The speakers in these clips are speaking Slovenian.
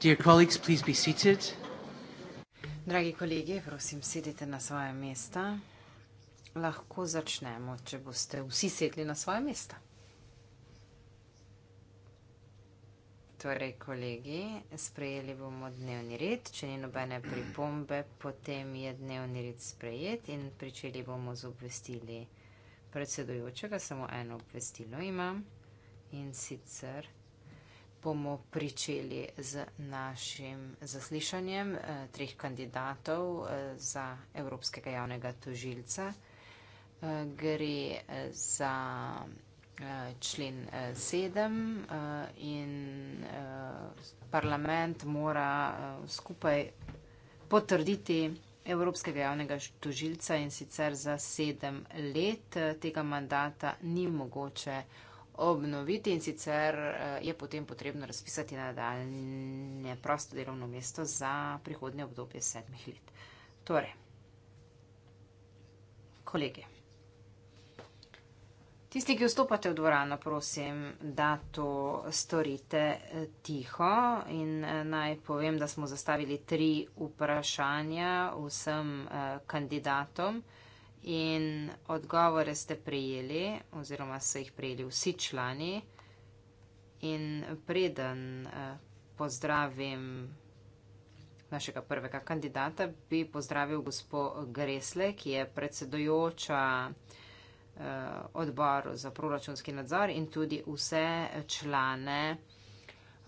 Dear colleagues, please be seated. Dragi kolegi, prosim, sedite na svoje mesta. Lahko začnemo, če boste vsi sedli na svoje mesta. Torej, kolegi, sprejeli bomo dnevni red. Če ni nobene pripombe, potem je dnevni red sprejet in pričeli bomo z obvestili predsedujočega. Samo eno obvestilo imam in sicer bomo pričeli z našim zaslišanjem eh, treh kandidatov eh, za Evropskega javnega tožilca. Eh, gre eh, za eh, člen 7 eh, eh, in eh, parlament mora eh, skupaj potrditi Evropskega javnega tožilca in sicer za sedem let eh, tega mandata ni mogoče obnoviti in sicer eh, je potem potrebno razpisati nadaljne prosto delovno mesto za prihodnje obdobje sedmih let. Torej, kolege, tisti, ki vstopate v dvorano, prosim, da to storite eh, tiho in eh, naj povem, da smo zastavili tri vprašanja vsem kandidatom. In odgovore ste prejeli, oziroma so jih prejeli vsi člani. In preden eh, pozdravim našega prvega kandidata, bi pozdravil gospo Gresle, ki je predsedojoča eh, odboru za proračunski nadzor in tudi vse člane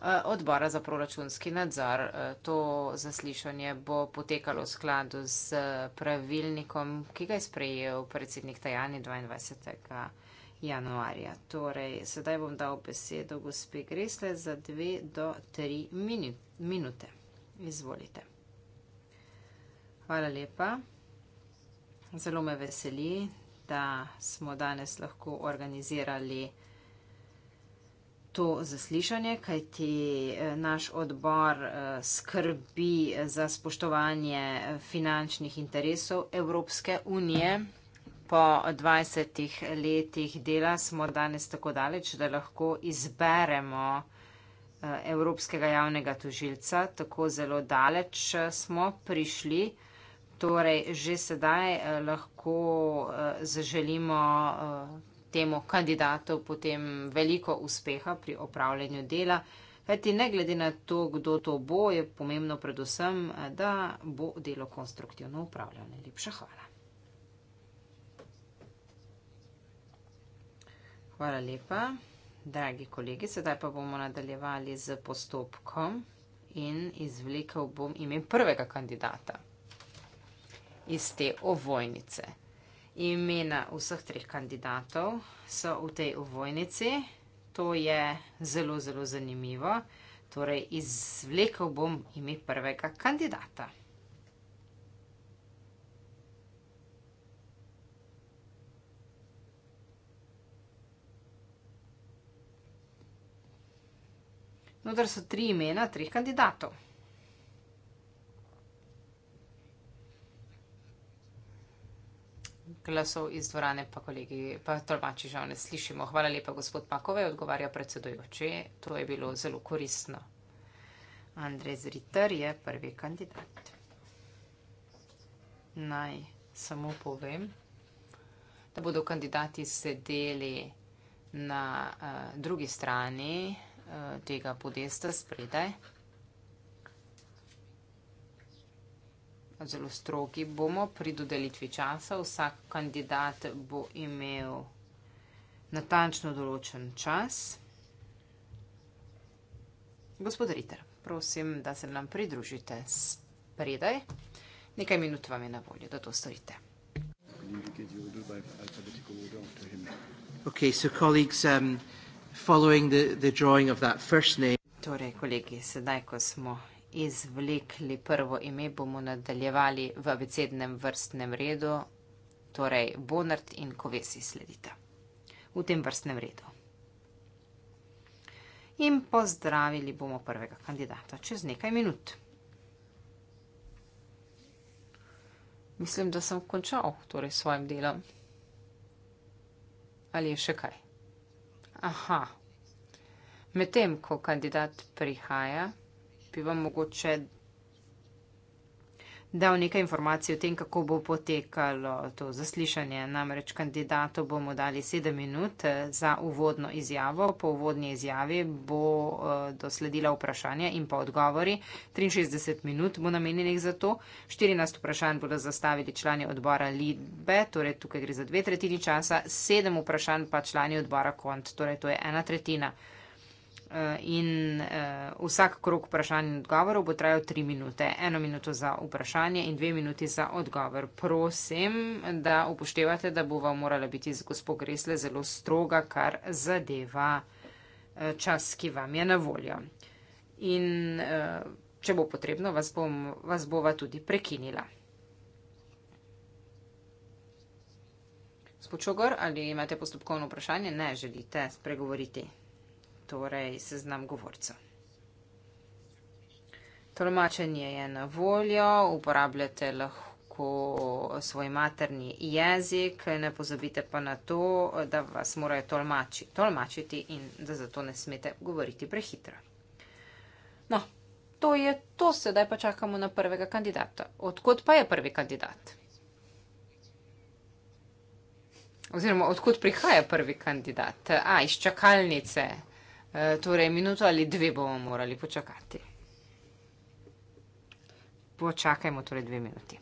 Eh, odbora za proračunski nadzor. Eh, to zaslišanje bo potekalo v skladu z eh, pravilnikom, ki ga je sprejel predsednik Tajani 22. januarja. Torej, sedaj bom dal besedo gospe Gresle za dve do tri minute. Izvolite. Hvala lepa. Zelo me veseli, da smo danes lahko organizirali to zaslišanje, kajti eh, naš odbor eh, skrbi za spoštovanje eh, finančnih interesov Evropske unije. Po 20 letih dela smo danes tako daleč, da lahko izberemo Evropskega javnega tožilca. Tako zelo daleč smo prišli. Torej, že sedaj lahko zaželimo temu kandidatu potem veliko uspeha pri opravljanju dela. Kajti ne glede na to, kdo to bo, je pomembno predvsem, da bo delo konstruktivno upravljeno. Lepša hvala. Hvala lepa, dragi kolegi. Sedaj pa bomo nadaljevali z postopkom in izvlekel bom ime prvega kandidata iz te ovojnice. Imena vseh treh kandidatov so v tej ovojnici. To je zelo, zelo zanimivo. Torej, izvlekel bom ime prvega kandidata. No, da so tri imena treh kandidatov. glasov iz dvorane, pa kolegi, pa tolmači žal ne slišimo. Hvala lepa, gospod Pakove, odgovarja predsedojoče. To je bilo zelo koristno. Andrej Zritr je prvi kandidat. Naj samo povem, da bodo kandidati sedeli na uh, drugi strani uh, tega podesta spredaj. zelo strogi bomo pri dodelitvi časa. Vsak kandidat bo imel natančno določen čas. Gospod Riter, prosim, da se nam pridružite spredaj. Nekaj minut vam je na voljo, da to storite. Um, torej, kolegi, sedaj, ko smo izvlekli prvo ime, bomo nadaljevali v abecednem vrstnem redu, torej Bonard in Kovesi sledita v tem vrstnem redu. In pozdravili bomo prvega kandidata čez nekaj minut. Mislim, da sem končal torej, s svojim delom. Ali je še kaj? Aha. Medtem, ko kandidat prihaja, bi vam mogoče dal nekaj informacij o tem, kako bo potekalo to zaslišanje. Namreč kandidatu bomo dali sedem minut za uvodno izjavo. Po uvodni izjavi bo eh, dosledila vprašanja in pa odgovori. 63 minut bo namenjenih za to. 14 vprašanj bodo zastavili člani odbora Lidbe, torej tukaj gre za dve tretjini časa, sedem vprašanj pa člani odbora Kont, torej to je ena tretjina. Eh, in uh, vsak krok vprašanj in odgovorov bo trajal tri minute. Eno minuto za vprašanje in dve minuti za odgovor. Prosim, da upoštevate, da bova morala biti z gospod Gresle zelo stroga, kar zadeva eh, čas, ki vam je na voljo. In uh, če bo potrebno, vas, bom, vas bova tudi prekinila. Spočogor, ali imate postopkovno vprašanje? Ne, želite spregovoriti torej seznam govorcev. Tolmačenje je na voljo, uporabljate lahko svoj materni jezik, ne pozabite pa na to, da vas morajo tolmači, tolmačiti in da zato ne smete govoriti prehitro. No, to je to, sedaj pa čakamo na prvega kandidata. Odkud pa je prvi kandidat? Oziroma, odkud prihaja prvi kandidat? A, iz čakalnice. Eh, torej minuto ali dve bomo morali počakati. Počakajmo torej dve minuti.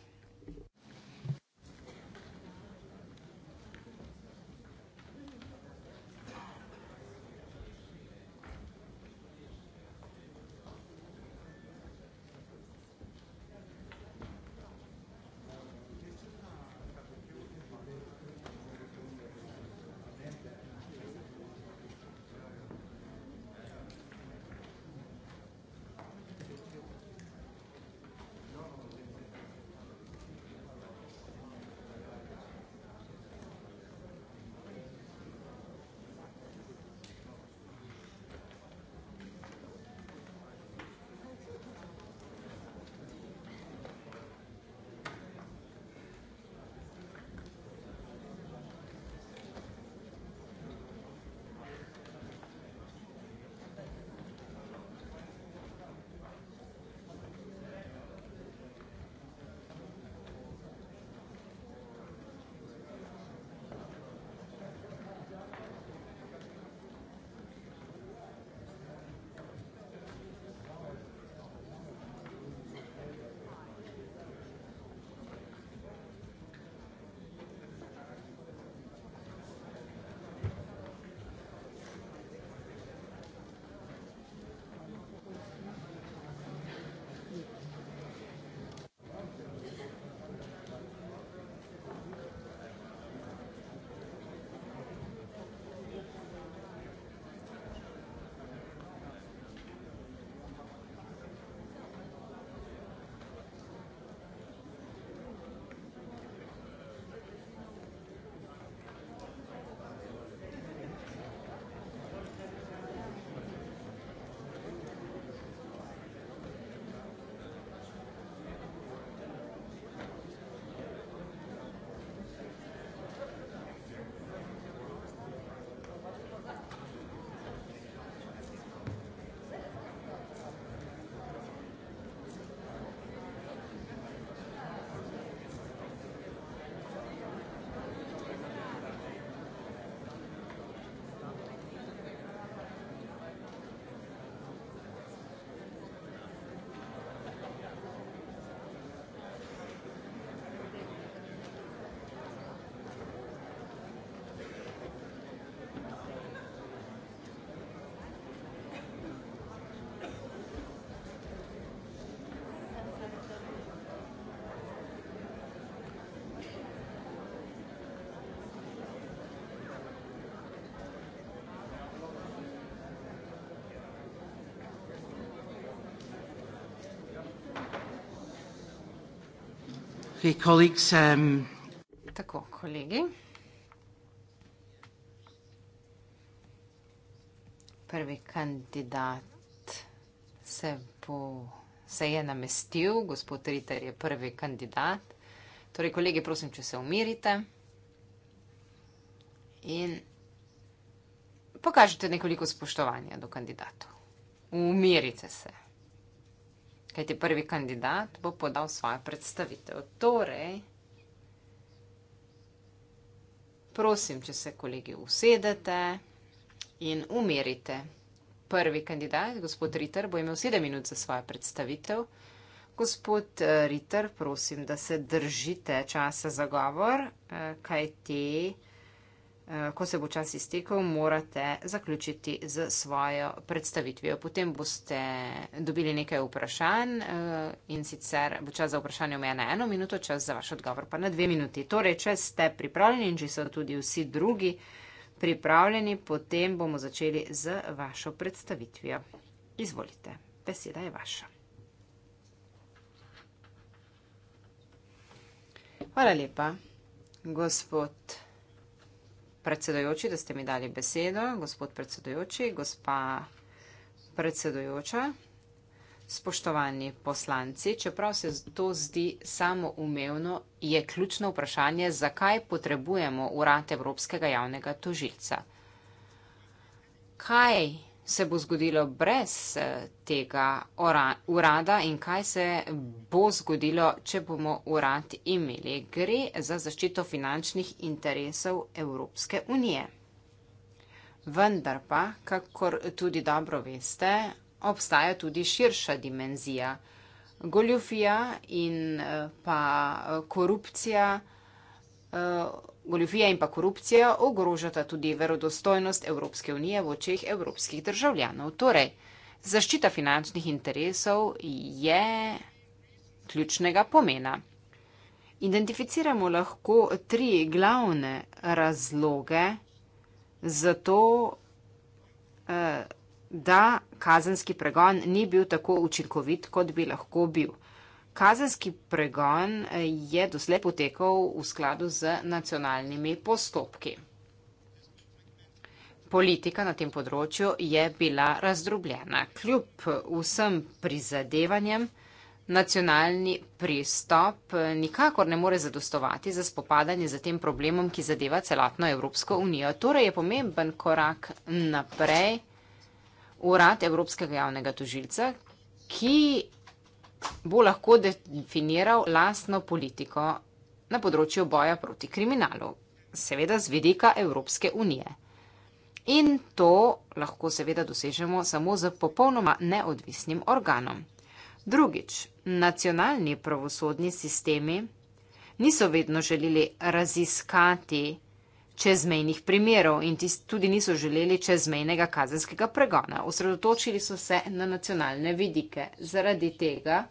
Okay, colleagues, um... Tako, kolegi. Prvi kandidat se, bo, se je namestil, gospod Riter je prvi kandidat. Torej, kolegi, prosim, če se umirite in pokažite nekoliko spoštovanja do kandidatov. Umirite se kajti prvi kandidat bo podal svojo predstavitev. Torej, prosim, če se kolegi usedete in umirite. Prvi kandidat, gospod Ritter, bo imel sedem minut za svojo predstavitev. Gospod eh, Ritter, prosim, da se držite časa za govor, eh, kajti. Eh, ko se bo čas iztekel, morate zaključiti z svojo predstavitvijo. Potem boste dobili nekaj vprašanj eh, in sicer bo čas za vprašanje omejena eno minuto, čas za vaš odgovor pa na dve minuti. Torej, če ste pripravljeni in če so tudi vsi drugi pripravljeni, potem bomo začeli z vašo predstavitvijo. Izvolite, beseda je vaša. Hvala lepa, gospod predsedojoči, da ste mi dali besedo, gospod predsedojoči, gospa predsedojoča, spoštovani poslanci, čeprav se to zdi samoumevno, je ključno vprašanje, zakaj potrebujemo urad Evropskega javnega tožilca. Kaj se bo zgodilo brez eh, tega urada in kaj se bo zgodilo, če bomo urad imeli. Gre za zaščito finančnih interesov Evropske unije. Vendar pa, kakor tudi dobro veste, obstaja tudi širša dimenzija. Goljufija in eh, pa eh, korupcija Goljofija in pa korupcija ogrožata tudi verodostojnost Evropske unije v očeh evropskih državljanov. Torej, zaščita finančnih interesov je ključnega pomena. Identificiramo lahko tri glavne razloge za to, eh, da kazenski pregon ni bil tako učinkovit, kot bi lahko bil. Kazenski pregon eh, je doslej potekal v skladu z nacionalnimi postopki. Politika na tem področju je bila razdrobljena. Kljub vsem prizadevanjem, nacionalni pristop eh, nikakor ne more zadostovati za spopadanje z tem problemom, ki zadeva celotno Evropsko unijo. Torej je pomemben korak naprej urad Evropskega javnega tožilca, ki bo lahko definiral lastno politiko na področju boja proti kriminalu, seveda z vidika Evropske unije. In to lahko seveda dosežemo samo z popolnoma neodvisnim organom. Drugič, nacionalni pravosodni sistemi niso vedno želeli raziskati čezmejnih primerov in tudi niso želeli čezmejnega kazenskega pregona. Osredotočili so se na nacionalne vidike. Zaradi tega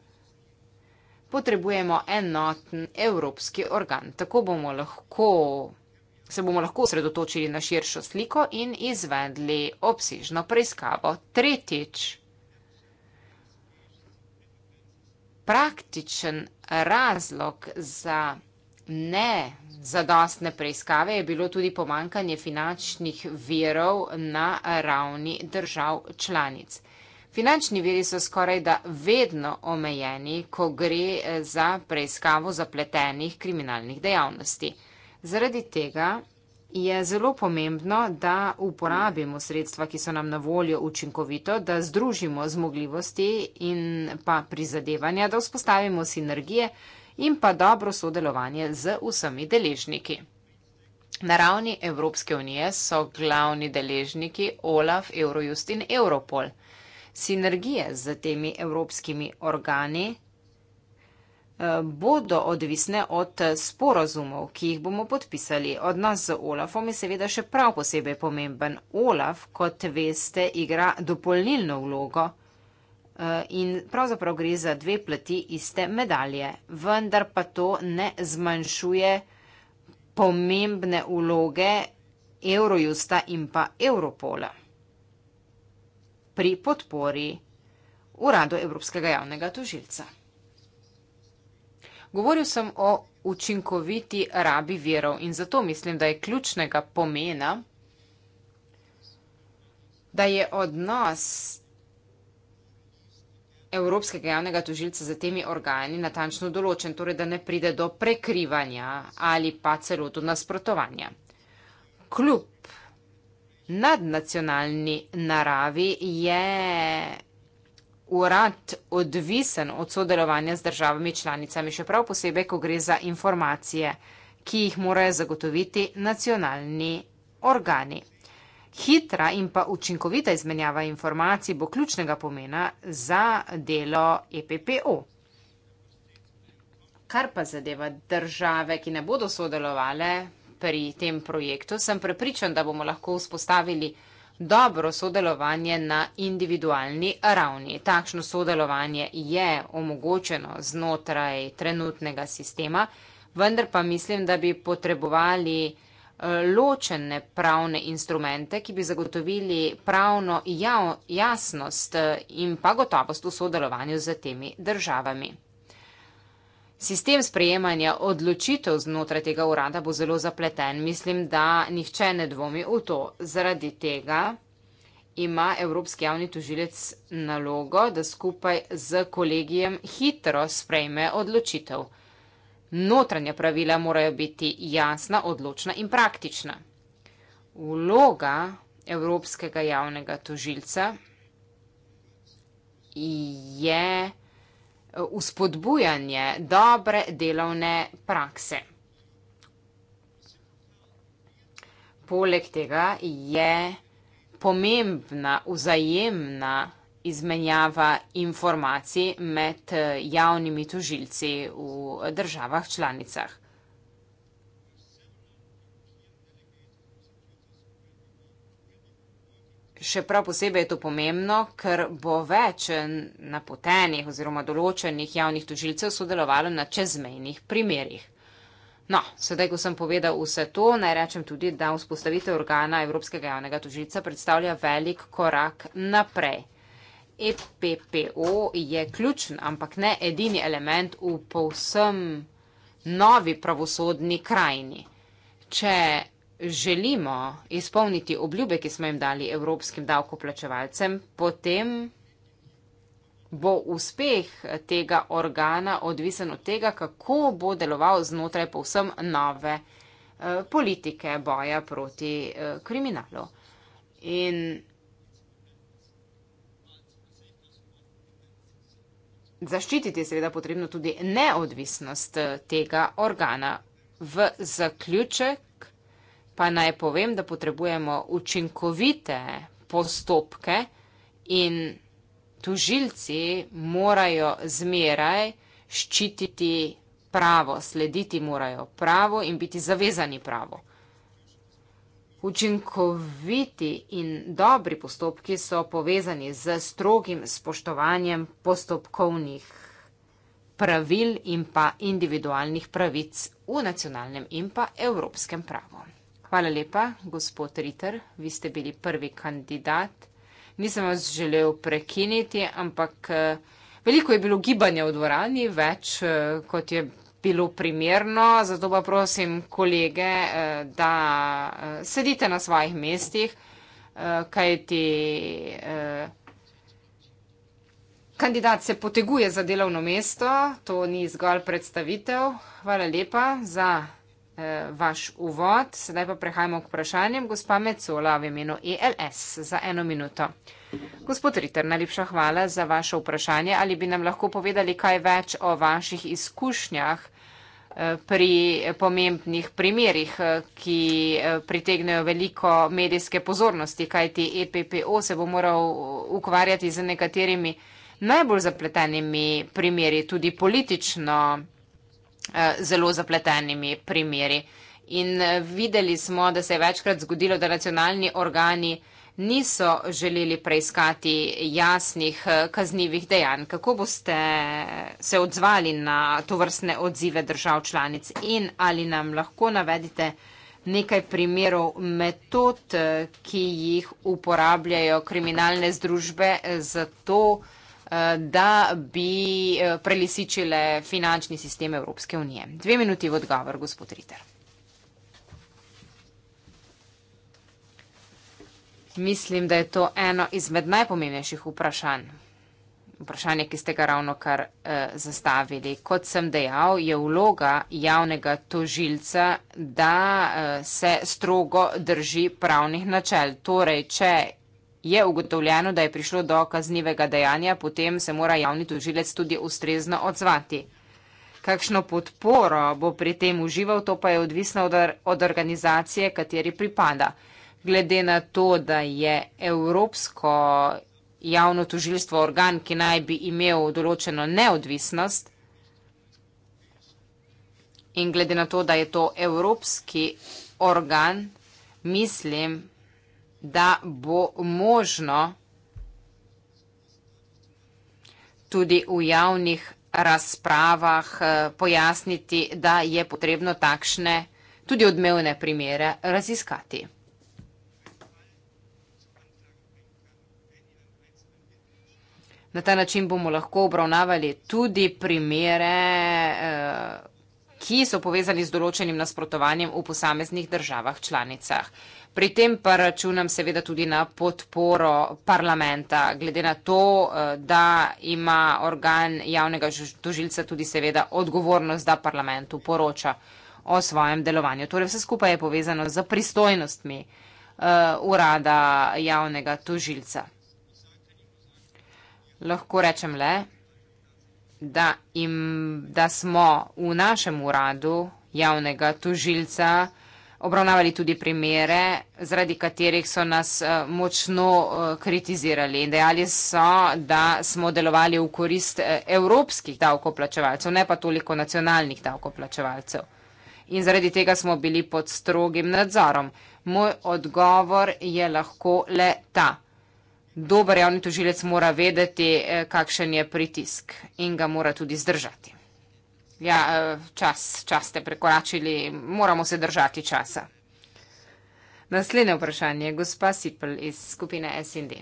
potrebujemo enoten evropski organ. Tako bomo lahko, se bomo lahko osredotočili na širšo sliko in izvedli obsižno preiskavo. Tretjič. Praktičen razlog za ne zadostne preiskave je bilo tudi pomankanje finančnih virov na ravni držav članic. Finančni viri so skoraj da vedno omejeni, ko gre eh, za preiskavo zapletenih kriminalnih dejavnosti. Zaradi tega je zelo pomembno, da uporabimo sredstva, ki so nam na voljo učinkovito, da združimo zmogljivosti in pa prizadevanja, da vzpostavimo sinergije, in pa dobro sodelovanje z vsemi deležniki. Na ravni Evropske unije so glavni deležniki OLAF, Eurojust in Europol. Sinergije z temi evropskimi organi eh, bodo odvisne od sporazumov, ki jih bomo podpisali. Odnos z OLAFom je seveda še prav posebej pomemben. OLAF, kot veste, igra dopolnilno vlogo. Eh, in pravzaprav gre za dve plati iste medalje, vendar pa to ne zmanjšuje pomembne uloge Eurojusta in pa Europola pri podpori uradu Evropskega javnega tožilca. Govoril sem o učinkoviti rabi verov in zato mislim, da je ključnega pomena, da je odnos Evropskega javnega tožilca za temi organi natančno določen, torej da ne pride do prekrivanja ali pa celo do nasprotovanja. Kljub nadnacionalni naravi je urad odvisen od sodelovanja z državami članicami, še prav posebej, ko gre za informacije, ki jih morajo zagotoviti nacionalni organi. Hitra in pa učinkovita izmenjava informacij bo ključnega pomena za delo EPPO. Kar pa zadeva države, ki ne bodo sodelovale pri tem projektu, sem prepričan, da bomo lahko vzpostavili dobro sodelovanje na individualni ravni. Takšno sodelovanje je omogočeno znotraj trenutnega sistema, vendar pa mislim, da bi potrebovali Eh, ločene pravne instrumente, ki bi zagotovili pravno jasnost eh, in pa gotovost v sodelovanju z temi državami. Sistem sprejemanja odločitev znotraj tega urada bo zelo zapleten. Mislim, da nihče ne dvomi v to. Zaradi tega ima Evropski javni tužilec nalogo, da skupaj z kolegijem hitro sprejme odločitev. Notranja pravila morajo biti jasna, odločna in praktična. Vloga Evropskega javnega tožilca je uspodbujanje eh, dobre delovne prakse. Poleg tega je pomembna vzajemna izmenjava informacij med eh, javnimi tožilci v državah članicah. Še prav posebej je to pomembno, ker bo več napotenih oziroma določenih javnih tožilcev sodelovalo na čezmejnih primerjih. No, sedaj, ko sem povedal vse to, naj rečem tudi, da vzpostavitev organa Evropskega javnega tožilca predstavlja velik korak naprej. EPPO je ključen, ampak ne edini element v povsem novi pravosodni krajini. Če želimo izpolniti obljube, ki smo jim dali evropskim davkoplačevalcem, potem bo uspeh tega organa odvisen od tega, kako bo deloval znotraj povsem nove eh, politike boja proti eh, kriminalu. In Zaščititi je seveda potrebno tudi neodvisnost eh, tega organa. V zaključek pa naj povem, da potrebujemo učinkovite postopke in tužilci morajo zmeraj ščititi pravo, slediti morajo pravo in biti zavezani pravo. Učinkoviti in dobri postopki so povezani z strogim spoštovanjem postopkovnih pravil in pa individualnih pravic v nacionalnem in pa evropskem pravu. Hvala lepa, gospod Ritter, vi ste bili prvi kandidat. Nisem vas želel prekiniti, ampak eh, veliko je bilo gibanja v dvorani, več eh, kot je bilo primerno, zato pa prosim kolege, eh, da eh, sedite na svojih mestih, eh, kajti kandidat se poteguje za delovno mesto, to ni zgolj predstavitev. Hvala lepa za vaš uvod. Sedaj pa prehajamo k vprašanjem gospa Mecola v imenu ELS za eno minuto. Gospod Ritter, najlepša hvala za vaše vprašanje. Ali bi nam lahko povedali kaj več o vaših izkušnjah eh, pri pomembnih primerjih, eh, ki eh, pritegnejo veliko medijske pozornosti, kajti EPPO se bo moral ukvarjati z nekaterimi najbolj zapletenimi primeri, tudi politično. Eh, zelo zapletenimi primeri. In eh, videli smo, da se je večkrat zgodilo, da nacionalni organi niso želeli preiskati jasnih eh, kaznjivih dejanj. Kako boste se odzvali na to vrstne odzive držav članic in ali nam lahko navedite nekaj primerov metod, ki jih uporabljajo kriminalne združbe za to, da se odzvali na to vrstne odzive držav članic? da bi eh, prelisičile finančni sistem Evropske unije. Dve minuti v odgovor, gospod Riter. Mislim, da je to eno izmed najpomembnejših vprašanj. Vprašanje, ki ste ga ravno kar eh, zastavili. Kot sem dejal, je vloga javnega tožilca, da eh, se strogo drži pravnih načel. Torej, če Je ugotovljeno, da je prišlo do kaznivega dejanja, potem se mora javni tožilec tudi ustrezno odzvati. Kakšno podporo bo pri tem užival, to pa je odvisno od, od organizacije, kateri pripada. Glede na to, da je Evropsko javno tožilstvo organ, ki naj bi imel določeno neodvisnost, in glede na to, da je to Evropski organ, mislim, da bo možno tudi v javnih razpravah eh, pojasniti, da je potrebno takšne tudi odmevne primere raziskati. Na ta način bomo lahko obravnavali tudi primere eh, ki so povezani z določenim nasprotovanjem v posameznih državah članicah. Pri tem pa računam seveda tudi na podporo parlamenta, glede na to, eh, da ima organ javnega tožilca tudi seveda odgovornost, da parlamentu poroča o svojem delovanju. Torej vse skupaj je povezano z pristojnostmi uh, urada javnega tožilca. Lahko rečem le da, im, da smo v našem uradu javnega tožilca obravnavali tudi primere, zaradi katerih so nas eh, močno eh, kritizirali in dejali so, da smo delovali v korist eh, evropskih davkoplačevalcev, ne pa toliko nacionalnih davkoplačevalcev. In zaradi tega smo bili pod strogim nadzorom. Moj odgovor je lahko le ta dober javni tožilec mora vedeti, eh, kakšen je pritisk in ga mora tudi zdržati. Ja, eh, čas, čas ste prekoračili, moramo se držati časa. Naslednje vprašanje, gospa Sipl iz skupine SND.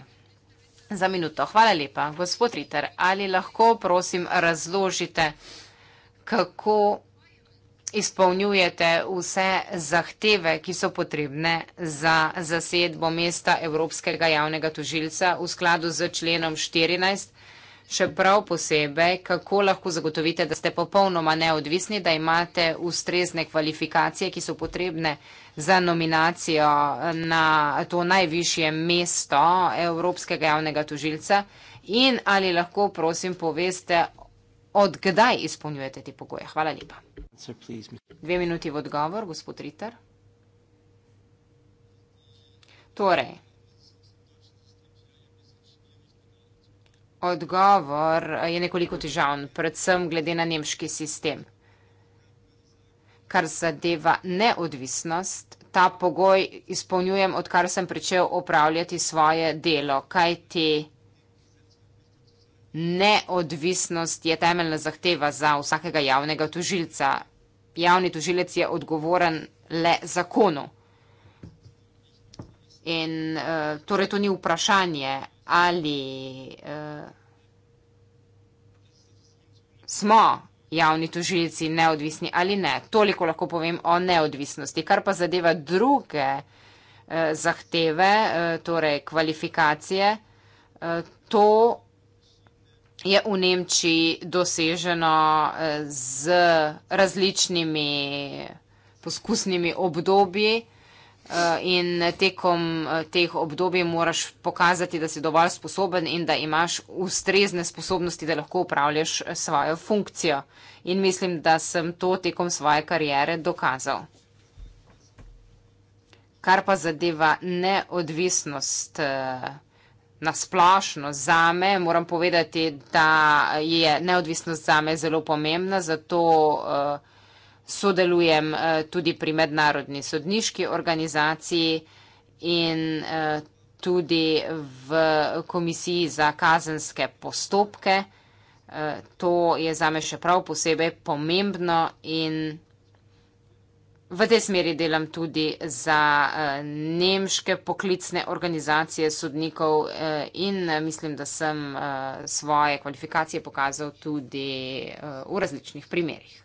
Za minuto, hvala lepa. Gospod Ritter, ali lahko, prosim, razložite, kako izpolnjujete vse zahteve, ki so potrebne za zasedbo mesta Evropskega javnega tožilca v skladu z členom 14, še prav posebej, kako lahko zagotovite, da ste popolnoma neodvisni, da imate ustrezne kvalifikacije, ki so potrebne za nominacijo na to najvišje mesto Evropskega javnega tožilca in ali lahko, prosim, poveste, od kdaj izpolnjujete te pogoje. Hvala lepa. Dve minuti v odgovor, gospod Ritter. Torej, odgovor je nekoliko težavn, predvsem glede na nemški sistem. Kar zadeva neodvisnost, ta pogoj izpolnjujem, odkar sem pričel opravljati svoje delo, kaj te odgovor neodvisnost je temeljna zahteva za vsakega javnega tožilca. Javni tožilec je odgovoren le zakonu. In uh, torej to ni vprašanje, ali uh, smo javni tožilci neodvisni ali ne. Toliko lahko povem o neodvisnosti. Kar pa zadeva druge uh, zahteve, uh, torej kvalifikacije, uh, to je v Nemčiji doseženo eh, z različnimi poskusnimi obdobji eh, in tekom eh, teh obdobij moraš pokazati, da si dovolj sposoben in da imaš ustrezne sposobnosti, da lahko upravljaš svojo funkcijo. In mislim, da sem to tekom svoje karijere dokazal. Kar pa zadeva neodvisnost nasplošno zame, moram povedati, da je neodvisnost zame zelo pomembna, zato eh, sodelujem eh, tudi pri mednarodni sodniški organizaciji in eh, tudi v komisiji za kazenske postopke. To je zame še prav posebej pomembno in pomembno. V tej smeri delam tudi za eh, nemške poklicne organizacije sodnikov eh, in eh, mislim, da sem svoje kvalifikacije pokazal tudi v različnih primerjih.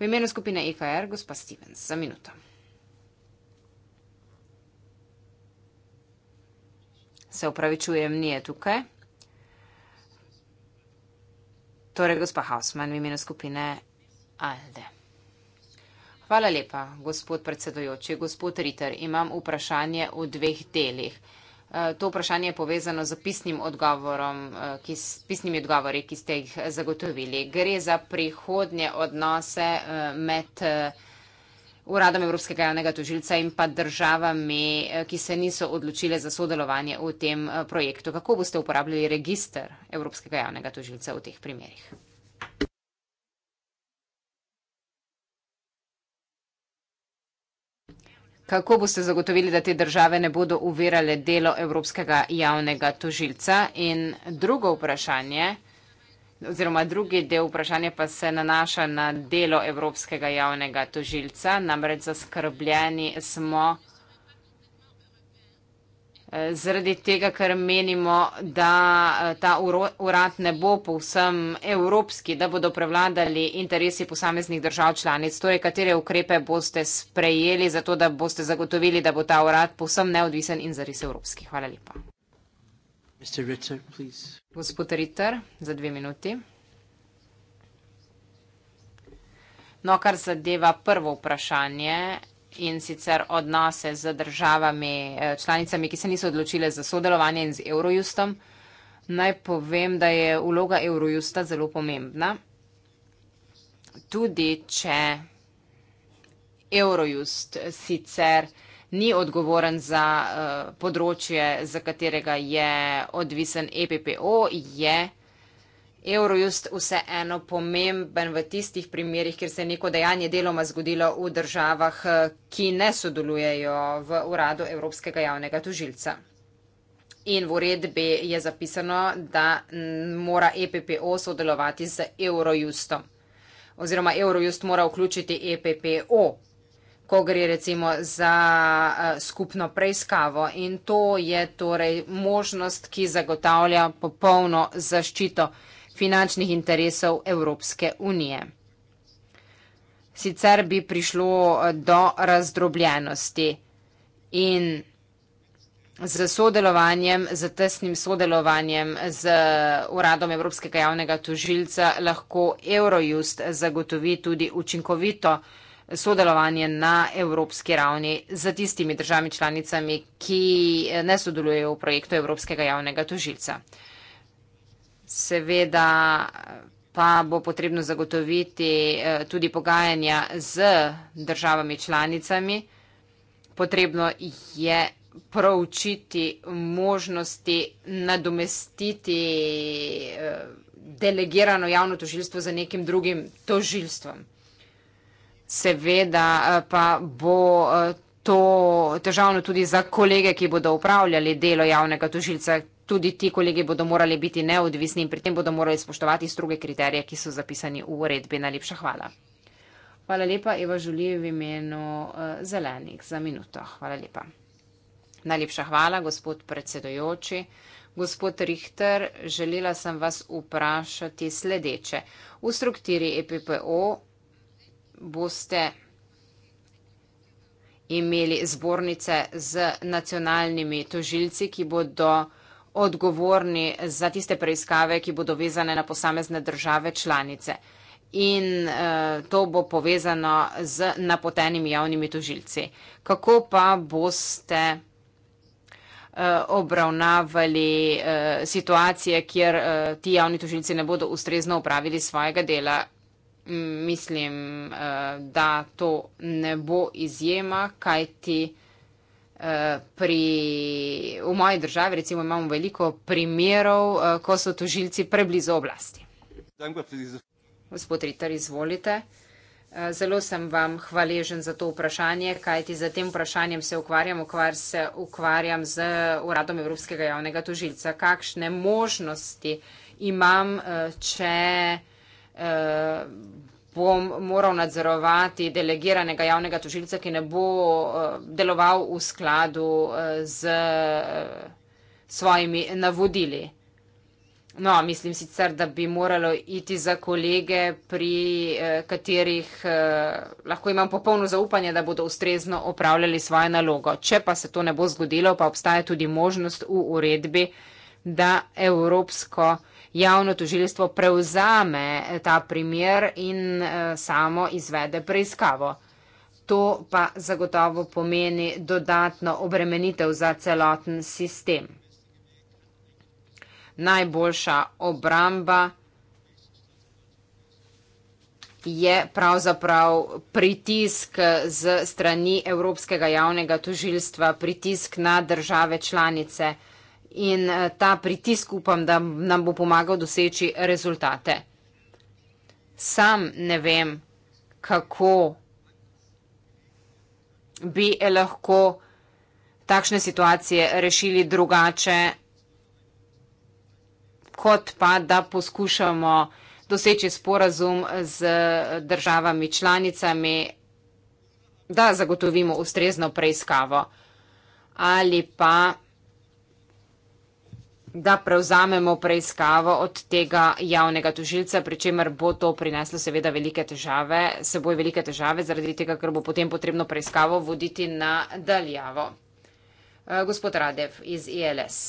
V imenu skupine IKR, e gospa Stevens, za minuto. Se upravičujem, nije tukaj. Torej, gospa Hausmann, v imenu skupine ALDE. Hvala lepa, gospod predsedojoči. Gospod Ritter, imam vprašanje v dveh delih. Eh, to vprašanje je povezano z pisnim odgovorom, eh, ki, pisnimi odgovori, ki ste jih zagotovili. Gre za prihodnje odnose eh, med uradom Evropskega javnega tožilca in pa državami, ki se niso odločile za sodelovanje v tem projektu. Kako boste uporabljali register Evropskega javnega tožilca v teh primerjih? Kako boste zagotovili, da te države ne bodo uverale delo Evropskega javnega tožilca? In drugo vprašanje, oziroma drugi del vprašanja pa se nanaša na delo Evropskega javnega tožilca. Namreč zaskrbljeni smo, zaradi tega, ker menimo, da eh, ta urad ne bo povsem evropski, da bodo prevladali interesi posameznih držav članic. Torej, katere ukrepe boste sprejeli za to, da boste zagotovili, da bo ta urad povsem neodvisen in zares evropski? Hvala lepa. Ritter, Gospod Ritter, za dve minuti. No, kar zadeva prvo vprašanje, in sicer odnose z državami, eh, članicami, ki se niso odločile za sodelovanje in z Eurojustom. Naj povem, da je vloga Eurojusta zelo pomembna. Tudi, če Eurojust sicer ni odgovoren za uh, področje, za katerega je odvisen EPPO, je Eurojust vseeno pomemben v tistih primerjih, kjer se je neko dejanje deloma zgodilo v državah, eh, ki ne sodelujejo v uradu Evropskega javnega tožilca. In v uredbi je zapisano, da mora EPPO sodelovati z Eurojustom. Oziroma Eurojust mora vključiti EPPO, ko gre recimo za eh, skupno preiskavo. In to je torej možnost, ki zagotavlja popolno zaščito finančnih interesov Evropske unije. Sicer bi prišlo eh, do razdrobljenosti in z sodelovanjem, z tesnim sodelovanjem z Uradom Evropskega javnega tožilca lahko Eurojust zagotovi tudi učinkovito sodelovanje na evropski ravni z tistimi državami članicami, ki eh, ne sodelujejo v projektu Evropskega javnega tožilca. Seveda eh, pa bo potrebno zagotoviti eh, tudi pogajanja z državami članicami. Potrebno je proučiti možnosti nadomestiti eh, delegirano javno tožilstvo za nekim drugim tožilstvom. Seveda pa bo to težavno tudi za kolege, ki bodo upravljali delo javnega tožilca, tudi ti kolegi bodo morali biti neodvisni in pri tem bodo morali spoštovati struge kriterije, ki so zapisani v uredbi. Najlepša hvala. Hvala lepa, Eva Žuli v imenu eh, zelenih za minuto. Hvala lepa. Najlepša hvala, gospod predsedojoči. Gospod Richter, želela sem vas vprašati sledeče. V strukturi EPPO boste imeli zbornice z nacionalnimi tožilci, ki bodo odgovorni za tiste preiskave, ki bodo vezane na posamezne države članice. In uh, to bo povezano z napotenimi javnimi tožilci. Kako pa boste eh, obravnavali eh, situacije, kjer ti javni tožilci ne bodo ustrezno upravili svojega dela. Mislim, da to ne bo izjema, kaj ti pri, v moji državi recimo imamo veliko primerov, eh, ko so tožilci preblizu oblasti. Gospod Ritar, izvolite. Eh, zelo sem vam hvaležen za to vprašanje, kajti za tem vprašanjem se ukvarjam, ukvar se ukvarjam z Uradom Evropskega javnega tožilca. Kakšne možnosti imam, eh, če bom moral nadzorovati delegiranega javnega tožilca, ki ne bo eh, deloval v skladu eh, z eh, svojimi navodili. No, mislim sicer, da bi moralo iti za kolege, pri katerih lahko imam popolno zaupanje, da bodo ustrezno opravljali svojo nalogo. Če pa se to ne bo zgodilo, pa obstaja tudi možnost v uredbi, da evropsko javno tožilstvo prevzame ta primer in eh, samo izvede preiskavo. To pa zagotovo pomeni dodatno obremenitev za celoten sistem. Najboljša obramba je pravzaprav pritisk eh, z strani Evropskega javnega tožilstva, pritisk na države članice Evropske in eh, ta pritisk upam, da nam bo pomagal doseči rezultate. Sam ne vem, kako bi lahko takšne situacije rešili drugače, kot pa da poskušamo doseči sporazum z državami članicami, da zagotovimo ustrezno preiskavo ali pa da prevzamemo preiskavo od tega javnega tožilca, pri čemer bo to prineslo seveda velike težave, seboj velike težave, zaradi tega, ker bo potem potrebno preiskavo voditi na daljavo. Eh, gospod Radev iz ILS,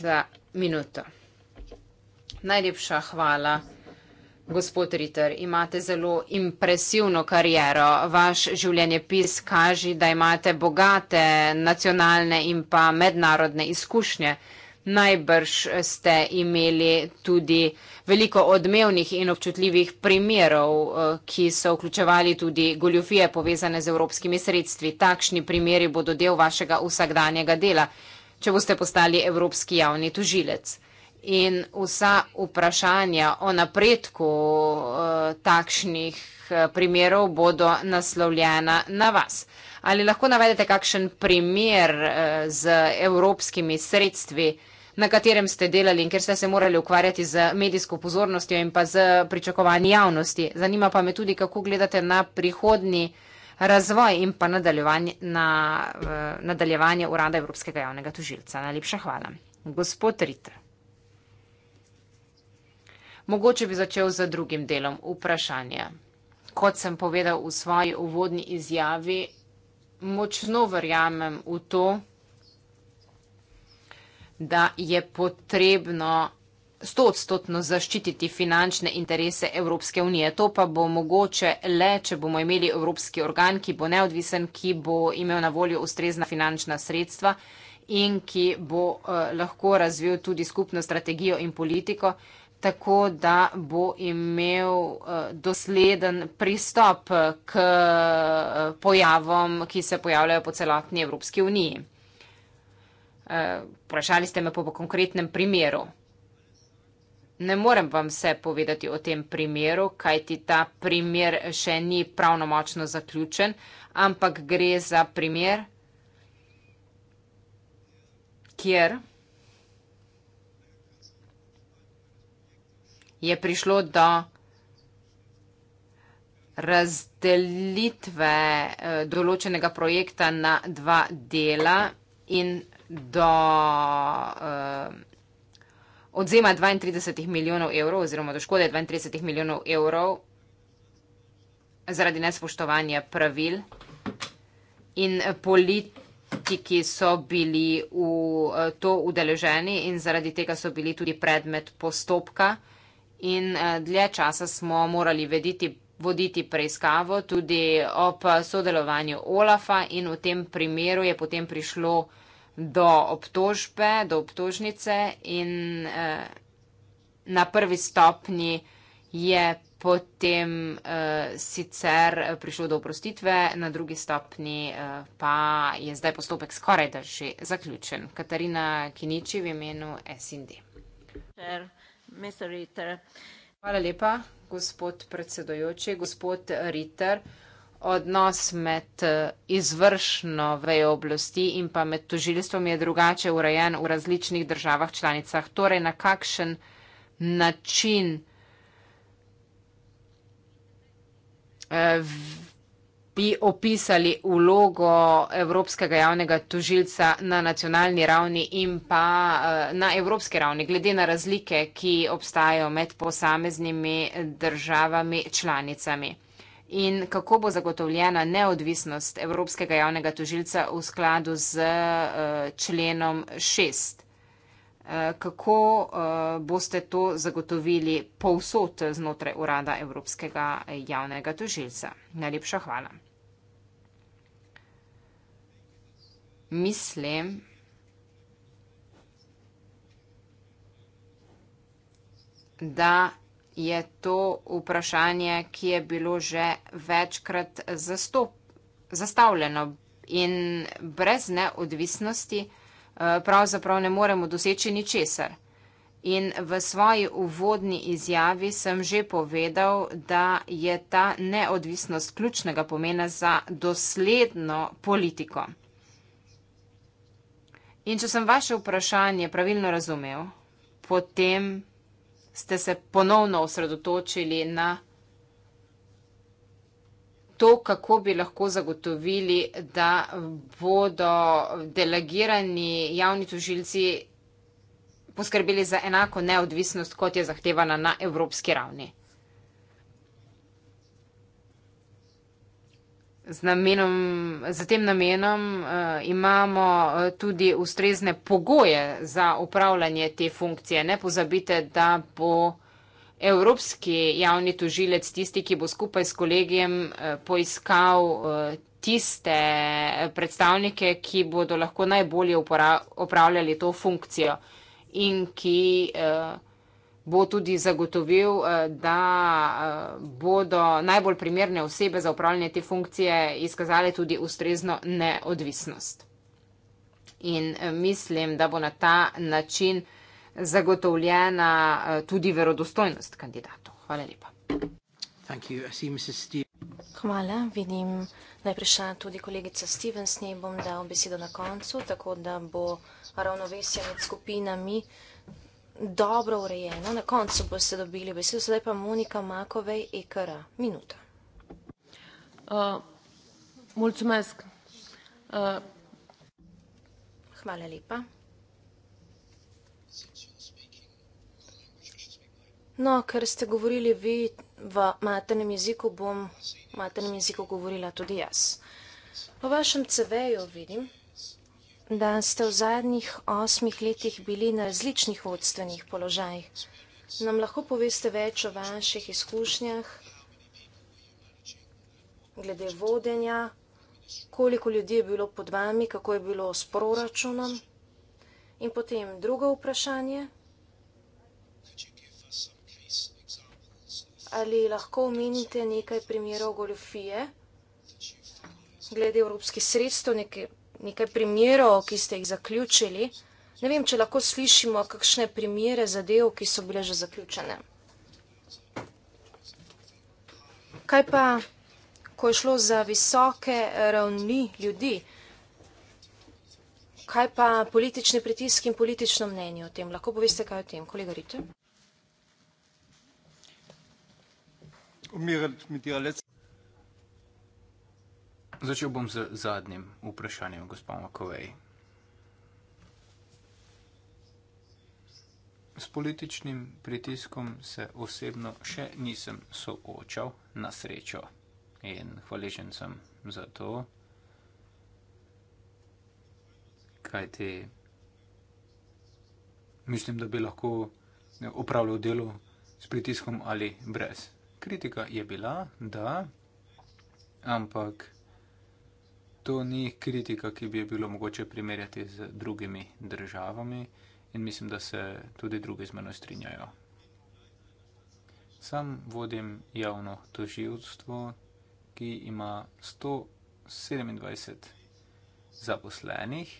da minuto. Najlepša hvala. Gospod Ritter, imate zelo impresivno kariero. Vaš življenjepis kaže, da imate bogate nacionalne in pa mednarodne izkušnje. Najbrž ste imeli tudi veliko odmevnih in občutljivih primerov, eh, ki so vključevali tudi goljofije povezane z evropskimi sredstvi. Takšni primeri bodo del vašega vsakdanjega dela, če boste postali evropski javni tužilec. In vsa vprašanja o napredku eh, takšnih eh, primerov bodo naslovljena na vas. Ali lahko navedete kakšen primer z evropskimi sredstvi, na katerem ste delali in ker ste se morali ukvarjati z medijsko pozornostjo in pa z pričakovanji javnosti. Zanima pa me tudi, kako gledate na prihodni razvoj in pa nadaljevanje, na, nadaljevanje urada Evropskega javnega tužilca. Najlepša hvala. Gospod Ritter. Mogoče bi začel z drugim delom vprašanja. Kot sem povedal v svoji uvodni izjavi, močno verjamem v to, da je potrebno stotstotno zaščititi finančne interese Evropske unije. To pa bo mogoče le, če bomo imeli evropski organ, ki bo neodvisen, ki bo imel na voljo ustrezna finančna sredstva in ki bo eh, lahko razvil tudi skupno strategijo in politiko, tako da bo imel eh, dosleden pristop k eh, pojavom, ki se pojavljajo po celotni Evropski uniji vprašali ste me po konkretnem primeru. Ne morem vam vse povedati o tem primeru, kajti ta primer še ni pravnomočno zaključen, ampak gre za primer, kjer je prišlo do razdelitve eh, določenega projekta na dva dela in do uh, odzema 32 milijonov evrov oziroma do škode 32 milijonov evrov zaradi nespoštovanja pravil in politiki so bili v uh, to udeleženi in zaradi tega so bili tudi predmet postopka in uh, dlje časa smo morali vediti, voditi preiskavo tudi ob sodelovanju Olafa in v tem primeru je potem prišlo uh, do obtožbe, do obtožnice in eh, na prvi stopnji je potem eh, sicer prišlo do oprostitve, na drugi stopnji eh, pa je zdaj postopek skoraj da že zaključen. Katarina Kiniči v imenu SND. Hvala lepa, gospod predsedojoči, gospod Ritter. Eh, odnos med eh, izvršno vejo oblasti in pa med tožilstvom je drugače urejen v različnih državah članicah. Torej, na kakšen način eh, bi opisali vlogo Evropskega javnega tožilca na nacionalni ravni in pa eh, na evropski ravni, glede na razlike, ki obstajajo med posameznimi državami članicami in kako bo zagotovljena neodvisnost Evropskega javnega tožilca v skladu z eh, členom 6. Eh, kako eh, boste to zagotovili povsod znotraj urada Evropskega javnega tožilca? Najlepša hvala. Mislim, da je to vprašanje, ki je bilo že večkrat zastop, zastavljeno. In brez neodvisnosti eh, pravzaprav ne moremo doseči ničesar. In v svoji uvodni izjavi sem že povedal, da je ta neodvisnost ključnega pomena za dosledno politiko. In če sem vaše vprašanje pravilno razumel, potem ste se ponovno osredotočili na to, kako bi lahko zagotovili, da bodo delegirani javni tožilci poskrbeli za enako neodvisnost, kot je zahtevana na evropski ravni. Z, namenom, z tem namenom uh, imamo uh, tudi ustrezne pogoje za upravljanje te funkcije. Ne pozabite, da bo evropski javni tožilec tisti, ki bo skupaj s kolegijem uh, poiskal uh, tiste predstavnike, ki bodo lahko najbolje upravljali to funkcijo in ki. Uh, bo tudi zagotovil, eh, da eh, bodo najbolj primerne osebe za upravljanje te funkcije izkazale tudi ustrezno neodvisnost. In eh, mislim, da bo na ta način zagotovljena tudi verodostojnost kandidatov. Hvala lepa. Hvala. Vidim, da je prišla tudi kolegica Steven, s njej bom dal besedo na koncu, tako da bo ravnovesje med skupinami dobro urejeno. Na koncu boste dobili besedo, sedaj pa Monika Makovej, EKR. Minuta. Uh, uh. Hvala lepa. No, ker ste govorili vi v maternem jeziku, bom v maternem jeziku govorila tudi jaz. Po vašem CV-ju vidim, da ste v zadnjih osmih letih bili na različnih vodstvenih položajih. Nam lahko poveste več o vaših izkušnjah glede vodenja, koliko ljudi je bilo pod vami, kako je bilo s proračunom in potem drugo vprašanje. Ali lahko omenite nekaj primerov goljofije glede evropskih sredstev, nekaj nekaj primerov, ki ste jih zaključili. Ne vem, če lahko slišimo kakšne primere zadev, ki so bile že zaključene. Kaj pa, ko je šlo za visoke ravni ljudi? Kaj pa politični pritisk in politično mnenje o tem? Lahko poveste kaj o tem, kolega Ritter? Um Začel bom z zadnjim vprašanjem, gospod Makovej. S političnim pritiskom se osebno še nisem soočal na srečo in hvaležen sem za to, kajti mislim, da bi lahko opravljal delo s pritiskom ali brez. Kritika je bila, da, ampak to ni kritika, ki bi jo bilo mogoče primerjati z drugimi državami in mislim, da se tudi drugi z menoj strinjajo. Sam vodim javno toživstvo, ki ima 127 zaposlenih.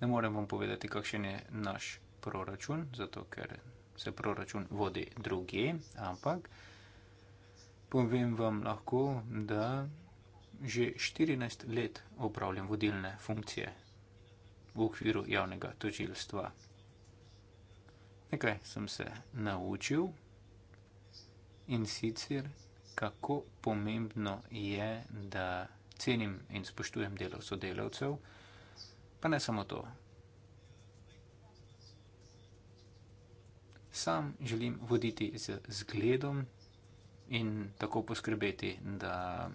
Ne morem vam povedati, kakšen je naš proračun, zato ker se proračun vodi drugi, ampak povem vam lahko, da že 14 let opravljam vodilne funkcije v okviru javnega tožilstva. Nekaj sem se naučil in sicer, kako pomembno je, da cenim in spoštujem delo sodelavcev, pa ne samo to. Sam želim voditi z zgledom in tako poskrbeti, da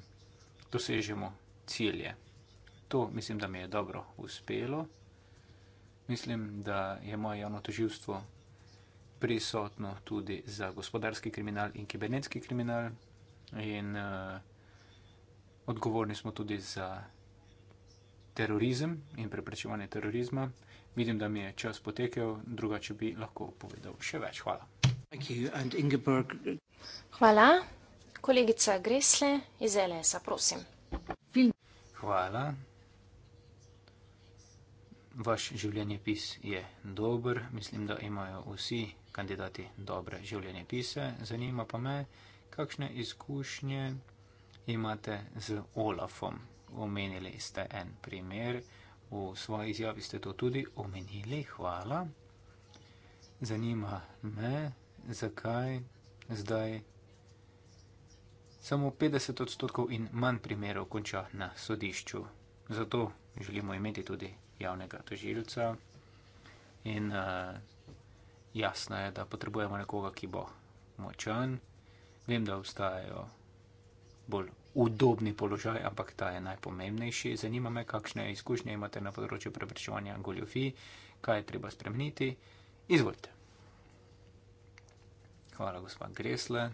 dosežemo cilje. To mislim, da mi je dobro uspelo. Mislim, da je moje javno toživstvo prisotno tudi za gospodarski kriminal in kibernetski kriminal, in uh, odgovorni smo tudi za terorizem in preprečevanje terorizma. Vidim, da mi je čas potekel, drugače bi lahko povedal še več. Hvala. Hvala. Kolegica Gresle iz LS-a, prosim. Hvala. Vaš življenjepis je dober. Mislim, da imajo vsi kandidati dobre življenjepise. Zanima pa me, kakšne izkušnje imate z Olafom. Omenili ste en primer, v svoji izjavi ste to tudi omenili. Hvala. Zanima me, zakaj zdaj samo 50 odstotkov in manj primerov konča na sodišču. Zato želimo imeti tudi javnega tožilca. In uh, jasno je, da potrebujemo nekoga, ki bo močan. Vem, da obstajajo bolj udobni položaj, ampak ta je najpomembnejši. Zanima me, kakšne izkušnje imate na področju preprečevanja goljofij, kaj je treba spremeniti. Izvolite. Hvala, gospod Gresle.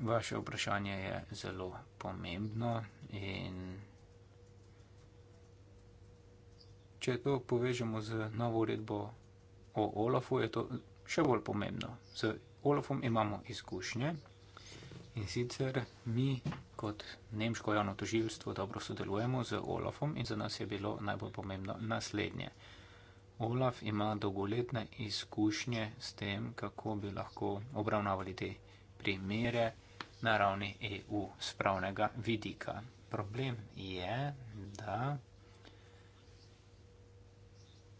Vaše vprašanje je zelo pomembno in če to povežemo z novo uredbo o Olafu, je to še bolj pomembno. Z Olafom imamo izkušnje in sicer mi kot nemško javno toživstvo dobro sodelujemo z Olafom in za nas je bilo najbolj pomembno naslednje. Olaf ima dolgoletne izkušnje s tem, kako bi lahko obravnavali te primere, na ravni EU spravnega vidika. Problem je, da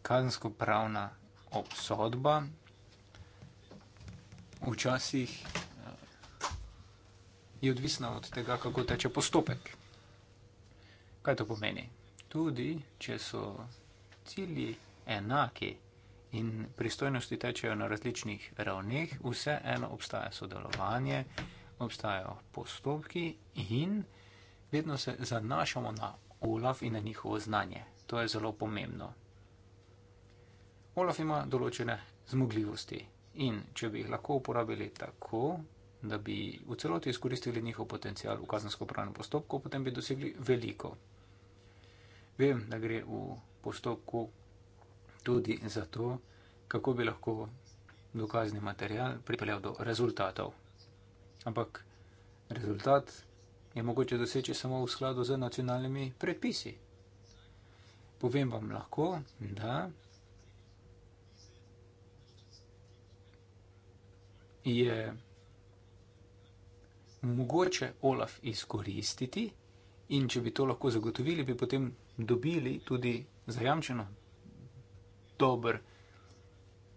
kazensko pravna obsodba včasih eh, je odvisna od tega, kako teče postopek. Kaj to pomeni? Tudi, če so cilji enaki in pristojnosti tečejo na različnih ravneh, vseeno obstaja sodelovanje obstajajo postopki in vedno se zanašamo na Olaf in na njihovo znanje. To je zelo pomembno. Olaf ima določene zmogljivosti in če bi jih lahko uporabili tako, da bi v celoti izkoristili njihov potencial v kazensko-pravnem postopku, potem bi dosegli veliko. Vem, da gre v postopku tudi za to, kako bi lahko dokazni material pripeljal do rezultatov, ampak rezultat je mogoče doseči samo v skladu z nacionalnimi predpisi. Povem vam lahko, da je mogoče OLAF izkoristiti in če bi to lahko zagotovili, bi potem dobili tudi zajamčeno dober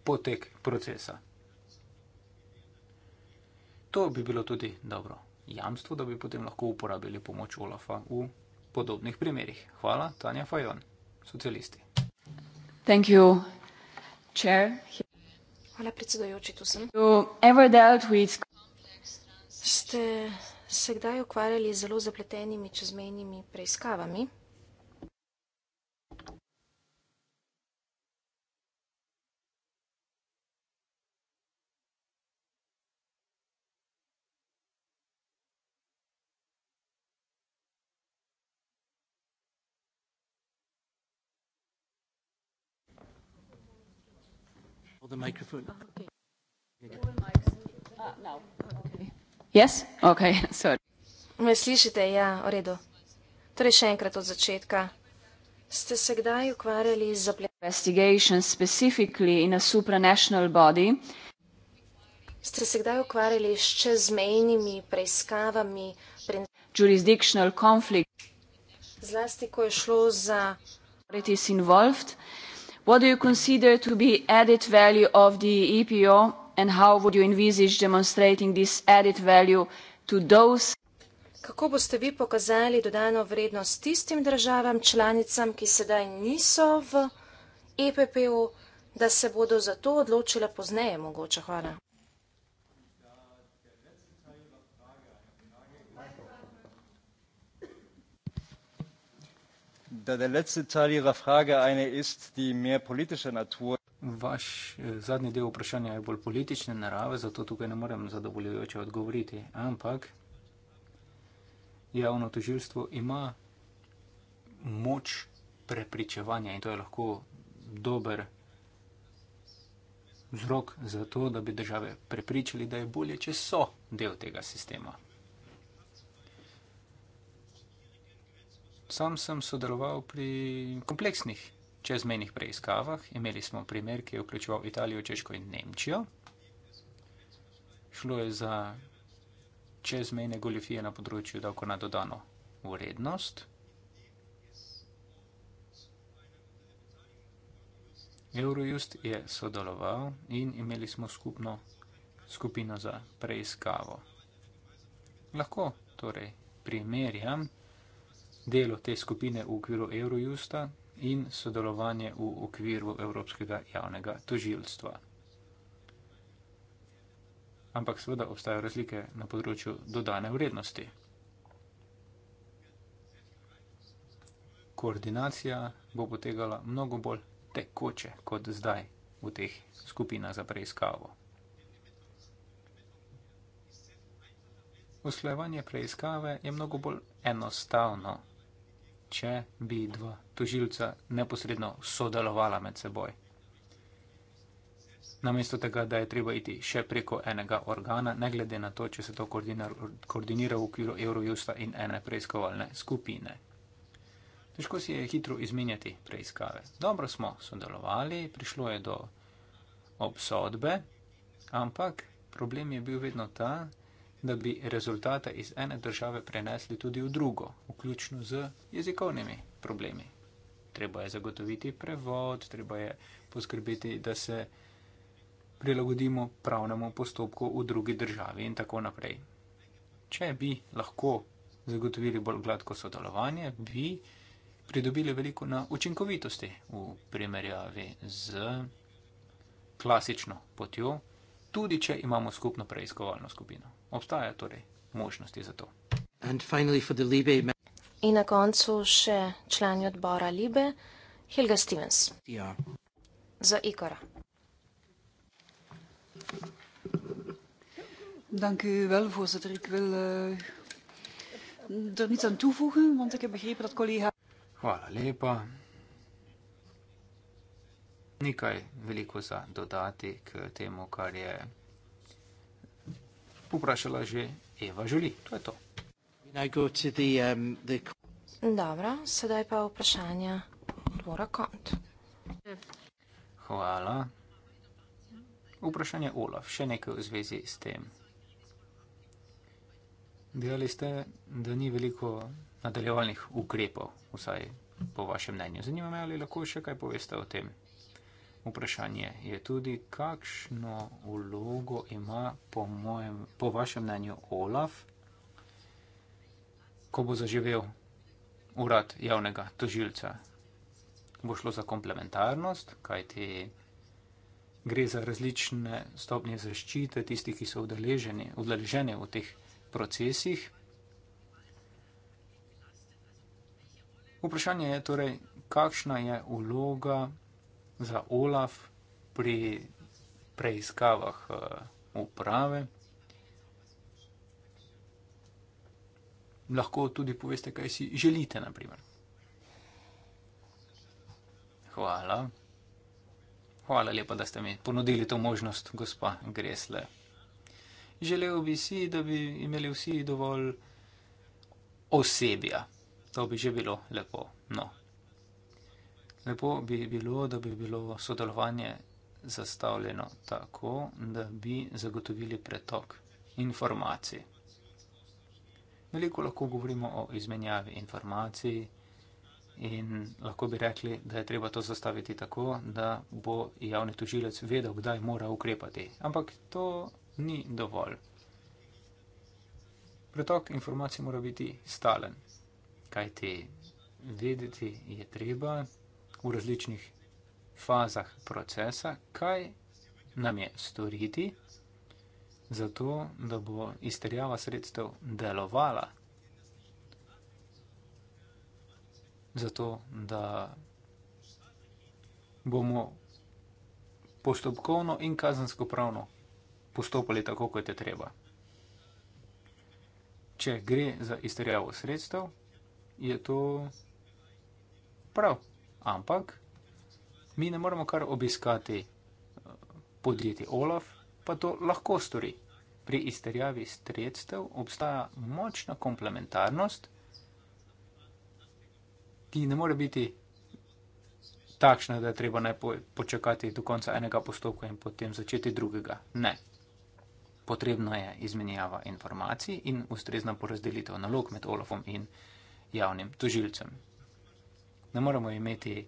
potek procesa. To bi bilo tudi dobro jamstvo, da bi potem lahko uporabili pomoč Olafa v podobnih primerih. Hvala, Tanja Fajon, socialisti. Thank you, chair. Hvala, predsedujoči, tu sem. With... Ste se kdaj ukvarjali z zelo zapletenimi čezmejnimi preiskavami? the microphone. Oh, ah, no. Yes? Okay, sorry. Me slišite? Ja, v redu. Torej še enkrat od začetka. Ste se kdaj ukvarjali z investigation specifically in a supranational body? Ste se kdaj ukvarjali s čezmejnimi preiskavami pri jurisdictional conflict? Zlasti, ko je šlo za involved, what do you consider to be the added value of the epo and how would you envisage demonstrating this added value to those Kako boste vi pokazali dodano vrednost tistim državam, članicam, ki sedaj niso v EPP-u, da se bodo za to odločile pozneje, mogoče? Hvala. da der letzte Teil Ihrer Frage eine ist, die mehr politischer Natur Vaš eh, zadnji del vprašanja je bolj politične narave, zato tukaj ne morem zadovoljujoče odgovoriti. Ampak javno tožilstvo ima moč prepričevanja in to je lahko dober vzrok za to, da bi države prepričali, da je bolje, če so del tega sistema. Sam sem sodeloval pri kompleksnih čezmejnih preiskavah. Imeli smo primer, ki je vključeval Italijo, Češko in Nemčijo. Šlo je za čezmejne goljofije na področju davko na dodano vrednost. Eurojust je sodeloval in imeli smo skupno skupino za preiskavo. Lahko torej primerjam delo te skupine v okviru Eurojusta in sodelovanje v okviru Evropskega javnega tožilstva. Ampak seveda obstajajo razlike na področju dodane vrednosti. Koordinacija bo potegala mnogo bolj tekoče kot zdaj v teh skupinah za preiskavo. Usklajevanje preiskave je mnogo bolj enostavno če bi dva tožilca neposredno sodelovala med seboj. Namesto tega, da je treba iti še preko enega organa, ne glede na to, če se to koordinira v okviru Eurojusta in ene preiskovalne skupine. Težko si je hitro izmenjati preiskave. Dobro smo sodelovali, prišlo je do obsodbe, ampak problem je bil vedno ta, da bi rezultate iz ene države prenesli tudi v drugo, vključno z jezikovnimi problemi. Treba je zagotoviti prevod, treba je poskrbeti, da se prilagodimo pravnemu postopku v drugi državi in tako naprej. Če bi lahko zagotovili bolj gladko sodelovanje, bi pridobili veliko na učinkovitosti v primerjavi z klasično potjo, tudi če imamo skupno preiskovalno skupino. Obstajajo torej možnosti za to. In na koncu še člani odbora Libe, Helga Stevens. Ja. Za Ikora. Dank u wel, voorzitter. Ik wil uh, er niets aan toevoegen, want ik heb begrepen dat collega. Hvala lepa. Nikaj veliko za dodati k temu, kar je poprašala že Eva Žuli. To je to. Um, Dobro, sedaj pa vprašanja Lora Kont. Hvala. Vprašanje Olaf, še nekaj v zvezi s tem. Delali ste, da ni veliko nadaljevalnih ukrepov, vsaj po vašem mnenju. Zanima me, ali lahko še kaj poveste o tem. Vprašanje je tudi, kakšno vlogo ima po, mojem, po vašem mnenju Olaf, ko bo zaživel urad javnega tožilca. Bo šlo za komplementarnost, kajti gre za različne stopnje zaščite tistih, ki so udeleženi v teh procesih. Vprašanje je torej, kakšna je vloga za Olaf pri preiskavah eh, uprave. Lahko tudi poveste, kaj si želite, na primer. Hvala. Hvala lepa, da ste mi ponudili to možnost, gospa Gresle. Želel bi si, da bi imeli vsi dovolj osebja. To bi že bilo lepo. No. Lepo bi bilo, da bi bilo sodelovanje zastavljeno tako, da bi zagotovili pretok informacij. Veliko lahko govorimo o izmenjavi informacij in lahko bi rekli, da je treba to zastaviti tako, da bo javni tožilec vedel, kdaj mora ukrepati. Ampak to ni dovolj. Pretok informacij mora biti stalen, kajti vedeti je treba, v različnih fazah procesa, kaj nam je storiti, zato da bo izterjava sredstev delovala, zato da bomo postopkovno in kazansko pravno postopali tako, kot je treba. Če gre za izterjavo sredstev, je to prav. Ampak mi ne moremo kar obiskati eh, podjetje Olaf, pa to lahko stori. Pri izterjavi sredstev obstaja močna komplementarnost, ki ne more biti takšna, da je treba naj počakati do konca enega postopka in potem začeti drugega. Ne. Potrebna je izmenjava informacij in ustrezna porazdelitev nalog med Olafom in javnim tožilcem ne moremo imeti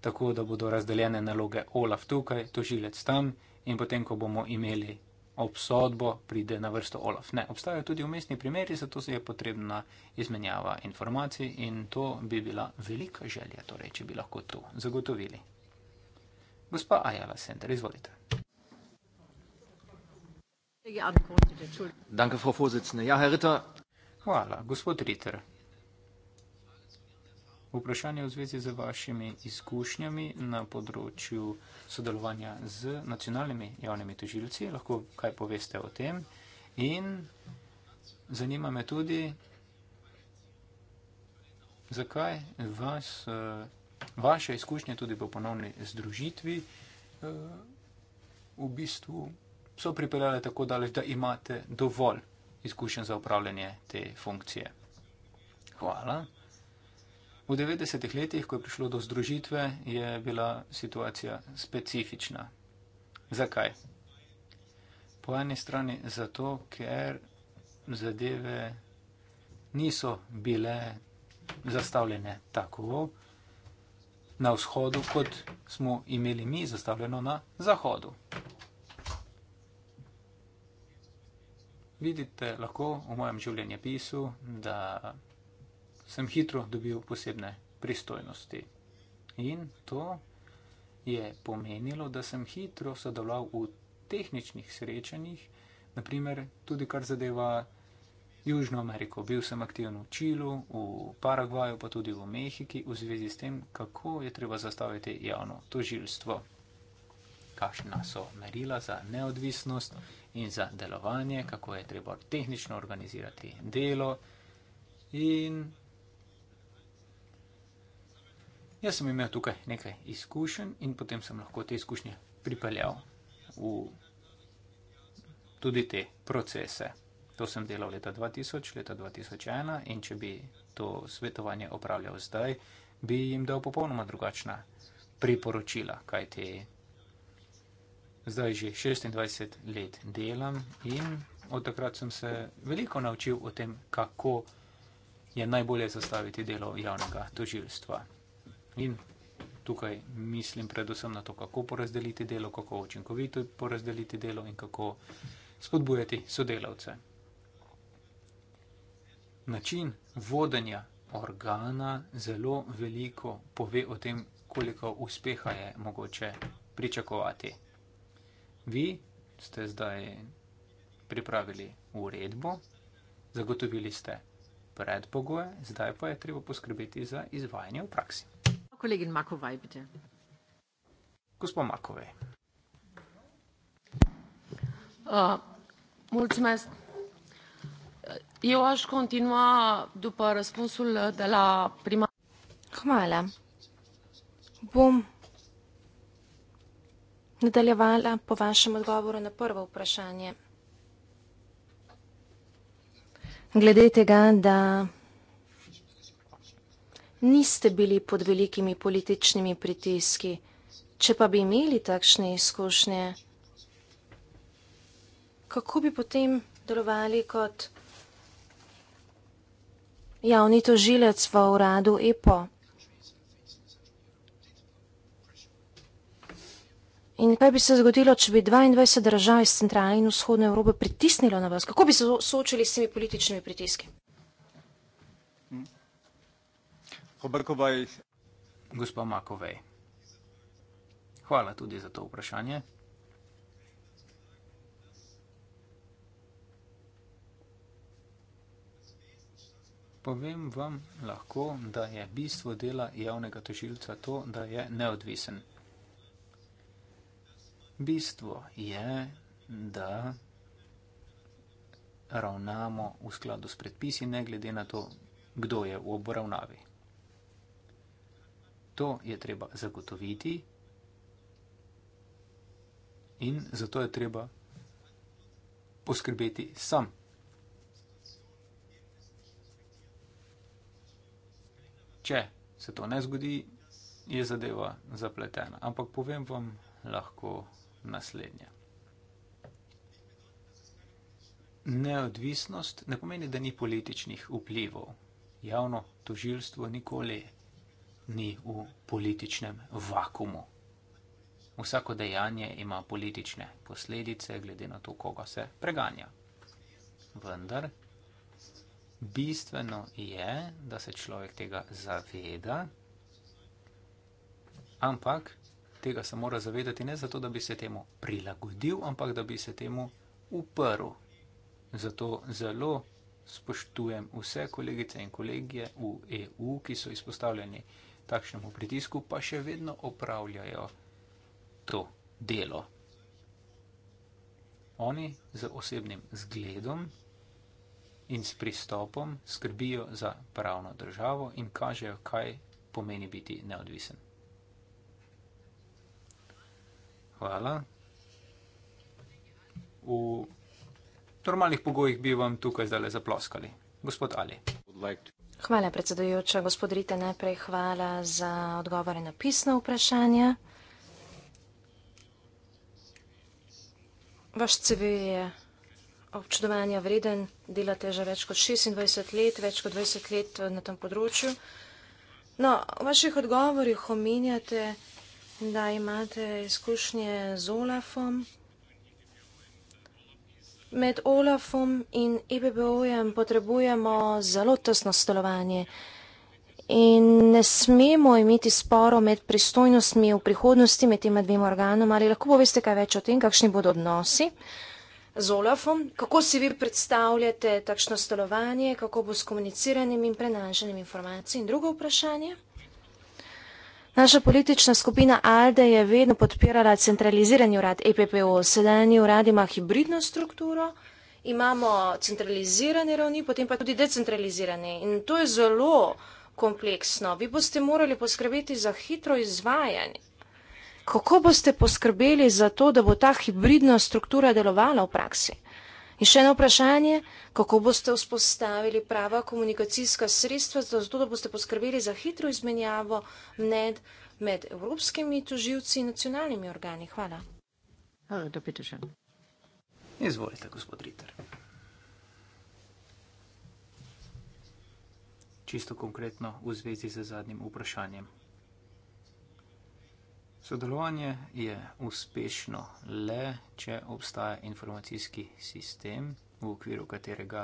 tako, da bodo razdeljene naloge Olaf tukaj, tožilec tam in potem, ko bomo imeli obsodbo, pride na vrsto Olaf. Ne, obstajajo tudi umestni primeri, zato se je potrebna izmenjava informacij in to bi bila velika želja, torej, če bi lahko to zagotovili. Gospa Ajala Center, izvolite. Ja, Hvala, gospod Ritter. Vprašanje v zvezi z vašimi izkušnjami na področju sodelovanja z nacionalnimi javnimi tožilci, lahko kaj poveste o tem. In zanima me tudi, zakaj vas, eh, vaše izkušnje tudi po ponovni združitvi eh, v bistvu so pripeljale tako daleč, da imate dovolj izkušenj za upravljanje te funkcije. Hvala. V 90-ih letih, ko je prišlo do združitve, je bila situacija specifična. Zakaj? Po eni strani zato, ker zadeve niso bile zastavljene tako na vzhodu, kot smo imeli mi zastavljeno na zahodu. Vidite lahko v mojem življenju pisu, da sem hitro dobil posebne pristojnosti. In to je pomenilo, da sem hitro sodeloval v tehničnih srečanjih, naprimer tudi kar zadeva Južno Ameriko. Bil sem aktiven v Čilu, v Paragvaju, pa tudi v Mehiki, v zvezi s tem, kako je treba zastaviti javno tožilstvo, kakšna so merila za neodvisnost in za delovanje, kako je treba tehnično organizirati delo. In Jaz sem imel tukaj nekaj izkušenj in potem sem lahko te izkušnje pripeljal v tudi te procese. To sem delal leta 2000, leta 2001 in če bi to svetovanje opravljal zdaj, bi jim dal popolnoma drugačna priporočila, kaj te zdaj že 26 let delam in od takrat sem se veliko naučil o tem, kako je najbolje zastaviti delo javnega toživstva. In tukaj mislim predvsem na to, kako porazdeliti delo, kako učinkovito porazdeliti delo in kako spodbujati sodelavce. Način vodenja organa zelo veliko pove o tem, koliko uspeha je mogoče pričakovati. Vi ste zdaj pripravili uredbo, zagotovili ste predpogoje, zdaj pa je treba poskrbeti za izvajanje v praksi. Kollegin Makovej, bitte. Gospod Makovej. Uh, mulțumesc. Eu aș continua după răspunsul de la prima... Хваля. Бум. Надалявала по вашему договору на первое упрошение. Глядите га да... Гада niste bili pod velikimi političnimi pritiski. Če pa bi imeli takšne izkušnje, kako bi potem delovali kot javni tožilec v uradu EPO? In kaj bi se zgodilo, če bi 22 držav iz centralne in vzhodne Evrope pritisnilo na vas? Kako bi se soočili s temi političnimi pritiski? Gospa Makovej, hvala tudi za to vprašanje. Povem vam lahko, da je bistvo dela javnega tožilca to, da je neodvisen. Bistvo je, da ravnamo v skladu s predpisi, ne glede na to, kdo je v obravnavi to je treba zagotoviti in zato je treba poskrbeti sam. Če se to ne zgodi, je zadeva zapletena. Ampak povem vam lahko naslednje. Neodvisnost ne pomeni, da ni političnih vplivov. Javno tožilstvo nikoli ni v političnem vakumu. Vsako dejanje ima politične posledice, glede na to, koga se preganja. Vendar, bistveno je, da se človek tega zaveda, ampak tega se mora zavedati ne zato, da bi se temu prilagodil, ampak da bi se temu uprl. Zato zelo spoštujem vse kolegice in kolegije v EU, ki so izpostavljeni takšnemu pritisku, pa še vedno opravljajo to delo. Oni z osebnim zgledom in s pristopom skrbijo za pravno državo in kažejo, kaj pomeni biti neodvisen. Hvala. V normalnih pogojih bi vam tukaj zdaj zaploskali. Gospod Ali. Hvala, predsedujoča. Gospod Rite, najprej hvala za odgovore na pisna vprašanja. Vaš CV je občudovanja vreden, delate že več kot 26 let, več kot 20 let eh, na tem področju. No, v vaših odgovorih omenjate, da imate izkušnje z Olafom, Med Olafom in EBBO-jem potrebujemo zelo tesno stolovanje in ne smemo imeti sporo med pristojnostmi v prihodnosti med tema dvema organoma. Ali lahko poveste kaj več o tem, kakšni bodo odnosi z Olafom, kako si vi predstavljate takšno stolovanje, kako bo s komuniciranjem in prenašanjem informacij in drugo vprašanje? Naša politična skupina ALDE je vedno podpirala centralizirani urad EPPO. Sedajni urad ima hibridno strukturo, imamo centralizirane ravni, potem pa tudi decentralizirane. In to je zelo kompleksno. Vi boste morali poskrbeti za hitro izvajanje. Kako boste poskrbeli za to, da bo ta hibridna struktura delovala v praksi? In še eno vprašanje, kako boste vzpostavili prava komunikacijska sredstva, zato da boste poskrbeli za hitro izmenjavo mned med evropskimi toživci in nacionalnimi organi. Hvala. Izvolite, gospod Ritter. Čisto konkretno v zvezi z zadnjim vprašanjem. Sodelovanje je uspešno le, če obstaja informacijski sistem, v okviru katerega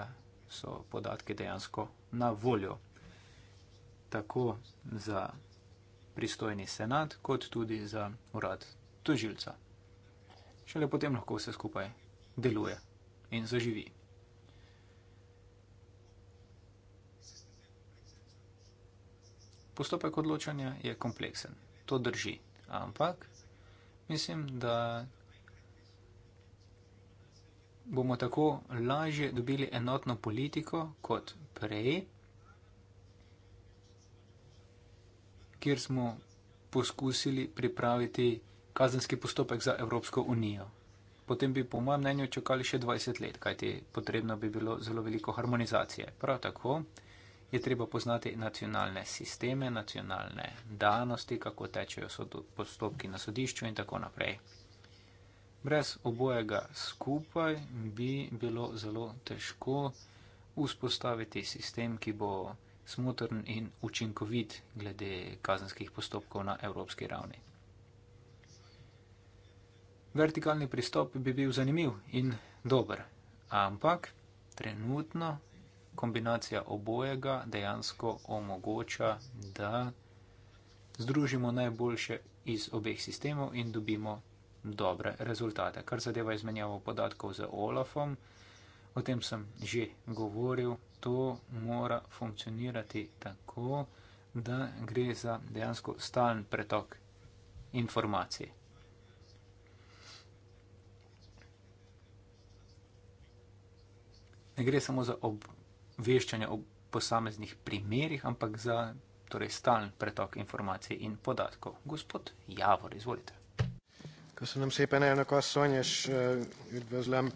so podatki dejansko na voljo, tako za pristojni senat, kot tudi za urad tožilca. Šele potem lahko vse skupaj deluje in zaživi. Postopek odločanja je kompleksen, to drži ampak mislim, da bomo tako lažje dobili enotno politiko kot prej, kjer smo poskusili pripraviti kazenski postopek za Evropsko unijo. Potem bi, po mojem mnenju, čakali še 20 let, kajti potrebno bi bilo zelo veliko harmonizacije. Prav tako je treba poznati nacionalne sisteme, nacionalne danosti, kako tečejo postopki na sodišču in tako naprej. Brez obojega skupaj bi bilo zelo težko vzpostaviti sistem, ki bo smotrn in učinkovit glede kazenskih postopkov na evropski ravni. Vertikalni pristop bi bil zanimiv in dober, ampak trenutno kombinacija obojega dejansko omogoča, da združimo najboljše iz obeh sistemov in dobimo dobre rezultate. Kar zadeva izmenjavo podatkov z Olafom, o tem sem že govoril, to mora funkcionirati tako, da gre za dejansko stalen pretok informacij. Ne gre samo za obojega obveščanja o posameznih primerih, ampak za torej, stalen pretok informacij in podatkov. Gospod Javor, izvolite. Ko se nam sepe na eno kost sonješ, eh, üdvözlöm,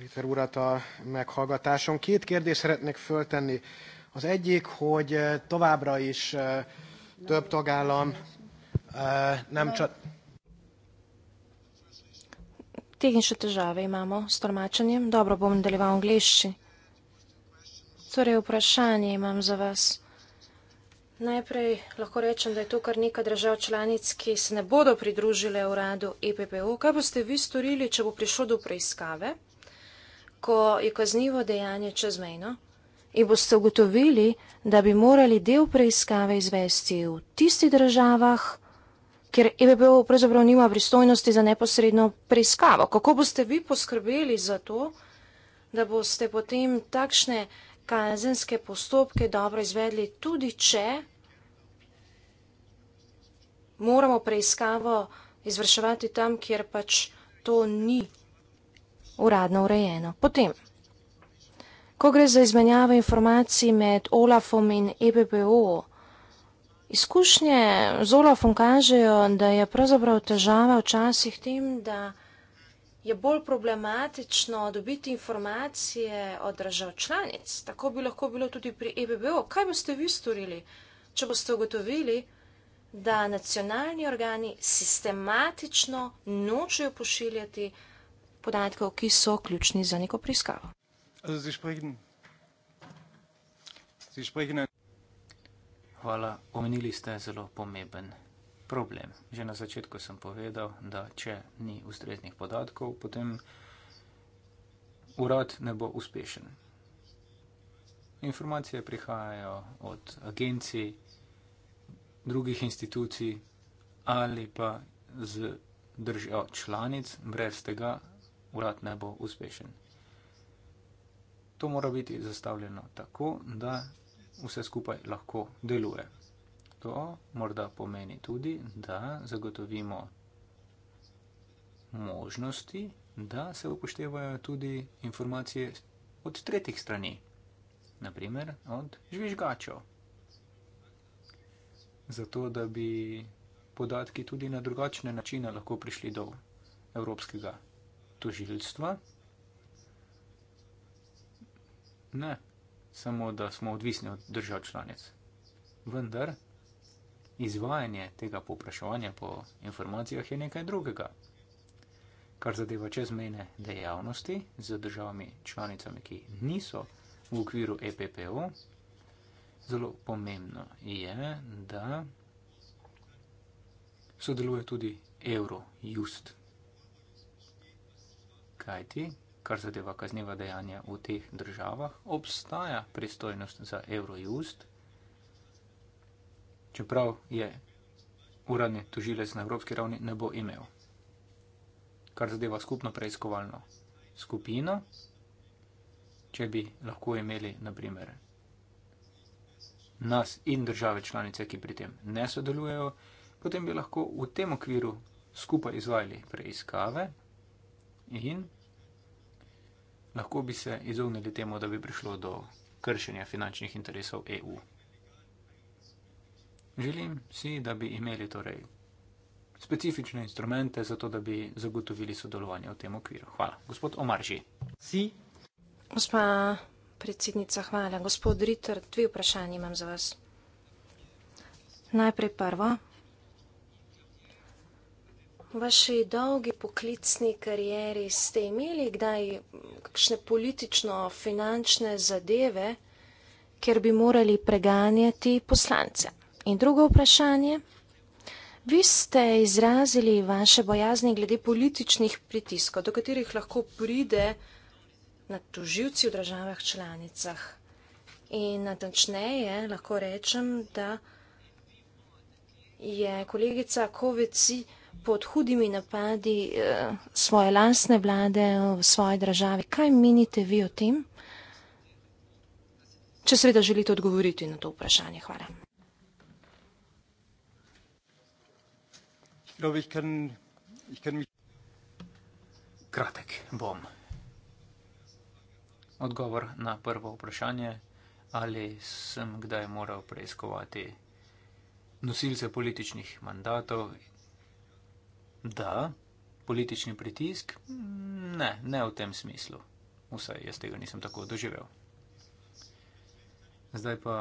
Viter eh, urat a meghallgatáson. Két kérdést szeretnék föltenni. Az egyik, hogy eh, továbbra is több tagállam nem csak... Tehén se težave imamo s tolmačenjem. Dobro bom deleval angliščini. Torej, vprašanje imam za vas. Najprej lahko rečem, da je to kar nekaj držav članic, ki se ne bodo pridružile uradu EPPO. Kaj boste vi storili, če bo prišlo do preiskave, ko je kaznivo dejanje čezmejno in boste ugotovili, da bi morali del preiskave izvesti v tistih državah, ker EPPO pravzaprav nima pristojnosti za neposredno preiskavo? Kako boste vi poskrbeli za to, da boste potem takšne kazenske postopke dobro izvedli, tudi če moramo preiskavo izvrševati tam, kjer pač to ni uradno urejeno. Potem, ko gre za izmenjavo informacij med OLAF-om in EBBO, izkušnje z OLAF-om kažejo, da je pravzaprav težava včasih tem, da je bolj problematično dobiti informacije od držav članic. Tako bi lahko bilo tudi pri EBBO. Kaj boste vi storili, če boste ugotovili, da nacionalni organi sistematično nočejo pošiljati podatkov, ki so ključni za neko preiskavo? Hvala, omenili ste zelo pomemben problem. Že na začetku sem povedal, da če ni ustreznih podatkov, potem urad ne bo uspešen. Informacije prihajajo od agencij, drugih institucij ali pa z držav članic, brez tega urad ne bo uspešen. To mora biti zastavljeno tako, da vse skupaj lahko deluje. To morda pomeni tudi, da zagotovimo možnosti, da se upoštevajo tudi informacije od tretjih strani, naprimer od žvižgačev. Zato, da bi podatki tudi na drugačne načine lahko prišli do evropskega tožilstva. Ne, samo da smo odvisni od držav članic. Vendar izvajanje tega popraševanja po informacijah je nekaj drugega. Kar zadeva čezmejne dejavnosti z državami članicami, ki niso v okviru EPPO, zelo pomembno je, da sodeluje tudi Eurojust. Kajti, kar zadeva kazneva dejanja v teh državah, obstaja pristojnost za Eurojust, čeprav je uradni tožilec na evropski ravni, ne bo imel. Kar zadeva skupno preiskovalno skupino, če bi lahko imeli, naprimer, nas in države članice, ki pri tem ne sodelujejo, potem bi lahko v tem okviru skupaj izvajali preiskave in lahko bi se izognili temu, da bi prišlo do kršenja finančnih interesov EU. Želim si, da bi imeli torej specifične instrumente, zato da bi zagotovili sodelovanje v tem okviru. Hvala. Gospod Omarži. Si. Gospa predsednica, hvala. Gospod Ritter, dve vprašanje imam za vas. Najprej prvo. V vaši dolgi poklicni karieri ste imeli kdaj kakšne politično-finančne zadeve, kjer bi morali preganjati poslance? In drugo vprašanje. Vi ste izrazili vaše bojazni glede političnih pritiskov, do katerih lahko pride na tuživci v državah članicah. In natančneje lahko rečem, da je kolegica Koveci pod hudimi napadi eh, svoje lastne vlade v svoji državi. Kaj menite vi o tem? Če seveda želite odgovoriti na to vprašanje, hvala. glaube, ich kann, ich kann mich. Kratek, bom. Odgovor na prvo vprašanje, ali sem kdaj moral preiskovati nosilce političnih mandatov. Da, politični pritisk? Ne, ne v tem smislu. Vsaj jaz tega nisem tako doživel. Zdaj pa,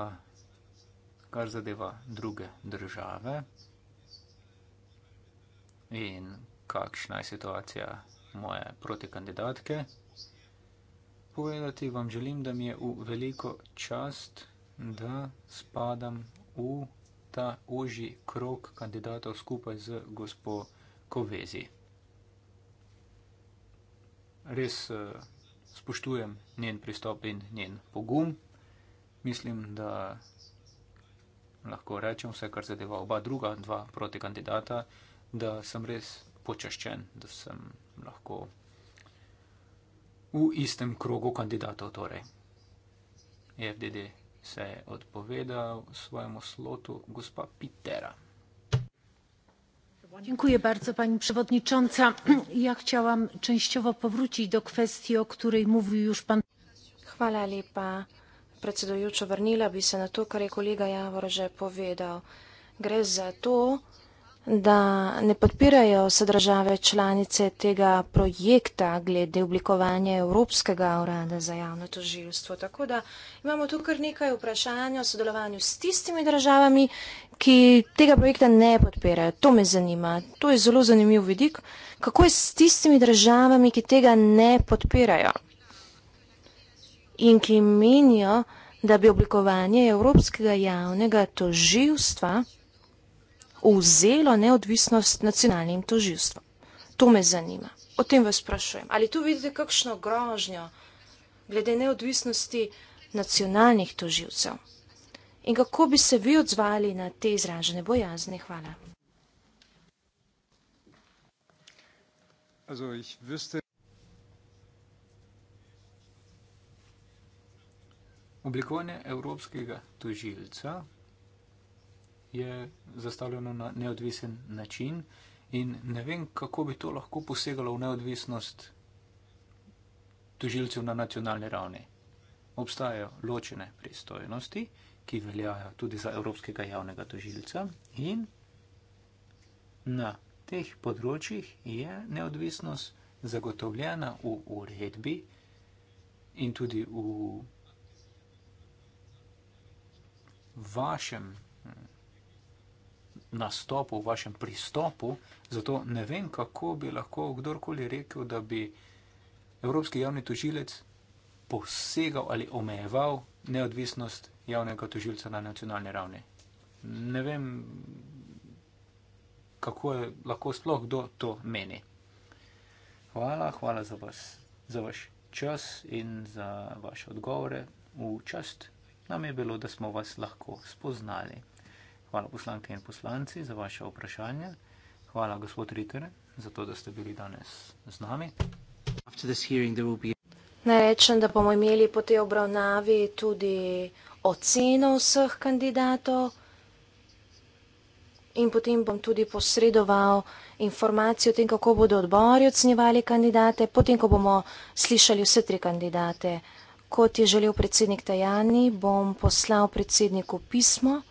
kar zadeva druge države in kakšna je situacija moje protikandidatke. Povedati vam želim, da mi je v veliko čast, da spadam v ta oži krok kandidatov skupaj z gospo Kovezi. Res eh, spoštujem njen pristop in njen pogum. Mislim, da lahko rečem vse, kar zadeva oba druga dva protikandidata da sem res počaščen, da sem lahko v istem krogu kandidatov. Torej. FDD se je odpovedal svojemu slotu, gospa Pitera. Dziękuję bardzo Pani Przewodnicząca. Ja chciałam częściowo powrócić do kwestii, o której mówił już Pan. Hvala lepa, predsedujoča, vrnila bi se na to, kar je kolega Javor že povedal. Gre za to, da ne podpirajo vse države članice tega projekta glede oblikovanja Evropskega urada za javno toživstvo. Tako da imamo tu kar nekaj vprašanj o sodelovanju s tistimi državami, ki tega projekta ne podpirajo. To me zanima. To je zelo zanimiv vidik. Kako je s tistimi državami, ki tega ne podpirajo in ki menijo, da bi oblikovanje Evropskega javnega toživstva vzelo neodvisnost nacionalnim toživstvom. To me zanima. O tem vas sprašujem. Ali tu vidite kakšno grožnjo glede neodvisnosti nacionalnih toživcev? In kako bi se vi odzvali na te izražene bojazne? Hvala. Also, ich wüsste Oblikovanje evropskega tožilca je zastavljeno na neodvisen način, in ne vem, kako bi to lahko posegalo v neodvisnost tužilcev na nacionalni ravni. Obstajajo ločene pristojnosti, ki veljajo tudi za Evropskega javnega tožilca, in na teh področjih je neodvisnost zagotovljena v uredbi in tudi v vašem nastopu, v vašem pristopu. Zato ne vem, kako bi lahko kdorkoli rekel, da bi Evropski javni tožilec posegal ali omejeval neodvisnost javnega tožilca na nacionalni ravni. Ne vem, kako je lahko sploh kdo to meni. Hvala, hvala za, vas, za vaš čas in za vaše odgovore. V čast nam je bilo, da smo vas lahko spoznali. Hvala poslanke in poslanci za vaše vprašanje. Hvala gospod Ritter za to, da ste bili danes z nami. Naj rečem, da bomo imeli po tej obravnavi tudi oceno vseh kandidatov in potem bom tudi posredoval informacijo o tem, kako bodo odbori ocenjevali kandidate, potem, ko bomo slišali vse tri kandidate. Kot je želel predsednik Tajani, bom poslal predsedniku pismo.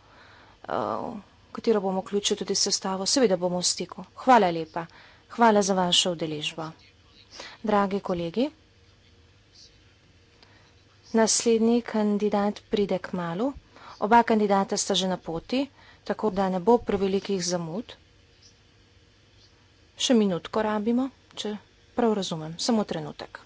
Uh, v katero bomo vključili tudi sestavo, seveda bomo v stiku. Hvala lepa, hvala za vašo udeležbo. Dragi kolegi, naslednji kandidat pride k malu. Oba kandidata sta že na poti, tako da ne bo prevelikih zamud. Še minutko rabimo, če prav razumem, samo trenutek.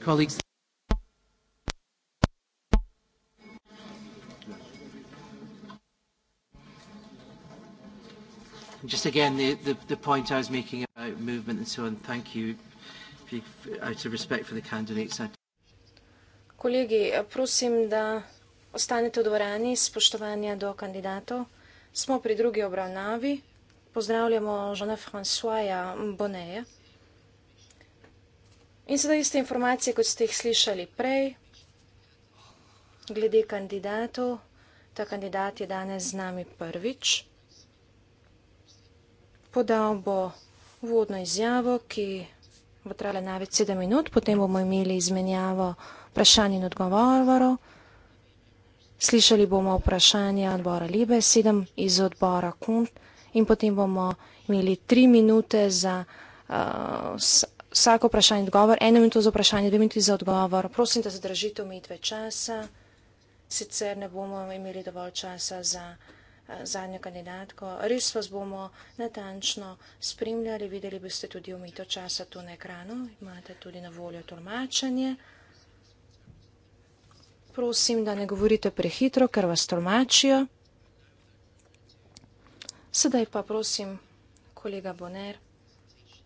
colleagues. Just again, the, the, the point I was making about movement and so on, thank you. Out of respect for the candidates, I... Kolegi, prosim, da ostanete v dvorani spoštovanja do kandidatov. Smo pri drugi obravnavi. Pozdravljamo žena Françoisa Bonneja. In sedaj iste informacije, kot ste jih slišali prej, glede kandidatov. Ta kandidat je danes z nami prvič. Podal bo vodno izjavo, ki bo trajala največ sedem minut, potem bomo imeli izmenjavo vprašanj in odgovorov. Slišali bomo vprašanje odbora Libe, sedem iz odbora Kunt in potem bomo imeli tri minute za uh, vsako vprašanje odgovor, eno minuto za vprašanje, dve minuti za odgovor. Prosim, da zadržite omejitve časa, sicer ne bomo imeli dovolj časa za eh, zadnjo kandidatko. Res vas bomo natančno spremljali, videli boste tudi omejitev časa tu na ekranu, imate tudi na voljo tolmačenje. Prosim, da ne govorite prehitro, ker vas tolmačijo. Sedaj pa prosim, kolega Boner.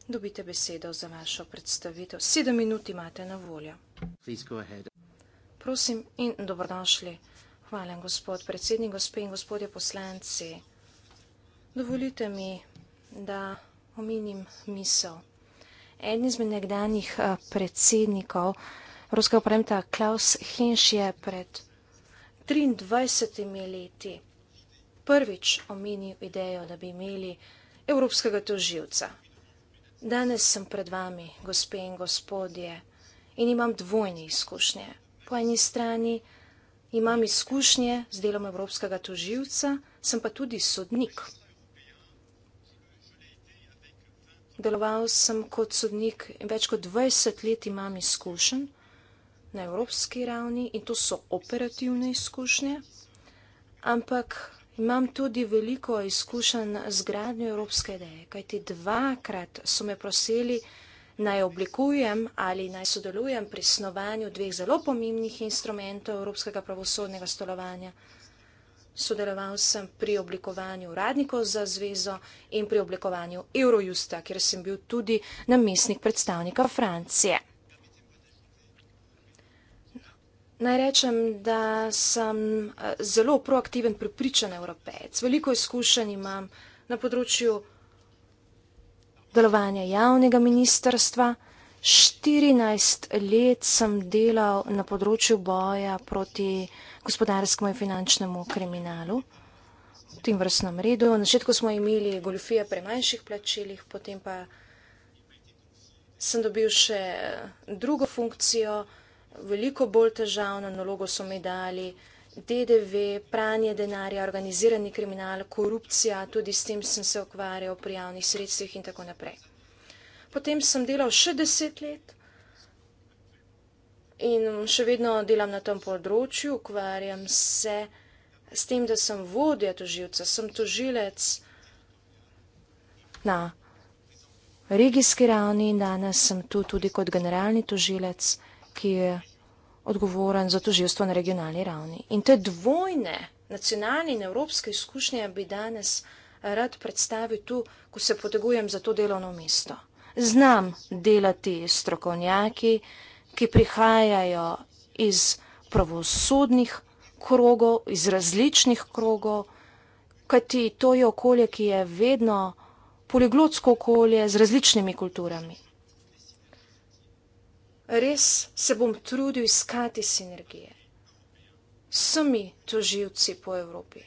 Dobite besedo za vašo predstavitev. Sedem minut imate na voljo. Prosim in dobrodošli. Hvala, gospod predsednik, gospe in gospodje poslanci. Dovolite mi, da omenim misel. Eden izmed nekdanjih eh, predsednikov Evropskega parlamenta Klaus Hinš je pred 23 leti prvič omenil idejo, da bi imeli evropskega toživca. Danes sem pred vami, gospe in gospodje, in imam dvojne izkušnje. Po eni strani imam izkušnje z delom Evropskega toživca, sem pa tudi sodnik. Deloval sem kot sodnik in več kot 20 let imam izkušenj na evropski ravni in to so operativne izkušnje, ampak Imam tudi veliko izkušenj z gradnjo evropske ideje, kajti dvakrat so me prosili, naj oblikujem ali naj sodelujem pri snovanju dveh zelo pomembnih instrumentov evropskega pravosodnega stolovanja. Sodeloval sem pri oblikovanju uradnikov za zvezo in pri oblikovanju Eurojusta, kjer sem bil tudi namestnik predstavnika Francije. Naj rečem, da sem eh, zelo proaktiven, pripričan evropejc. Veliko izkušenj imam na področju delovanja javnega ministerstva. 14 let sem delal na področju boja proti gospodarskemu in finančnemu kriminalu v tem vrstnem redu. Na začetku smo imeli goljofije pri manjših plačilih, potem pa sem dobil še eh, drugo funkcijo veliko bolj težavno nalogo so mi dali. DDV, pranje denarja, organizirani kriminal, korupcija, tudi s tem sem se ukvarjal pri javnih sredstvih in tako naprej. Potem sem delal še deset let in še vedno delam na tem področju, ukvarjam se s tem, da sem vodja toživca, sem tožilec na regijski ravni in danes sem tu tudi kot generalni toživec ki je odgovoren za toživstvo na regionalni ravni. In te dvojne nacionalne in evropske izkušnje bi danes eh, rad predstavil tu, ko se potegujem za to delovno mesto. Znam delati s strokovnjaki, ki prihajajo iz pravosodnih krogov, iz različnih krogov, kajti to je okolje, ki je vedno poliglotsko okolje z različnimi kulturami res se bom trudil iskati sinergije. Sami toživci po Evropi.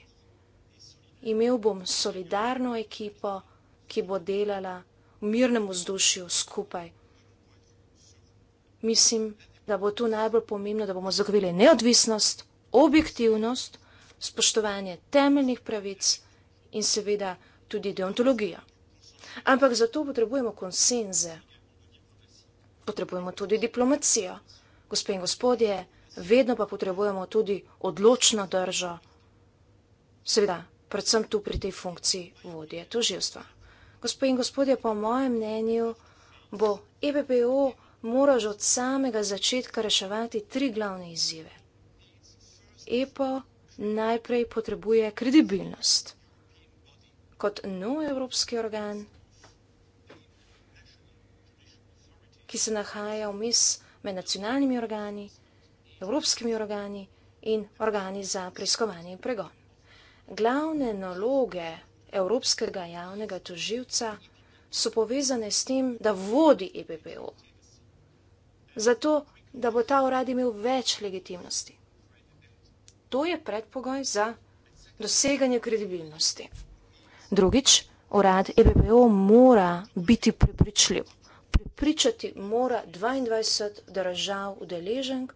Imel bom solidarno ekipo, ki bo delala v mirnem vzdušju skupaj. Mislim, da bo tu najbolj pomembno, da bomo zagovili neodvisnost, objektivnost, spoštovanje temeljnih pravic in seveda tudi deontologijo. Ampak za to potrebujemo konsenze potrebujemo tudi diplomacijo. Gospe in gospodje, vedno pa potrebujemo tudi odločno držo, seveda, predvsem tu pri tej funkciji vodje toživstva. Gospe in gospodje, po mojem mnenju bo EBPO moral že od samega začetka reševati tri glavne izzive. EPO najprej potrebuje kredibilnost kot nov evropski organ, ki se nahaja vmes med nacionalnimi organi, evropskimi organi in organi za preiskovanje in pregon. Glavne naloge Evropskega javnega toživca so povezane s tem, da vodi EPPO, zato da bo ta urad imel več legitimnosti. To je predpogoj za doseganje kredibilnosti. Drugič, urad EPPO mora biti prepričljiv pripričati mora 22 držav udeleženk,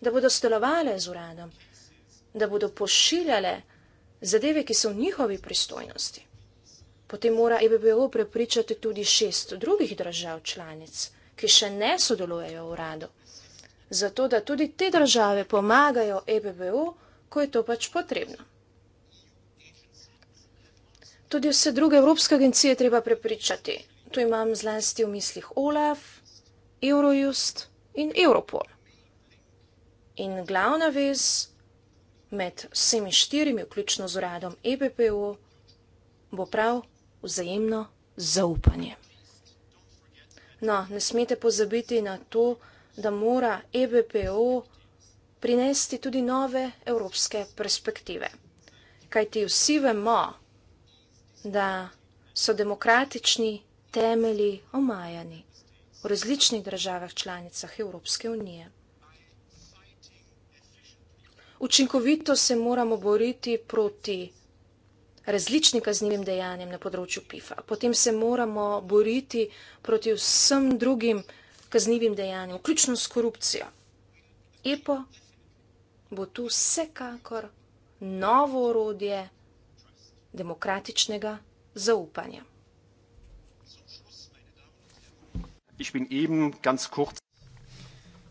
da bodo stelovale z uradom, da bodo pošiljale zadeve, ki so v njihovi pristojnosti. Potem mora EBBO prepričati tudi šest drugih držav članic, ki še ne sodelujejo v uradu, zato da tudi te države pomagajo EBBO, ko je to pač potrebno. Tudi vse druge evropske agencije treba prepričati, tu imam zlasti v mislih OLAF, Eurojust in Europol. In glavna vez med vsemi štirimi, vključno z uradom EBPO, bo prav vzajemno zaupanje. No, ne smete pozabiti na to, da mora EBPO prinesti tudi nove evropske perspektive. Kajti vsi vemo, da so demokratični temelji omajani v različnih državah članicah Evropske unije. Učinkovito se moramo boriti proti različnim kaznivim dejanjem na področju PIFA. Potem se moramo boriti proti vsem drugim kaznivim dejanjem, vključno s korupcijo. EPO bo tu vsekakor novo orodje demokratičnega zaupanja. Ich bin eben ganz kurz.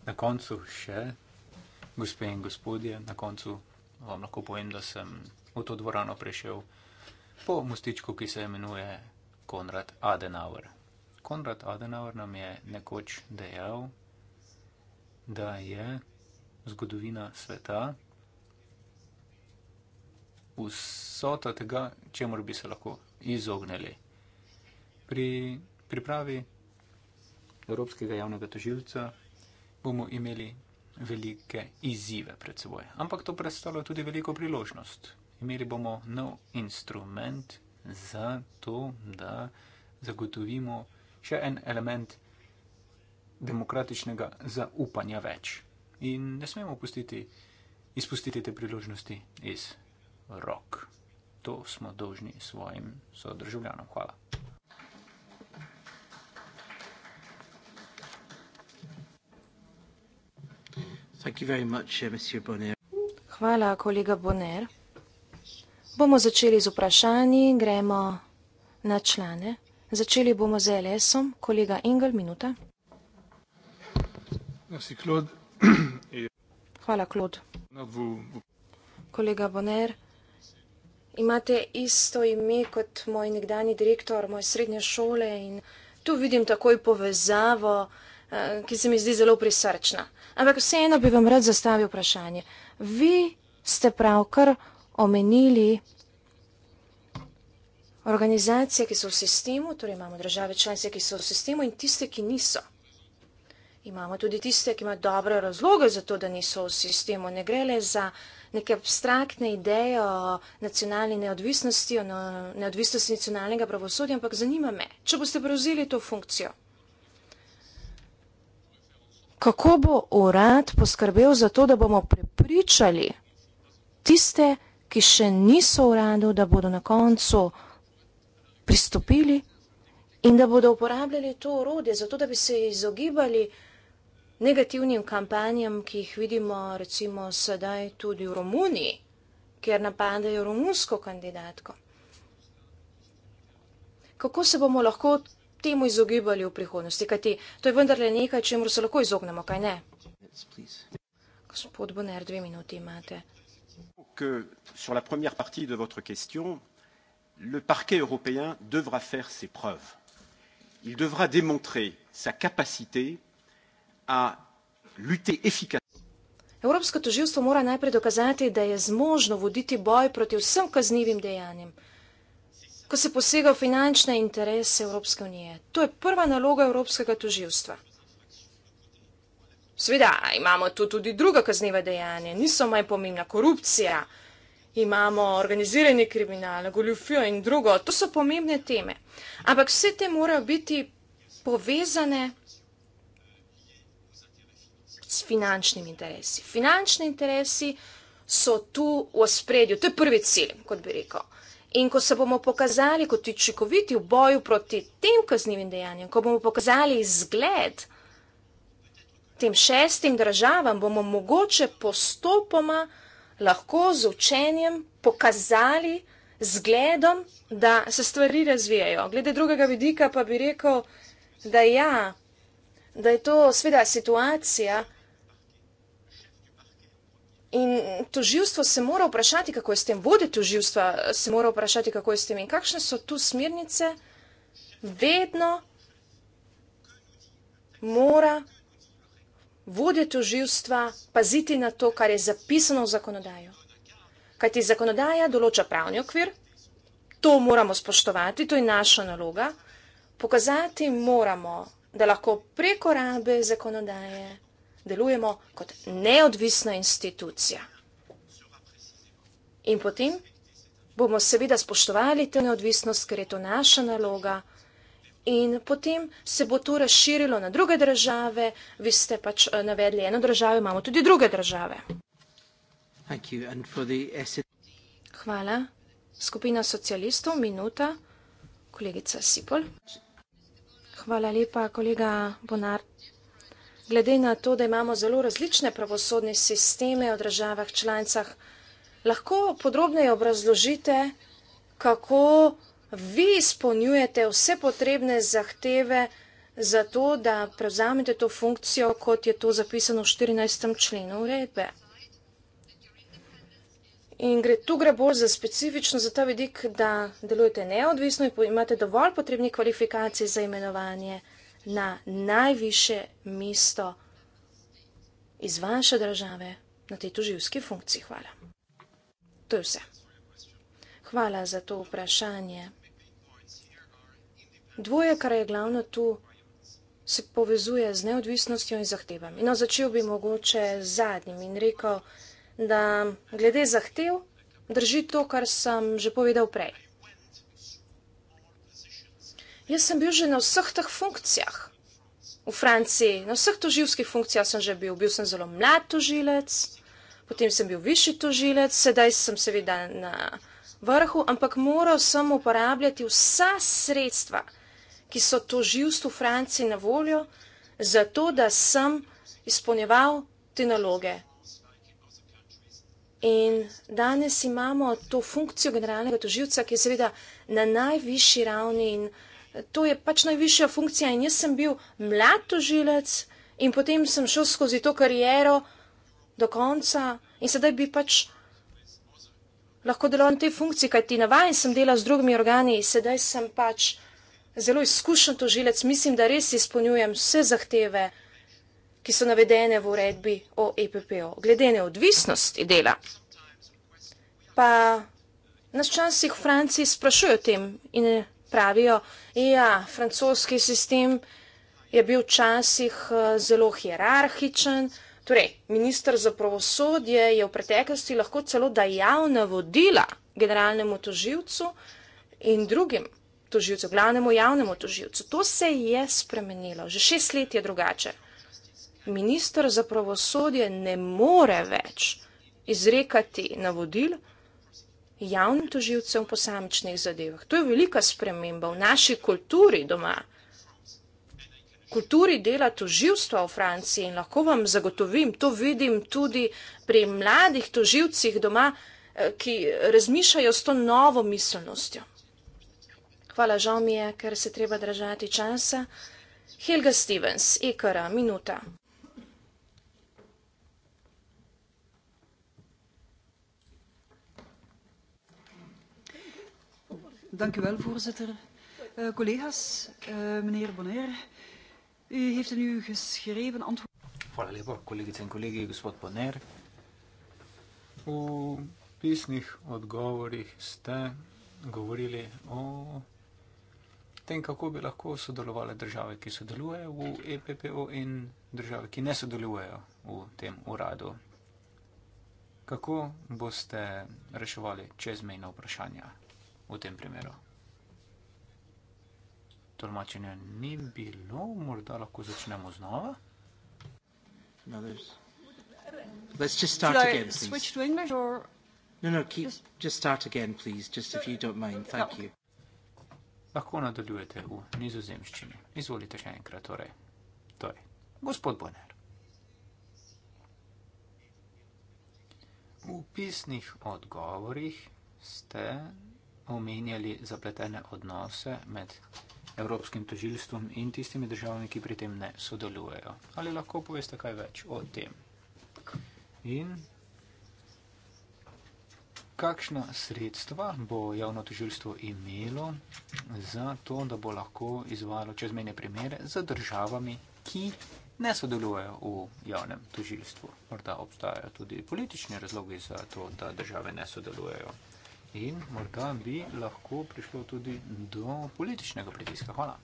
Na koncu še, gospe in gospodje, na koncu vam lahko povem, da sem v to dvorano prišel po mostičku, ki se imenuje Konrad Adenauer. Konrad Adenauer nam je nekoč dejal, da je zgodovina sveta vsota tega, čemu bi se lahko izognili. Pri pripravi Evropskega javnega tožilca, bomo imeli velike izzive pred seboj. Ampak to predstavlja tudi veliko priložnost. Imeli bomo nov instrument za to, da zagotovimo še en element demokratičnega zaupanja več. In ne smemo pustiti, izpustiti te priložnosti iz rok. To smo dolžni svojim sodržavljanom. Hvala. Uh, Hvala, kolega Bonner. Bomo začeli z vprašanji in gremo na člane. Začeli bomo z LS-om. Kolega Engel, minuta. Hvala, Klod. Kolega Bonner, imate isto ime kot moj nekdani direktor moje srednje šole in tu vidim takoj povezavo. Eh, ki se mi zdi zelo prisrčna. Ampak vseeno bi vam rad zastavil vprašanje. Vi ste pravkar omenili organizacije, ki so v sistemu, torej imamo države članice, ki so v sistemu in tiste, ki niso. Imamo tudi tiste, ki imajo dobre razloge za to, da niso v sistemu. Ne gre le za neke abstraktne ideje o nacionalni neodvisnosti, o no, neodvisnosti nacionalnega pravosodja, ampak zanima me, če boste prevzeli to funkcijo kako bo urad poskrbel za to, da bomo prepričali tiste, ki še niso uradu, da bodo na koncu pristopili in da bodo uporabljali to urode, zato da bi se izogibali negativnim kampanjam, ki jih vidimo recimo sedaj tudi v Romuniji, kjer napadajo romunsko kandidatko. Kako se bomo lahko temu izogibali v prihodnosti, kajti to je vendarle nekaj, čemu se lahko izognemo, kaj ne? Gospod Bonner, dve minuti imate. Sur la première partie de votre question, le parquet européen devra faire ses preuves. Il devra démontrer sa capacité à lutter efficacement. Evropsko toživstvo mora najprej dokazati, da je zmožno voditi boj proti vsem kaznivim dejanjem ko se posega v finančne interese Evropske unije. To je prva naloga Evropskega toživstva. Sveda, imamo tu tudi druga kazneva dejanja, niso manj pomembna, korupcija, imamo organizirani kriminal, goljufijo in drugo, to so pomembne teme. Ampak vse te morajo biti povezane s finančnimi interesi. Finančni interesi so tu v spredju, to je prvi cilj, kot bi rekel. In ko se bomo pokazali kot učinkoviti v boju proti tem kaznjivim dejanjem, ko bomo pokazali zgled tem šestim državam, bomo mogoče postopoma lahko z učenjem pokazali zgledom, da se stvari razvijajo. Glede drugega vidika pa bi rekel, da ja, da je to sveda situacija, In toživstvo se mora vprašati, kako je s tem, vodi toživstva eh, se mora vprašati, kako je s tem in kakšne so tu smirnice, vedno mora vodi toživstva paziti na to, kar je zapisano v zakonodaju. Kaj ti zakonodaja določa pravni okvir, to moramo spoštovati, to je naša naloga, pokazati moramo, da lahko preko rabe zakonodaje vodi delujemo kot neodvisna institucija. In potem bomo seveda spoštovali to neodvisnost, ker je to naša naloga. In potem se bo to razširilo na druge države. Vi ste pač eh, navedli eno državo, imamo tudi druge države. Hvala. Skupina socialistov, minuta. Kolegica Sipol. Hvala lepa, kolega Bonart glede na to, da imamo zelo različne pravosodne sisteme v državah članicah, lahko podrobneje obrazložite, kako vi izpolnjujete vse potrebne zahteve za to, da prevzamete to funkcijo, kot je to zapisano v 14. členu urejbe. In gre, tu gre bolj za specifično za ta vidik, da delujete neodvisno in imate dovolj potrebnih kvalifikacij za imenovanje na najviše mesto iz vaše države na tej tuživski funkciji. Hvala. To je vse. Hvala za to vprašanje. Dvoje, kar je glavno tu, se povezuje z neodvisnostjo in zahtevami. No, začel bi mogoče z zadnjim in rekel, da glede zahtev drži to, kar sem že povedal prej. Jaz sem bil že na vseh teh funkcijah v Franciji, na vseh toživskih funkcijah sem že bil. Bil sem zelo mlad tožilec, potem sem bil višji tožilec, sedaj sem seveda na vrhu, ampak moral sem uporabljati vsa sredstva, ki so toživstvu v Franciji na voljo, zato da sem izpolnjeval te naloge. In danes imamo to funkcijo generalnega toživca, ki je seveda na najvišji ravni in vsega, to je pač najvišja funkcija in jaz sem bil mlad tožilec in potem sem šel skozi to kariero do konca in sedaj bi pač lahko delal na tej funkciji, kaj ti navajen sem dela z drugimi organi in sedaj sem pač zelo izkušen tožilec, mislim, da res izpolnjujem vse zahteve, ki so navedene v uredbi o EPPO. Glede neodvisnosti dela, pa nas časih v Franciji sprašujo o tem in je, pravijo, ja, francoski sistem je bil včasih eh, zelo hierarhičen. Torej, ministr za pravosodje je v preteklosti lahko celo dajal navodila generalnemu toživcu in drugim toživcu, glavnemu javnemu toživcu. To se je spremenilo, že šest let je drugače. Ministr za pravosodje ne more več izrekati navodil javnim tožilcem v posamičnih zadevah. To je velika sprememba v naši kulturi doma. Kulturi dela toživstva v Franciji in lahko vam zagotovim, to vidim tudi pri mladih toživcih doma, eh, ki razmišljajo s to novo miselnostjo. Hvala, žal mi je, ker se treba držati časa. Helga Stevens, Ikara, e minuta. Dank u wel, voorzitter. Uh, collega's, uh, meneer Bonaire, u heeft in uw geschreven antwoord. Hvala lepa, kolegice in kolegi, gospod Bonaire. V pisnih odgovorih ste govorili o tem, kako bi lahko sodelovali države, ki sodelujejo v EPPO in države, ki ne sodelujejo v tem uradu. Kako boste reševali čezmejna vprašanja? v tem primeru. Tolmačenja ni bilo, morda lahko začnemo znova. No, let's just start Should again, please. Switch to English or no, no, keep just, just start again, please, just if you don't mind. No. Thank no. you. Lahko nadaljujete v nizozemščini. Izvolite še enkrat, torej. To je gospod Bonner. V pisnih odgovorih ste omenjali zapletene odnose med evropskim tožilstvom in tistimi državami, ki pri tem ne sodelujejo. Ali lahko poveste kaj več o tem? In kakšna sredstva bo javno tožilstvo imelo za to, da bo lahko izvalo čezmene primere z državami, ki ne sodelujejo v javnem tožilstvu? Morda obstajajo tudi politični razlogi za to, da države ne sodelujejo in morda bi lahko prišlo tudi do političnega pritiska. Hvala.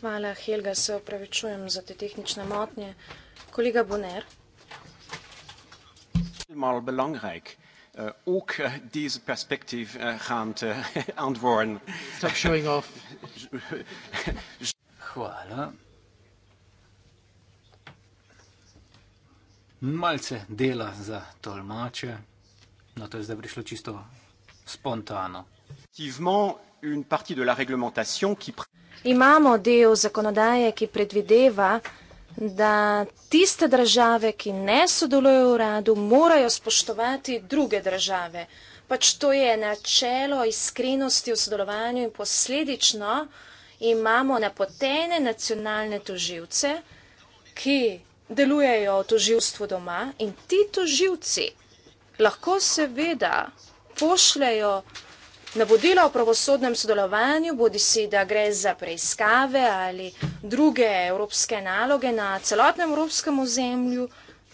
Hvala, Helga. Se opravičujem za te tehnične motnje. Kolega Boner. Eh, ook uh, deze perspectief uh, gaan te uh, antwoorden. Stop showing off. Hvala. malce dela za tolmače, no to je zdaj prišlo čisto spontano. Imamo del zakonodaje, ki predvideva, da tiste države, ki ne sodelujo v uradu, morajo spoštovati druge države. Pač to je načelo iskrenosti v sodelovanju in posledično imamo napotene nacionalne toživce, ki delujejo toživstvo doma in ti toživci lahko seveda pošljajo navodila o pravosodnem sodelovanju, bodi si, da gre za preiskave ali druge evropske naloge na celotnem evropskem ozemlju,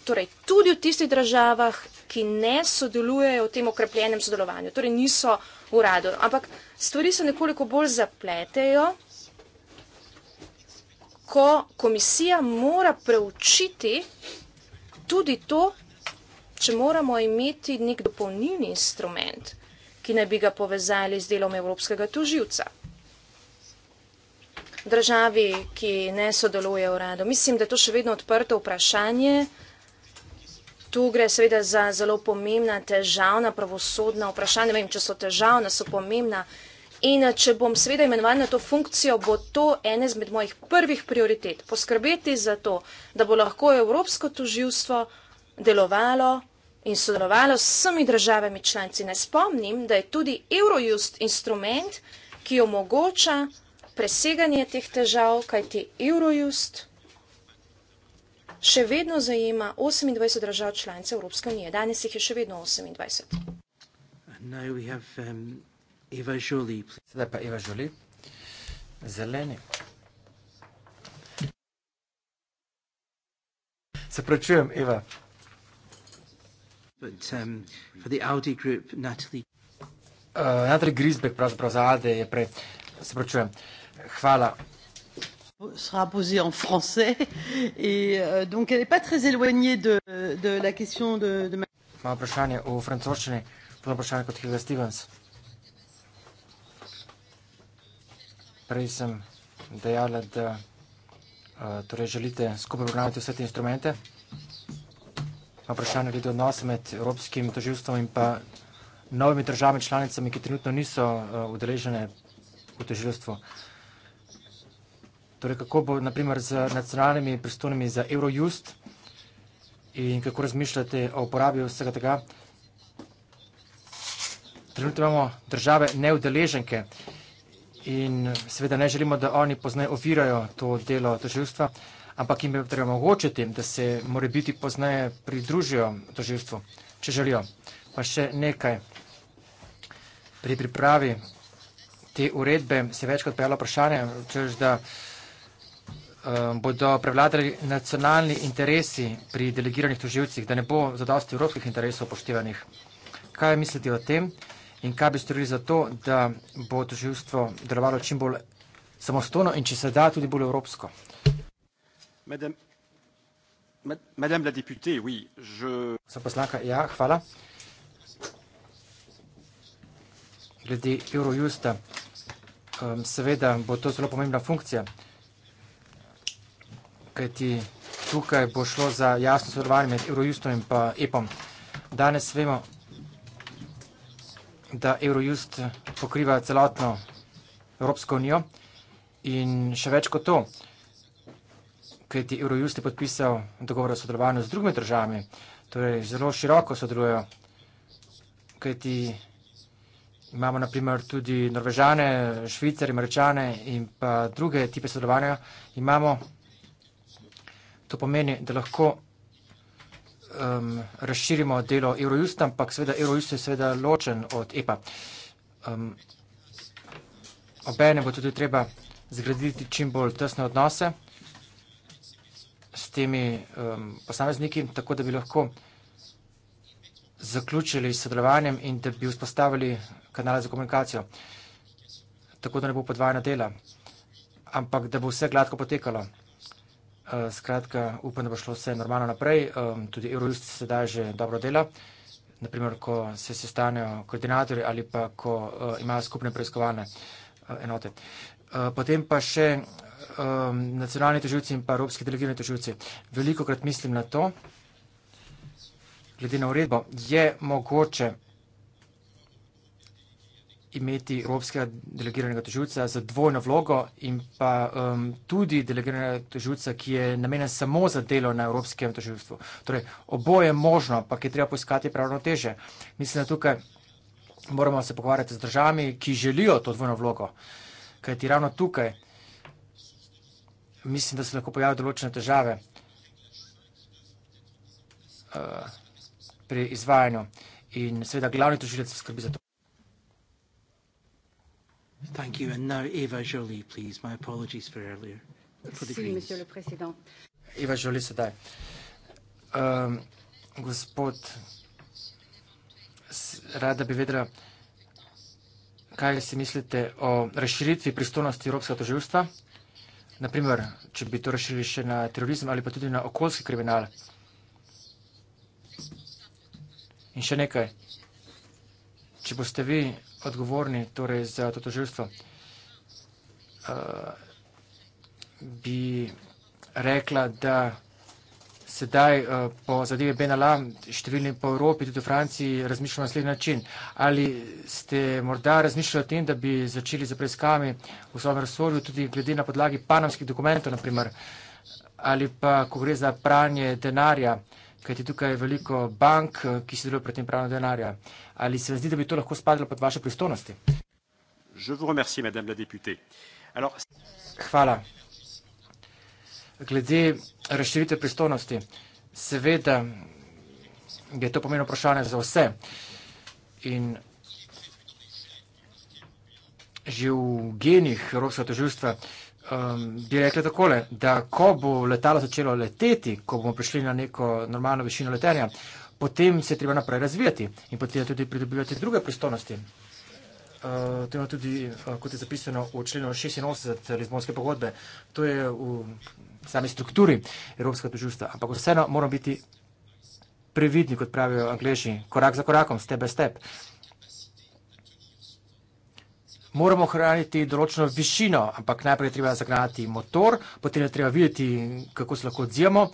torej tudi v tistih državah, ki ne sodelujejo v tem okrepljenem sodelovanju, torej niso v radu. Ampak stvari se nekoliko bolj zapletejo ko komisija mora preučiti tudi to, če moramo imeti nek dopolnilni instrument, ki ne bi ga povezali z delom evropskega tužilca. Državi, ki ne sodeluje v rado. Mislim, da je to še vedno odprto vprašanje. Tu gre seveda za zelo pomembna, težavna pravosodna vprašanja. Ne vem, če so težavna, so pomembna. In eh, če bom seveda imenovan na to funkcijo, bo to ene izmed mojih prvih prioritet. Poskrbeti za to, da bo lahko Evropsko tuživstvo delovalo in sodelovalo s vsemi državami članci. Ne spomnim, da je tudi Eurojust instrument, ki omogoča preseganje teh težav, kajti Eurojust še vedno zajema 28 držav članice Evropske unije. Danes jih je še vedno 28. Now we have, um... Eva Žoli. Sedaj pa Eva Žoli. Zeleni. Se pravčujem, Eva. But, um, for the Audi group, Natalie. Uh, Natalie Grisbeck, pravzaprav za Ade, je pre... Se pravčujem. Hvala. sera posée en français et euh, donc elle n'est pas très éloignée de, de la question de, de ma... Ma prej sem dejala, da torej želite skupaj programati vse te instrumente. Vprašanje glede odnose med evropskim toživstvom in pa novimi državami članicami, ki trenutno niso udeležene v toživstvu. Torej, kako bo naprimer z nacionalnimi pristojnimi za Eurojust in kako razmišljate o uporabi vsega tega? Trenutno imamo države neudeleženke in in seveda ne želimo, da oni poznaj ovirajo to delo toživstva, ampak jim je treba omogočiti, da se more biti poznaje pridružijo toživstvu, če želijo. Pa še nekaj. Pri pripravi te uredbe se večkrat pojavlja vprašanje, češ, da eh, bodo prevladali nacionalni interesi pri delegiranih toživcih, da ne bo zadosti evropskih interesov upoštevanih. Kaj mislite o tem? in kaj bi storili za to, da bo toživstvo delovalo čim bolj samostojno in če se da tudi bolj evropsko. Madame la députée, oui, je... Sa poslanka, ja, hvala. Glede Eurojusta, ehm, seveda bo to zelo pomembna funkcija, kaj ti tukaj bo šlo za jasno sodelovanje med Eurojustom in pa EPOM. Danes vemo, da Eurojust pokriva celotno Evropsko unijo in še več kot to, kajti Eurojust je podpisal dogovor o sodelovanju z drugimi državami, torej zelo široko sodelujejo, kajti imamo naprimer tudi Norvežane, Švicari, Američane in pa druge tipe sodelovanja. Imamo, to pomeni, da lahko um, razširimo delo Eurojusta, ampak seveda Eurojust je seveda ločen od EPA. Um, Obene bo tudi treba zgraditi čim bolj tesne odnose s temi um, posamezniki, tako da bi lahko zaključili s sodelovanjem in da bi vzpostavili kanale za komunikacijo, tako da ne bo podvajana dela, ampak da bo vse gladko potekalo. Eh, skratka, upam, da bo šlo vse normalno naprej. Um, tudi Eurojust se da že dobro dela. Naprimer, ko se sestanejo koordinatorji ali pa ko uh, imajo skupne preiskovalne uh, enote. Uh, potem pa še um, nacionalni težavci in pa evropski delegirani težavci. Veliko krat mislim na to, glede na uredbo, je mogoče imeti evropskega delegiranega tožilca za dvojno vlogo in pa um, tudi delegiranega tožilca, ki je namenjen samo za delo na evropskem tožilstvu. Torej, oboje je možno, ampak je treba poiskati pravno teže. Mislim, da tukaj moramo se pogovarjati z državami, ki želijo to dvojno vlogo, kajti ravno tukaj mislim, da se lahko pojavijo določene težave uh, pri izvajanju in seveda glavni tožilec skrbi za to. Thank you. Now Eva Joly, please. My apologies for earlier for the Greens. Eva Joly. Um, gospod, rada bi vedela, kaj si mislite o razširitvi pristojnosti Evropskega toživstva, naprimer, če bi to razširili še na terorizem ali pa tudi na okoljski kriminal. In še nekaj, če boste vi odgovorni torej za to toživstvo, uh, eh, bi rekla, da sedaj uh, po zadevi Benala, številni po Evropi, tudi v Franciji, razmišljamo na sledi način. Ali ste morda razmišljali o tem, da bi začeli z za preiskavami v svojem razsolju tudi glede na podlagi panamskih dokumentov, naprimer, ali pa, ko gre za pranje denarja, uh, kajti tukaj je veliko bank, eh, ki se delajo pri tem pravnem denarja. Ali se vam zdi, da bi to lahko spadlo pod vaše pristojnosti? Hvala. Glede razširitve pristojnosti, seveda je to pomeno vprašanje za vse. In že v genih Evropskega toživstva, um, bi rekli takole, da ko bo letalo začelo leteti, ko bomo prišli na neko normalno višino letenja, potem se je treba naprej razvijati in potem tudi pridobivati druge pristojnosti. Uh, to je tudi, uh, kot je zapisano v členu 86 Lizbonske pogodbe, to je v sami strukturi Evropskega tožilstva. Ampak vseeno moramo biti previdni, kot pravijo angliži, korak za korakom, step by step. Uh, moramo ohraniti določeno višino, ampak najprej je treba zagnati motor, potem je treba videti, kako se lahko odzijemo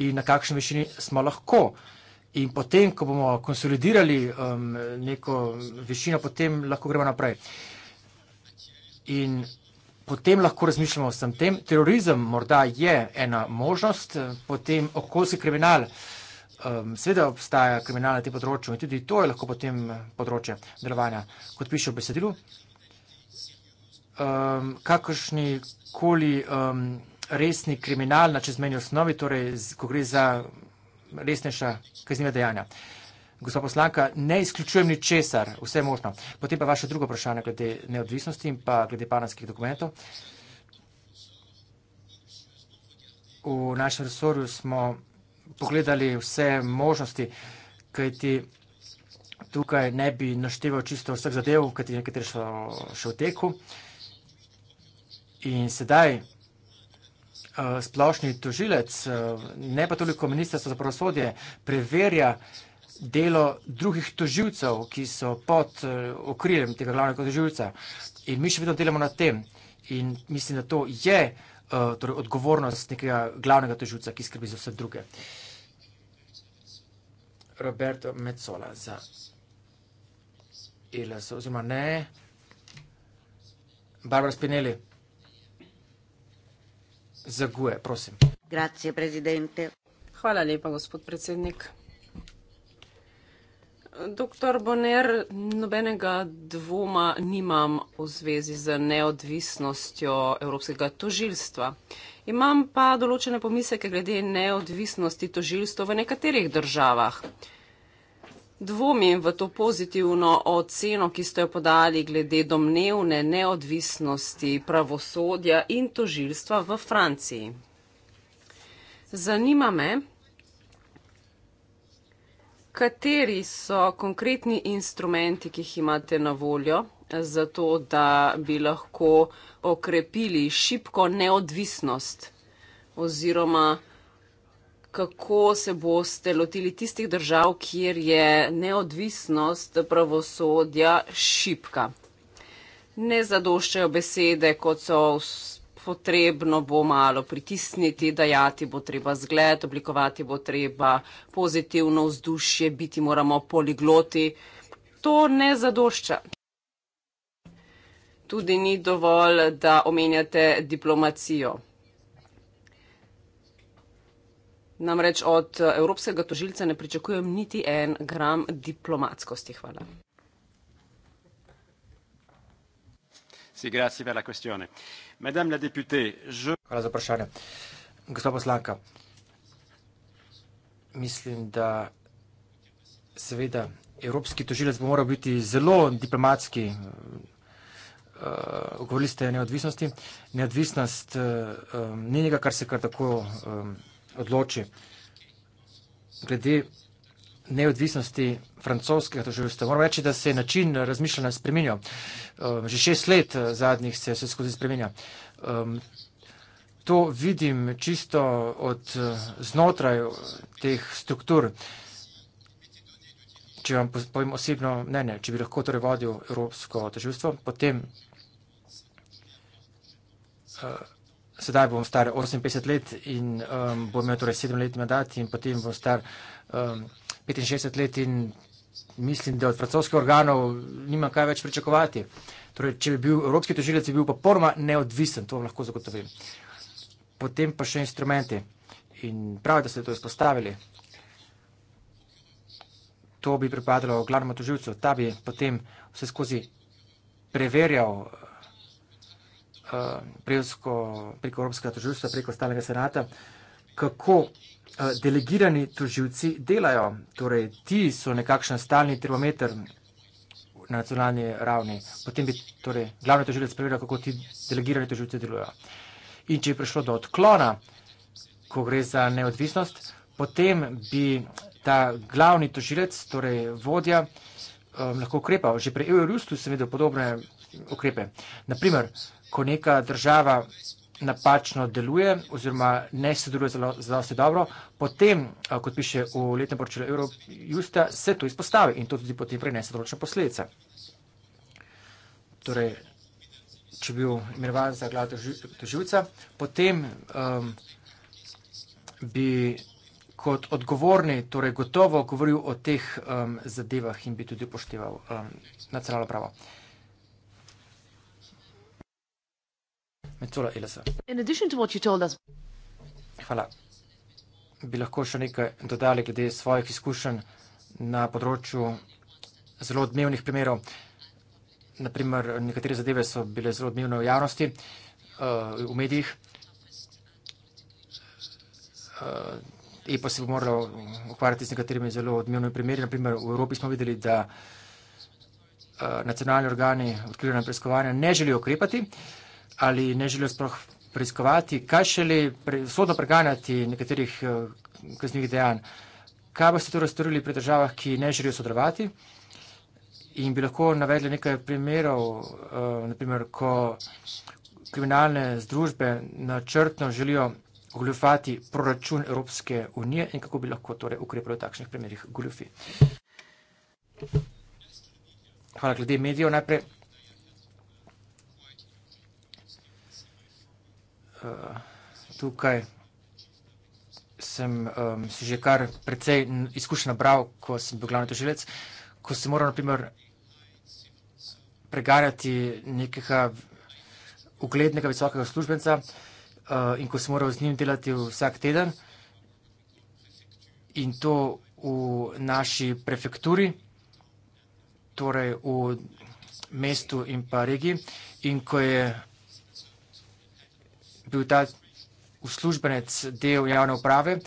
in na kakšni višini smo lahko. In potem, ko bomo konsolidirali um, neko višino, potem lahko gremo naprej. In potem lahko razmišljamo o vsem tem. Terorizem morda je ena možnost, potem okoljski kriminal. Um, Sveda obstaja kriminal na tem področju in tudi to je lahko potem področje delovanja, kot piše v besedilu um, kakršni koli um, resni kriminal na čezmeni osnovi, torej z, ko gre za resnejša kazniva dejanja. Gospa poslanka, ne izključujem ni česar, vse možno. Potem pa vaše drugo vprašanje glede neodvisnosti in pa glede panamskih dokumentov. V našem resorju smo pogledali vse možnosti, kajti tukaj ne bi našteval čisto vseh zadev, kajti nekateri so še v teku. Uh, In sedaj eh, splošni tožilec, eh, ne pa toliko ministrstvo za pravosodje, preverja delo drugih tožilcev, ki so pod eh, okriljem tega glavnega tožilca. In mi še vedno delamo na tem. In mislim, da to je torej, odgovornost nekega glavnega tožilca, ki skrbi za vse druge. Roberto Mecola za Elaso, oziroma ne. Barbara Spinelli. Zague, prosim. Hvala lepa, gospod predsednik. Doktor Boner, nobenega dvoma nimam v zvezi z neodvisnostjo Evropskega tožilstva. Imam pa določene pomiseke glede neodvisnosti tožilstva v nekaterih državah dvomim v to pozitivno oceno, ki ste jo podali glede domnevne neodvisnosti pravosodja in tožilstva v Franciji. Zanima me, kateri so konkretni instrumenti, ki jih imate na voljo, zato da bi lahko okrepili šipko neodvisnost oziroma kako se boste lotili tistih držav, kjer je neodvisnost pravosodja šipka. Ne zadoščajo besede, kot so potrebno bo malo pritisniti, dajati bo treba zgled, oblikovati bo treba pozitivno vzdušje, biti moramo poligloti. To ne zadošča. Tudi ni dovolj, da omenjate diplomacijo. Namreč od eh, evropskega tožilca ne pričakujem niti en gram diplomatskosti. Hvala. Hvala za vprašanje. Gospa poslanka, mislim, da seveda evropski tožilec bo moral biti zelo diplomatski. Eh, eh, govorili ste o neodvisnosti. Neodvisnost ni nekaj, kar se kar tako odloči. Glede neodvisnosti francoskega državstva. Moram reči, da se je način razmišljanja spremenil. Um, že šest let uh, zadnjih se vse skozi spremenja. Um, to vidim čisto od uh, znotraj teh struktur. Če vam povem osebno mnenje, če bi lahko torej vodil evropsko državstvo, potem uh, sedaj bom star 58 let in um, bom imel torej 7 let mandat in potem bom star um, 65 let in mislim, da od francoskih organov nima kaj več pričakovati. Torej, če bi bil evropski tožilec, bi bil pa porma neodvisen, to vam lahko zagotovim. Potem pa še instrumente in prav, da ste to izpostavili. To bi pripadalo glavnemu tožilcu, ta bi potem vse skozi preverjal Eh, preko Evropskega tožilstva, preko stalnega senata, kako eh, delegirani tožilci delajo. Torej, ti so nekakšen stalni termometer na nacionalni ravni. Potem bi torej, glavni tožilec preveril, kako ti delegirani tožilci delujejo. In če je prišlo do odklona, ko gre za neodvisnost, potem bi ta glavni tožilec, torej vodja, eh, lahko ukrepal. Že pri Eurostu sem videl podobne ukrepe. Naprimer, ko neka država napačno deluje oziroma ne sodeluje zelo, zelo se dobro, potem, eh, kot piše v letnem poročilu Eurojusta, se to izpostavi in to tudi potem prenese določene posledice. Torej, če bi bil imenovan za glavo doživljca, potem um, bi kot odgovorni torej gotovo govoril o teh um, zadevah in bi tudi upošteval um, nacionalno pravo. Uh, med tola Elisa. Hvala. Bi lahko še nekaj dodali glede svojih izkušenj na področju zelo odmevnih primerov. Naprimer, nekatere zadeve so bile zelo odmevne v javnosti, eh, v medijih. EPA eh, se bo morala ukvarjati z nekaterimi zelo odmevnimi primeri. Naprimer, v Evropi smo videli, da eh, nacionalni organi odkrivljena preiskovanja ne želijo ukrepati ali ne želijo sploh preiskovati, kaj šele sodno preganjati nekaterih eh, kaznjivih dejanj. Kaj boste torej storili pri državah, ki ne želijo sodelovati? In bi lahko navedli nekaj primerov, eh, naprimer, ko kriminalne združbe načrtno želijo goljufati proračun Evropske unije in kako bi lahko torej ukrepali v takšnih primerih goljufi. Hvala glede medijev najprej. tukaj sem um, si že kar precej izkušnja bral, ko sem bil glavni tožilec, ko sem moral naprimer pregarjati nekega uglednega visokega službenca uh, in ko sem moral z njim delati vsak teden in to v naši prefekturi, torej v mestu in pa regiji in ko je bil ta uslužbenec del javne uprave,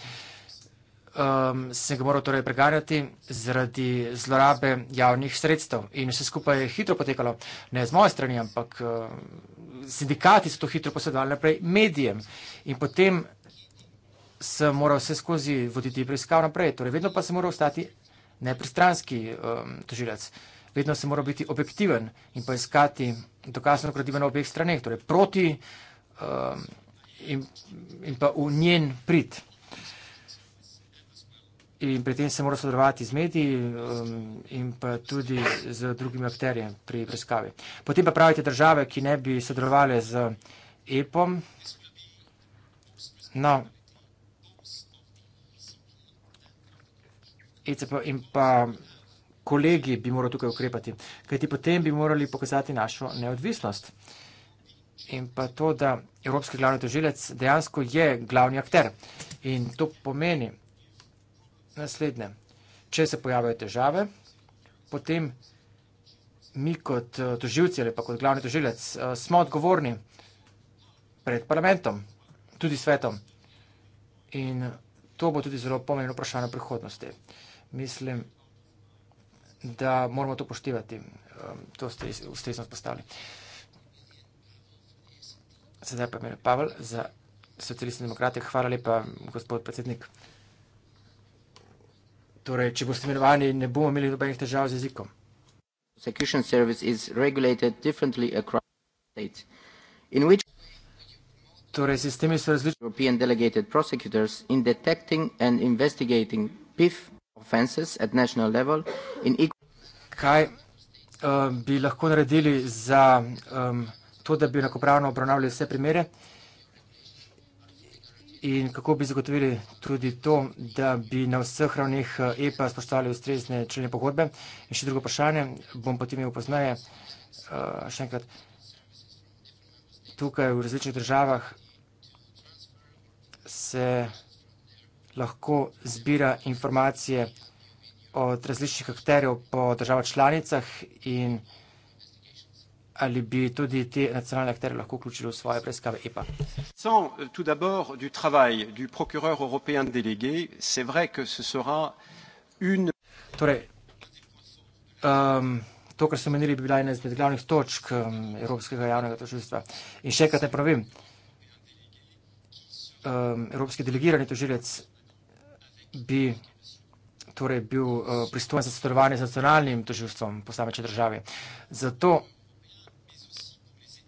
um, se ga moral torej preganjati zaradi zlorabe javnih sredstev. In vse skupaj je hitro potekalo, ne z moje strani, ampak uh, sindikati so to hitro posedali naprej medijem. In potem sem moral vse skozi voditi preiskav naprej. Torej, vedno pa sem moral ostati nepristranski um, tožilec. Vedno sem moral biti objektiven in pa iskati dokazno gradiva na obeh straneh, torej proti Um, in, in pa v njen prid. In pri tem se mora sodelovati z mediji um, in pa tudi z drugimi akterjem pri preiskavi. Potem pa pravite države, ki ne bi sodelovali z EPOM. No, e in pa kolegi bi morali tukaj ukrepati, kajti potem bi morali pokazati našo neodvisnost in pa to, da evropski glavni tožilec dejansko je glavni akter. In to pomeni naslednje. Če se pojavijo težave, potem mi kot eh, tožilci ali pa kot glavni tožilec eh, smo odgovorni pred parlamentom, tudi svetom. In to bo tudi zelo pomembno vprašanje prihodnosti. Mislim, da moramo to poštivati. Eh, to ste ustrezno spostavili. Sedaj pa imena Pavel za socialiste demokrate. Hvala lepa, gospod predsednik. Torej, če boste imenovani, ne bomo imeli dobenih težav z jezikom. Execution service is regulated differently across states. In which torej, sistemi so različni. European delegated prosecutors in detecting and investigating PIF offenses at national level in equal... Kaj um, bi lahko naredili za... Um, to, da bi enakopravno obravnavali vse primere in kako bi zagotovili tudi to, da bi na vseh ravneh EPA eh, e spoštovali ustrezne člene pogodbe. In še drugo vprašanje, bom potem imel poznaje eh, še enkrat tukaj v različnih državah se lahko zbira informacije od različnih akterjev po državah članicah in vsega, ali bi tudi te nacionalne akterje lahko vključili v svoje preiskave EPA? Sans euh, tout d'abord du travail du procureur européen délégué, c'est vrai que ce sera une. Torej, um, to, kar so menili, bi bila ena izmed glavnih točk um, Evropskega javnega tožilstva. In še enkrat ne pravim, um, Evropski delegirani tožilec bi torej, bil uh, pristojen za sodelovanje z nacionalnim tožilstvom posameče države. Zato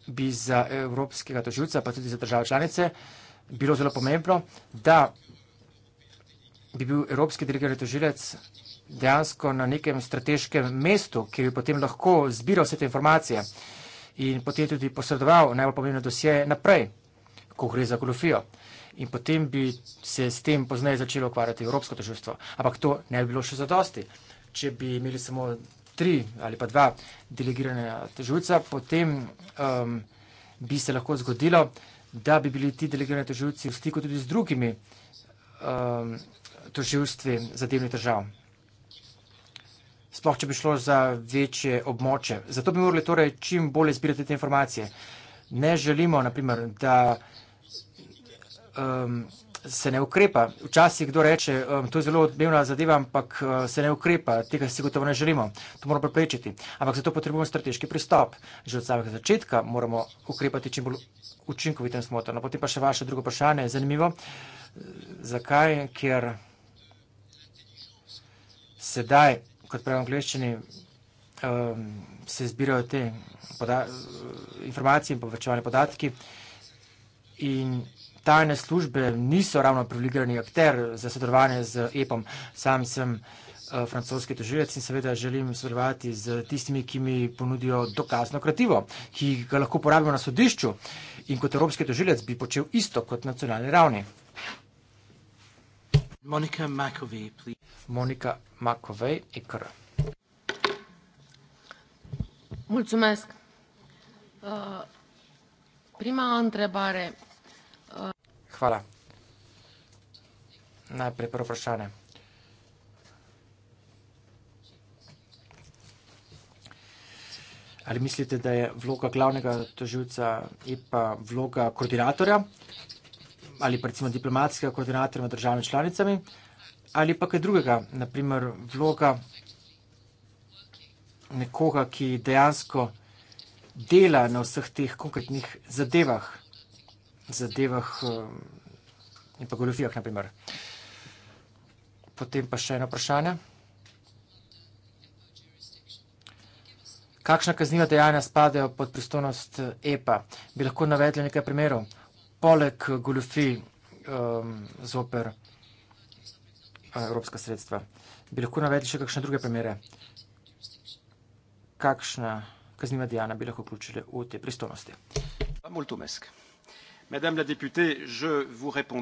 bi za evropskega toživca, pa tudi za države članice, bilo zelo pomembno, da bi bil evropski delegirani toživec dejansko na nekem strateškem mestu, kjer bi potem lahko zbiral vse te informacije in potem tudi posredoval najbolj pomembne dosjeje naprej, ko gre za golofijo. In potem bi se s tem poznaje začelo ukvarjati evropsko toživstvo. Ampak to ne bi bilo še zadosti, če bi imeli samo tri ali pa dva delegirane težavca, potem um, bi se lahko zgodilo, da bi bili ti delegirani težavci v stiku tudi z drugimi um, toživstvi zadevnih držav. Sploh, če bi šlo za večje območje. Zato bi morali torej čim bolje zbirati te informacije. Ne želimo, naprimer, da um, se ne ukrepa. Včasih kdo reče, um, to je zelo odmevna zadeva, ampak uh, se ne ukrepa, tega si gotovo ne želimo, to moramo preprečiti. Ampak zato potrebujemo strateški pristop. Že od samega začetka moramo ukrepati čim bolj učinkovito in smotrno. Potem pa še vaše drugo vprašanje, zanimivo, zakaj, ker sedaj, kot pravim angliščini, um, se zbirajo te informacije in povečevanje podatki. In tajne službe niso ravno privilegirani akter za sodelovanje z EPOM. Sam sem eh, francoski tožilec in seveda želim sodelovati z tistimi, ki mi ponudijo dokazno krativo, ki ga lahko uporabimo na sodišču in kot evropski tožilec bi počel isto kot nacionalni ravni. Monika Makovej, Monika Makovej, IKR. E Mulțumesc. Uh, prima întrebare. Hvala. Najprej prvo vprašanje. Ali mislite, da je vloga glavnega toživca EPA vloga koordinatorja ali predvsem diplomatskega koordinatorja med državami članicami ali pa kaj drugega, naprimer vloga nekoga, ki dejansko dela na vseh teh konkretnih zadevah? zadevah um, in pa goljofijah, naprimer. Potem pa še eno vprašanje. Kakšna kazniva dejanja spadejo pod pristojnost EPA? Eh, e bi lahko navedli nekaj primerov? Poleg goljofij um, zoper eh, evropska sredstva. Bi lahko navedli še kakšne druge primere? Kakšna kazniva dejanja bi lahko vključili v te pristojnosti? Multumesk. Madame la députée, je vous réponds.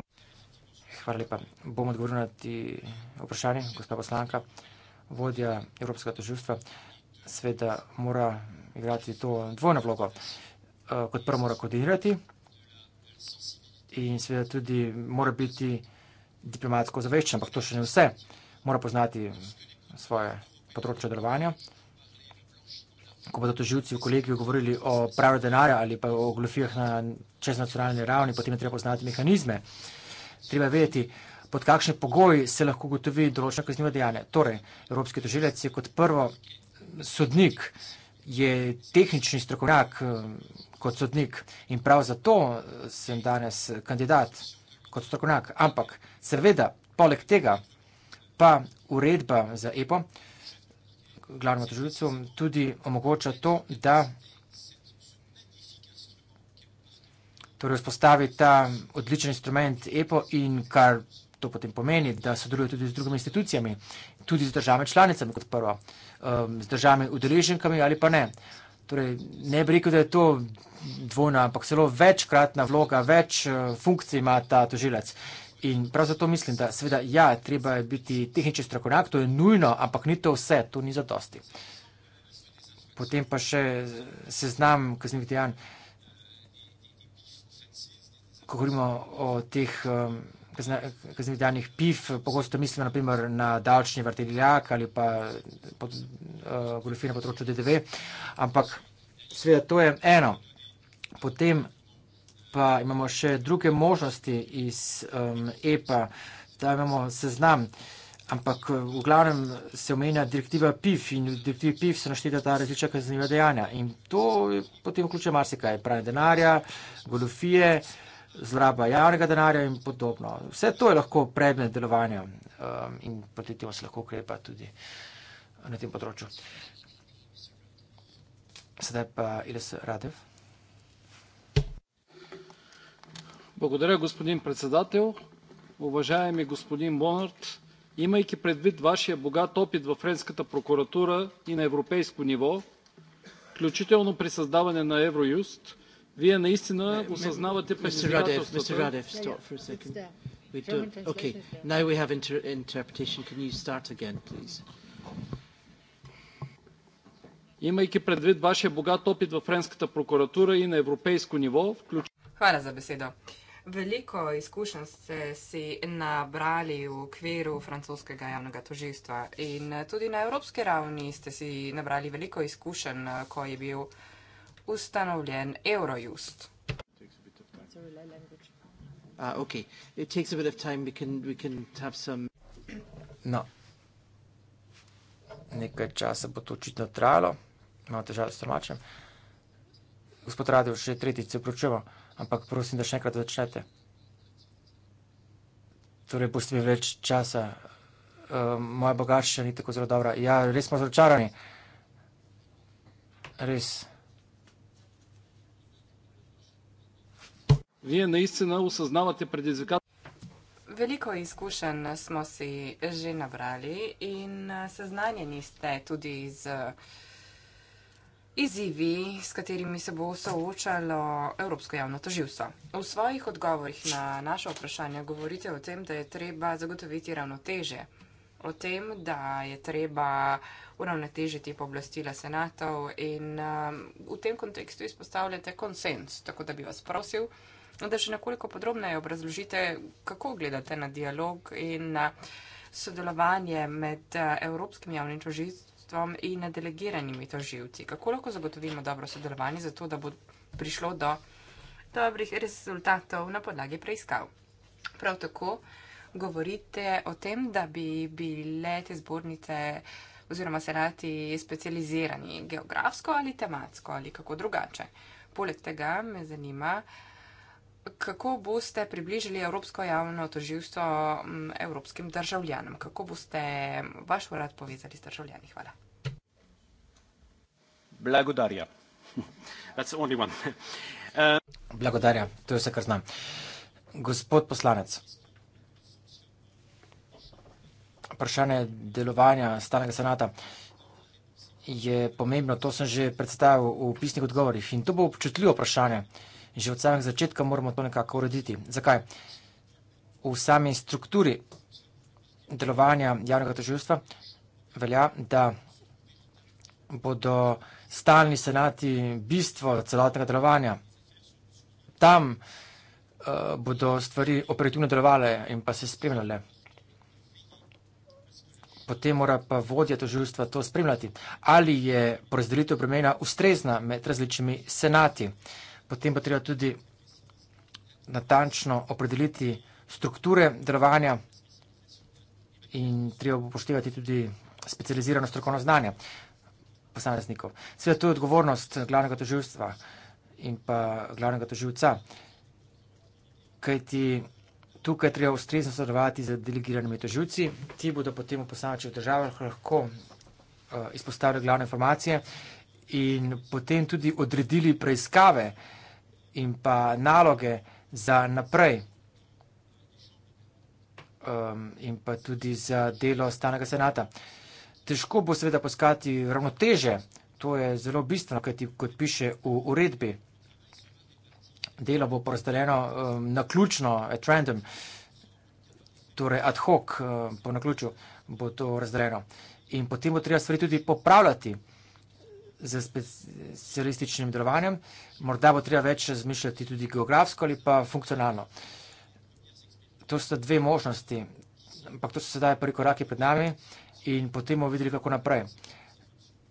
Hvala lepa. Bom odgovoril na ti vprašanje, gospa poslanka, vodja Evropskega toživstva. Sveda mora igrati to dvojno vlogo. Eh, kot prvo mora koordinirati in sveda tudi mora biti diplomatsko zaveščen, ampak to še ne vse. Mora poznati svoje področje delovanja ko bodo toživci v kolegiju govorili o pravi denarja ali pa o glofijah na čeznacionalni ravni, potem je treba poznati mehanizme. Treba vedeti, pod kakšne pogoji se lahko gotovi določena kaznjiva dejanja. Torej, Evropski toživec je kot prvo sodnik, je tehnični strokovnjak eh, kot sodnik in prav zato sem danes kandidat kot strokovnjak. Ampak seveda, poleg tega pa uredba za EPO glavnemu tožilcu tudi omogoča to, da torej vzpostavi ta odličen instrument EPO in kar to potem pomeni, da sodeluje tudi z drugimi institucijami, tudi z državami članicami kot prvo, um, z državami udeleženkami ali pa ne. Torej, ne bi rekel, da je to dvojna, ampak celo večkratna vloga, več uh, funkcij ima ta tožilec. In prav zato mislim, da seveda ja, treba je biti tehnični strokovnjak, to je nujno, ampak ni to vse, to ni zadosti. Potem pa še seznam kaznivih dejanj, ko govorimo o teh um, kaznivih dejanjih PIF, pogosto mislimo naprimer na davčni vrteljak ali pa uh, goljofi na področju DDV, ampak seveda to je eno. Potem pa imamo še druge možnosti iz um, EPA, da imamo seznam. Ampak v glavnem se omenja direktiva PIF in v direktivi PIF so našteta ta različna kazniva dejanja. In to potem vključuje marsikaj, pranje denarja, golofije, zlaba javnega denarja in podobno. Vse to je lahko predmet delovanja um, in proti temu se lahko ukrepa tudi na tem področju. Sedaj pa Iles Radev. Благодаря, господин председател. Уважаеми господин Монарт, имайки предвид вашия богат опит в Френската прокуратура и на европейско ниво, включително при създаване на Евроюст, вие наистина осъзнавате предизвикателствата. Имайки предвид вашия богат опит в Френската прокуратура и на европейско ниво, включително... Hvala za besedo. Uh, Veliko izkušenj ste si nabrali v okviru francoskega javnega tožilstva in eh, tudi na evropski ravni ste si nabrali veliko izkušenj, eh, ko je bil ustanovljen Eurojust. Ah, no, nekaj časa bo to očitno trajalo, imamo težave s tromačem. Gospod Radev, še tretjič se pročujemo ampak prosim, da še enkrat začnete. Torej, boste imeli več časa. Uh, moja bogača ni tako zelo dobra. Ja, res smo razočarani. Res. Vi na isti način usaznavate predizvikate. Veliko izkušenj smo si že nabrali in eh, seznanjeni ste tudi z uh, izzivi, s katerimi se bo soočalo Evropsko javno toživstvo. V svojih odgovorih na naše vprašanje govorite o tem, da je treba zagotoviti ravnoteže, o tem, da je treba uravnotežiti pooblastila senatov in um, v tem kontekstu izpostavljate konsens, tako da bi vas prosil, da še nekoliko podrobneje obrazložite, kako gledate na dialog in na sodelovanje med uh, Evropskim javnim toživstvom sodstvom in delegiranimi toživci. Kako lahko zagotovimo dobro sodelovanje, zato da bo prišlo do dobrih rezultatov na podlagi preiskav? Prav tako govorite o tem, da bi bile te zbornice oziroma senati specializirani geografsko ali tematsko ali kako drugače. Poleg tega me zanima, kako boste približili Evropsko javno toživstvo evropskim državljanom? Kako boste vaš urad povezali s državljani? Hvala. Blagodarja. That's the only one. uh... Blagodarja, to je vse, kar znam. Gospod poslanec, vprašanje delovanja stalnega senata je pomembno, to sem že predstavil v pisnih odgovorih in to bo občutljivo vprašanje. Uh, In že od samega začetka moramo to nekako urediti. Zakaj? V sami strukturi delovanja javnega tožilstva velja, da bodo stalni senati bistvo celotnega delovanja. Tam uh, bodo stvari operativno delovale in pa se spremljale. Potem mora pa vodja tožilstva to spremljati, ali je porazdelitev bremena ustrezna med različnimi senati. Uh, potem pa treba tudi natančno opredeliti strukture delovanja in treba upoštevati tudi specializirano strokovno znanje posameznikov. Sveda to je odgovornost glavnega toživstva in pa glavnega toživca, kajti tukaj treba ustrezno sodelovati z delegiranimi toživci, ti bodo potem v posameznih državah lahko uh, izpostavili glavne informacije in potem tudi odredili preiskave in pa naloge za naprej um, in pa tudi za delo stanega senata. Težko bo seveda poskati ravnoteže, to je zelo bistveno, kajti kot piše v uredbi, delo bo porazdeljeno um, na ključno, at random, torej ad hoc um, po naključju bo to razdeljeno. In potem bo treba stvari tudi popravljati z specialističnim delovanjem. Morda bo treba več razmišljati tudi geografsko ali pa funkcionalno. To sta dve možnosti, ampak to so sedaj prvi koraki pred nami in potem bomo videli, kako naprej.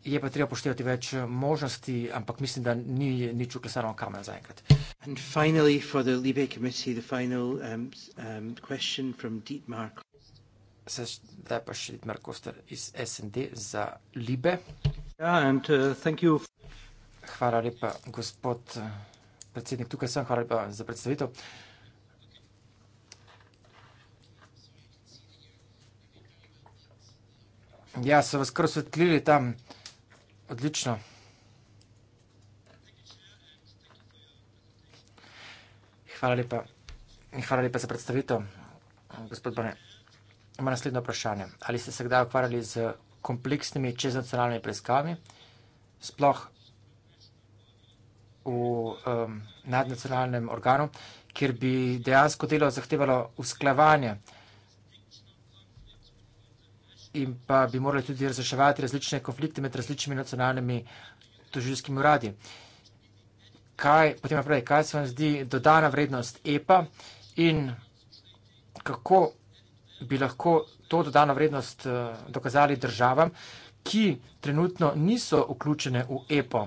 Je pa treba poštevati več možnosti, ampak mislim, da ni nič uklesano kamen zaenkrat. And finally for the Libe committee, the final um, um, question from Dietmar zdaj pa še Dietmar Koster iz SND za Libe. Yeah, and, uh, hvala lepa, gospod eh, predsednik, tukaj sem, hvala lepa za predstavitev. Ja, so vas kar osvetlili tam. Odlično. Hvala lepa. Hvala lepa za predstavitev, gospod Bane ima naslednjo vprašanje. Ali ste se kdaj ukvarjali z kompleksnimi čeznacionalnimi preiskavami, sploh v um, nadnacionalnem organu, kjer bi dejansko delo zahtevalo usklavanje in pa bi morali tudi razreševati različne konflikte med različnimi nacionalnimi tožilskimi uradi. Kaj, potem naprej, kaj se vam zdi dodana vrednost EPA in kako bi lahko to dodano vrednost eh, dokazali državam, ki trenutno niso vključene v EPO.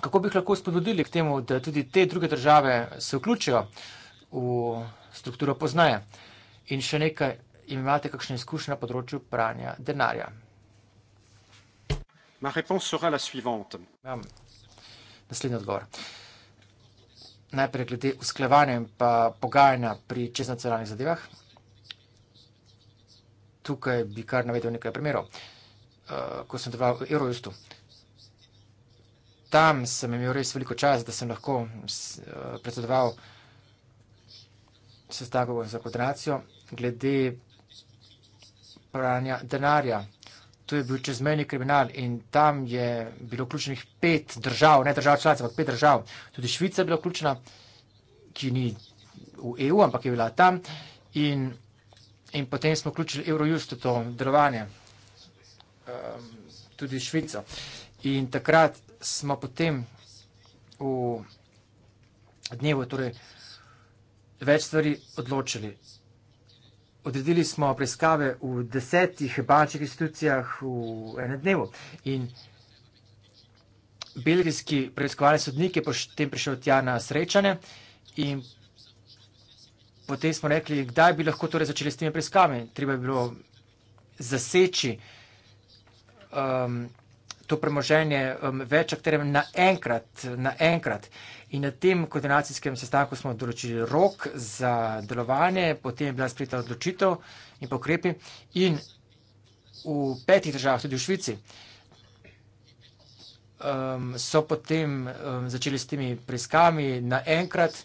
Kako bi lahko spodbudili k temu, da tudi te druge države se vključijo v strukturo poznaje? In še nekaj, imate kakšne izkušnje na področju pranja denarja? Ma réponse sera la suivante. Imam naslednji odgovor. Najprej glede usklevanja in pa pogajanja pri čeznacionalnih zadevah tukaj bi kar navedel nekaj primerov. Eh, ko sem deloval v Eurojustu, tam sem imel res veliko časa, da sem lahko eh, predsedoval sestanku za koordinacijo glede pranja denarja. To je bil čezmejni kriminal in tam je bilo vključenih pet držav, ne držav članic, ampak pet držav. Tudi Švica je bila vključena, ki ni v EU, ampak je bila tam. In in potem smo vključili Eurojust v to delovanje, um, tudi Švico. In takrat smo potem v dnevu torej, več stvari odločili. Odredili smo preiskave v desetih bančnih institucijah v ene dnevu in belgijski preiskovalni sodnik je potem prišel tja na srečanje in potem potem smo rekli, kdaj bi lahko torej začeli s temi preiskavami. Treba bi bilo zaseči um, to premoženje um, več akterjem naenkrat, naenkrat. In na tem koordinacijskem sestanku smo določili rok za delovanje, potem je bila sprejeta odločitev in pokrepi. In v petih državah, tudi v Švici, um, so potem um, začeli s temi preiskavami naenkrat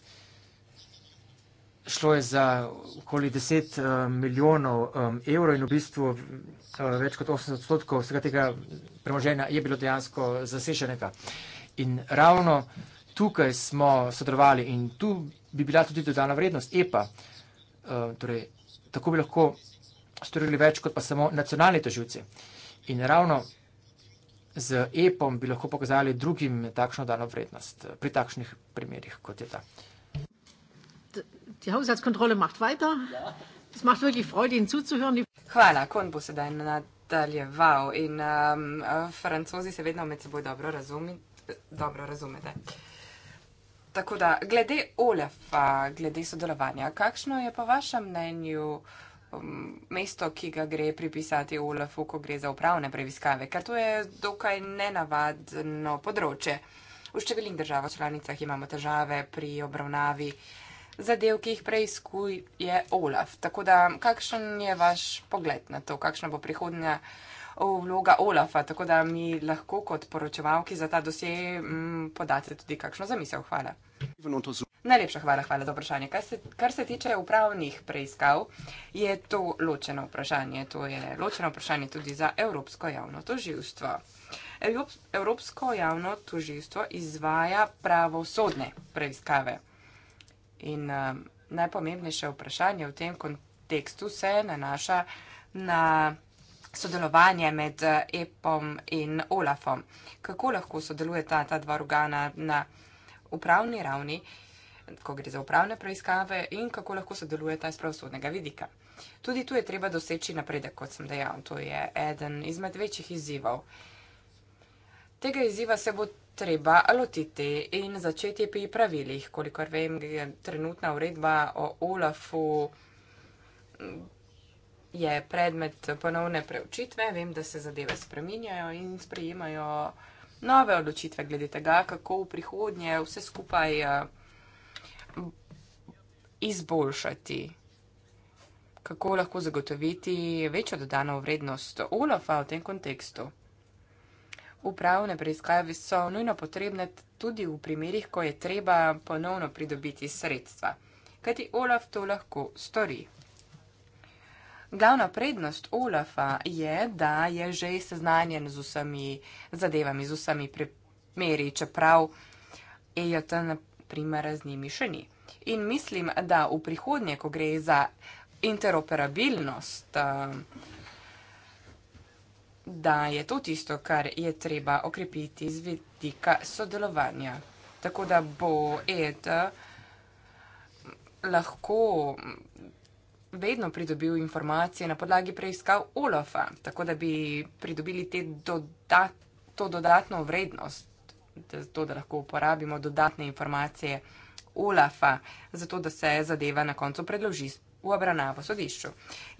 šlo je za okoli 10 eh, milijonov eh, evrov in v bistvu eh, več kot 80 odstotkov vsega tega premoženja je bilo dejansko zasešenega. In ravno tukaj smo sodelovali in tu bi bila tudi dodana vrednost EPA. Torej, tako bi lahko storili več kot pa samo nacionalni toživci. In ravno z EPOM bi lahko pokazali drugim takšno dano vrednost pri takšnih primerjih kot je ta. Die Haushaltskontrolle macht weiter. Es macht wirklich Freude, Ihnen zuzuhören. Hvala, kon bo sedaj nadaljeval. In um, francozi se vedno med seboj dobro, razumi, dobro razumete. Tako da, glede Olefa, glede sodelovanja, kakšno je po vašem mnenju um, mesto, ki ga gre pripisati Olefu, ko gre za upravne preiskave? Ker to je dokaj nenavadno področje. V številnih državah članicah imamo težave pri obravnavi zadev, ki jih preizkuje Olaf. Tako da, kakšen je vaš pogled na to, kakšna bo prihodnja vloga Olafa, tako da mi lahko kot poročevalki za ta dosej mm, podate tudi kakšno zamisel. Hvala. Najlepša hvala, hvala za vprašanje. Kar se, kar se tiče upravnih preiskav, je to ločeno vprašanje. To je ločeno vprašanje tudi za Evropsko javno toživstvo. Evropsko javno toživstvo izvaja pravosodne preiskave. In um, najpomembnejše vprašanje v tem kontekstu se nanaša na sodelovanje med EPOM eh, e in OLAFom. Kako lahko sodeluje ta, ta dva organa na upravni ravni, ko gre za upravne preiskave in kako lahko sodeluje ta iz pravosodnega vidika. Tudi tu je treba doseči napredek, kot sem dejal. To je eden izmed večjih izzivov tega izziva se bo treba lotiti in začeti pri pravilih. Kolikor vem, je trenutna uredba o OLAF-u mm, je predmet ponovne preučitve. Vem, da se zadeve spreminjajo in sprejemajo nove odločitve glede tega, kako v prihodnje vse skupaj eh, izboljšati. Kako lahko zagotoviti večjo dodano vrednost OLAF-a v tem kontekstu? upravne preiskave so nujno potrebne tudi v primerih, ko je treba ponovno pridobiti sredstva. Kajti Olaf to lahko stori. Glavna prednost Olafa je, da je že seznanjen z vsemi zadevami, z vsemi primeri, čeprav EJT naprimer z njimi še ni. In mislim, da v prihodnje, ko gre za interoperabilnost, uh, da je to tisto, kar je treba okrepiti z vidika sodelovanja. Tako da bo ET lahko vedno pridobil informacije na podlagi preiskav OLAFA, tako da bi pridobili dodat, to dodatno vrednost, zato da lahko uporabimo dodatne informacije OLAFA, zato da se zadeva na koncu predloži v obravnavo sodišču.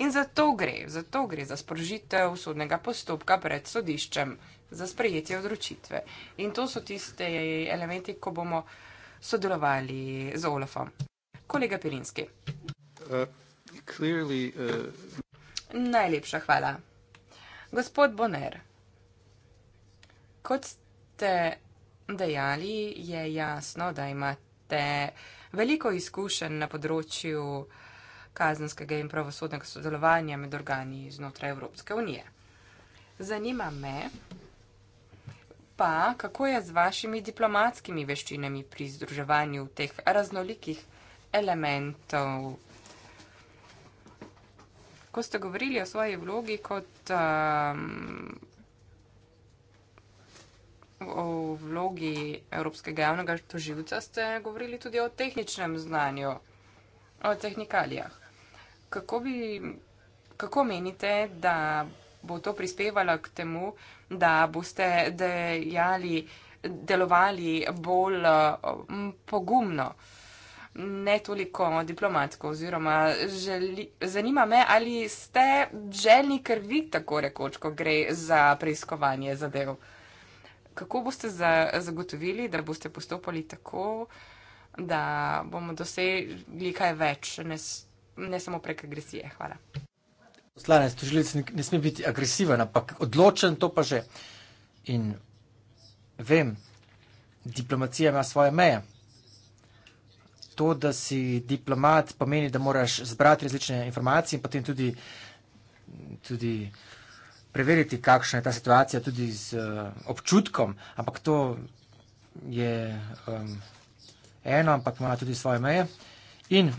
In zato gre, zato gre za sprožitev sodnega postopka pred sodiščem, za sprejetje odročitve. In to so tiste elementi, ko bomo sodelovali z Olafom. Kolega Pirinski. Uh, clearly, uh... Najlepša hvala. Gospod Boner, kot ste dejali, je jasno, da imate veliko izkušenj na področju uh, kazenskega in pravosodnega sodelovanja med organi znotraj Evropske unije. Zanima me pa, kako je z vašimi diplomatskimi veščinami pri združevanju teh raznolikih elementov. Ko ste govorili o svoji vlogi kot um, o vlogi Evropskega javnega toživca, ste govorili tudi o tehničnem znanju, o tehnikalijah kako, bi, kako menite, da bo to prispevalo k temu, da boste dejali, delovali bolj m, pogumno, ne toliko diplomatsko oziroma želi, zanima me, ali ste želni, ker vi tako rekoč, ko gre za preiskovanje zadev. Kako boste za, zagotovili, da boste postopali tako, da bomo dosegli kaj več, ne ne samo prek agresije. Hvala. Poslanec, tožilec ne, ne sme biti agresiven, ampak odločen, to pa že. In vem, diplomacija ima svoje meje. To, da si diplomat, pomeni, da moraš zbrati različne informacije in potem tudi, tudi preveriti, kakšna je ta situacija, tudi z uh, občutkom. Ampak to je um, eno, ampak ima tudi svoje meje. In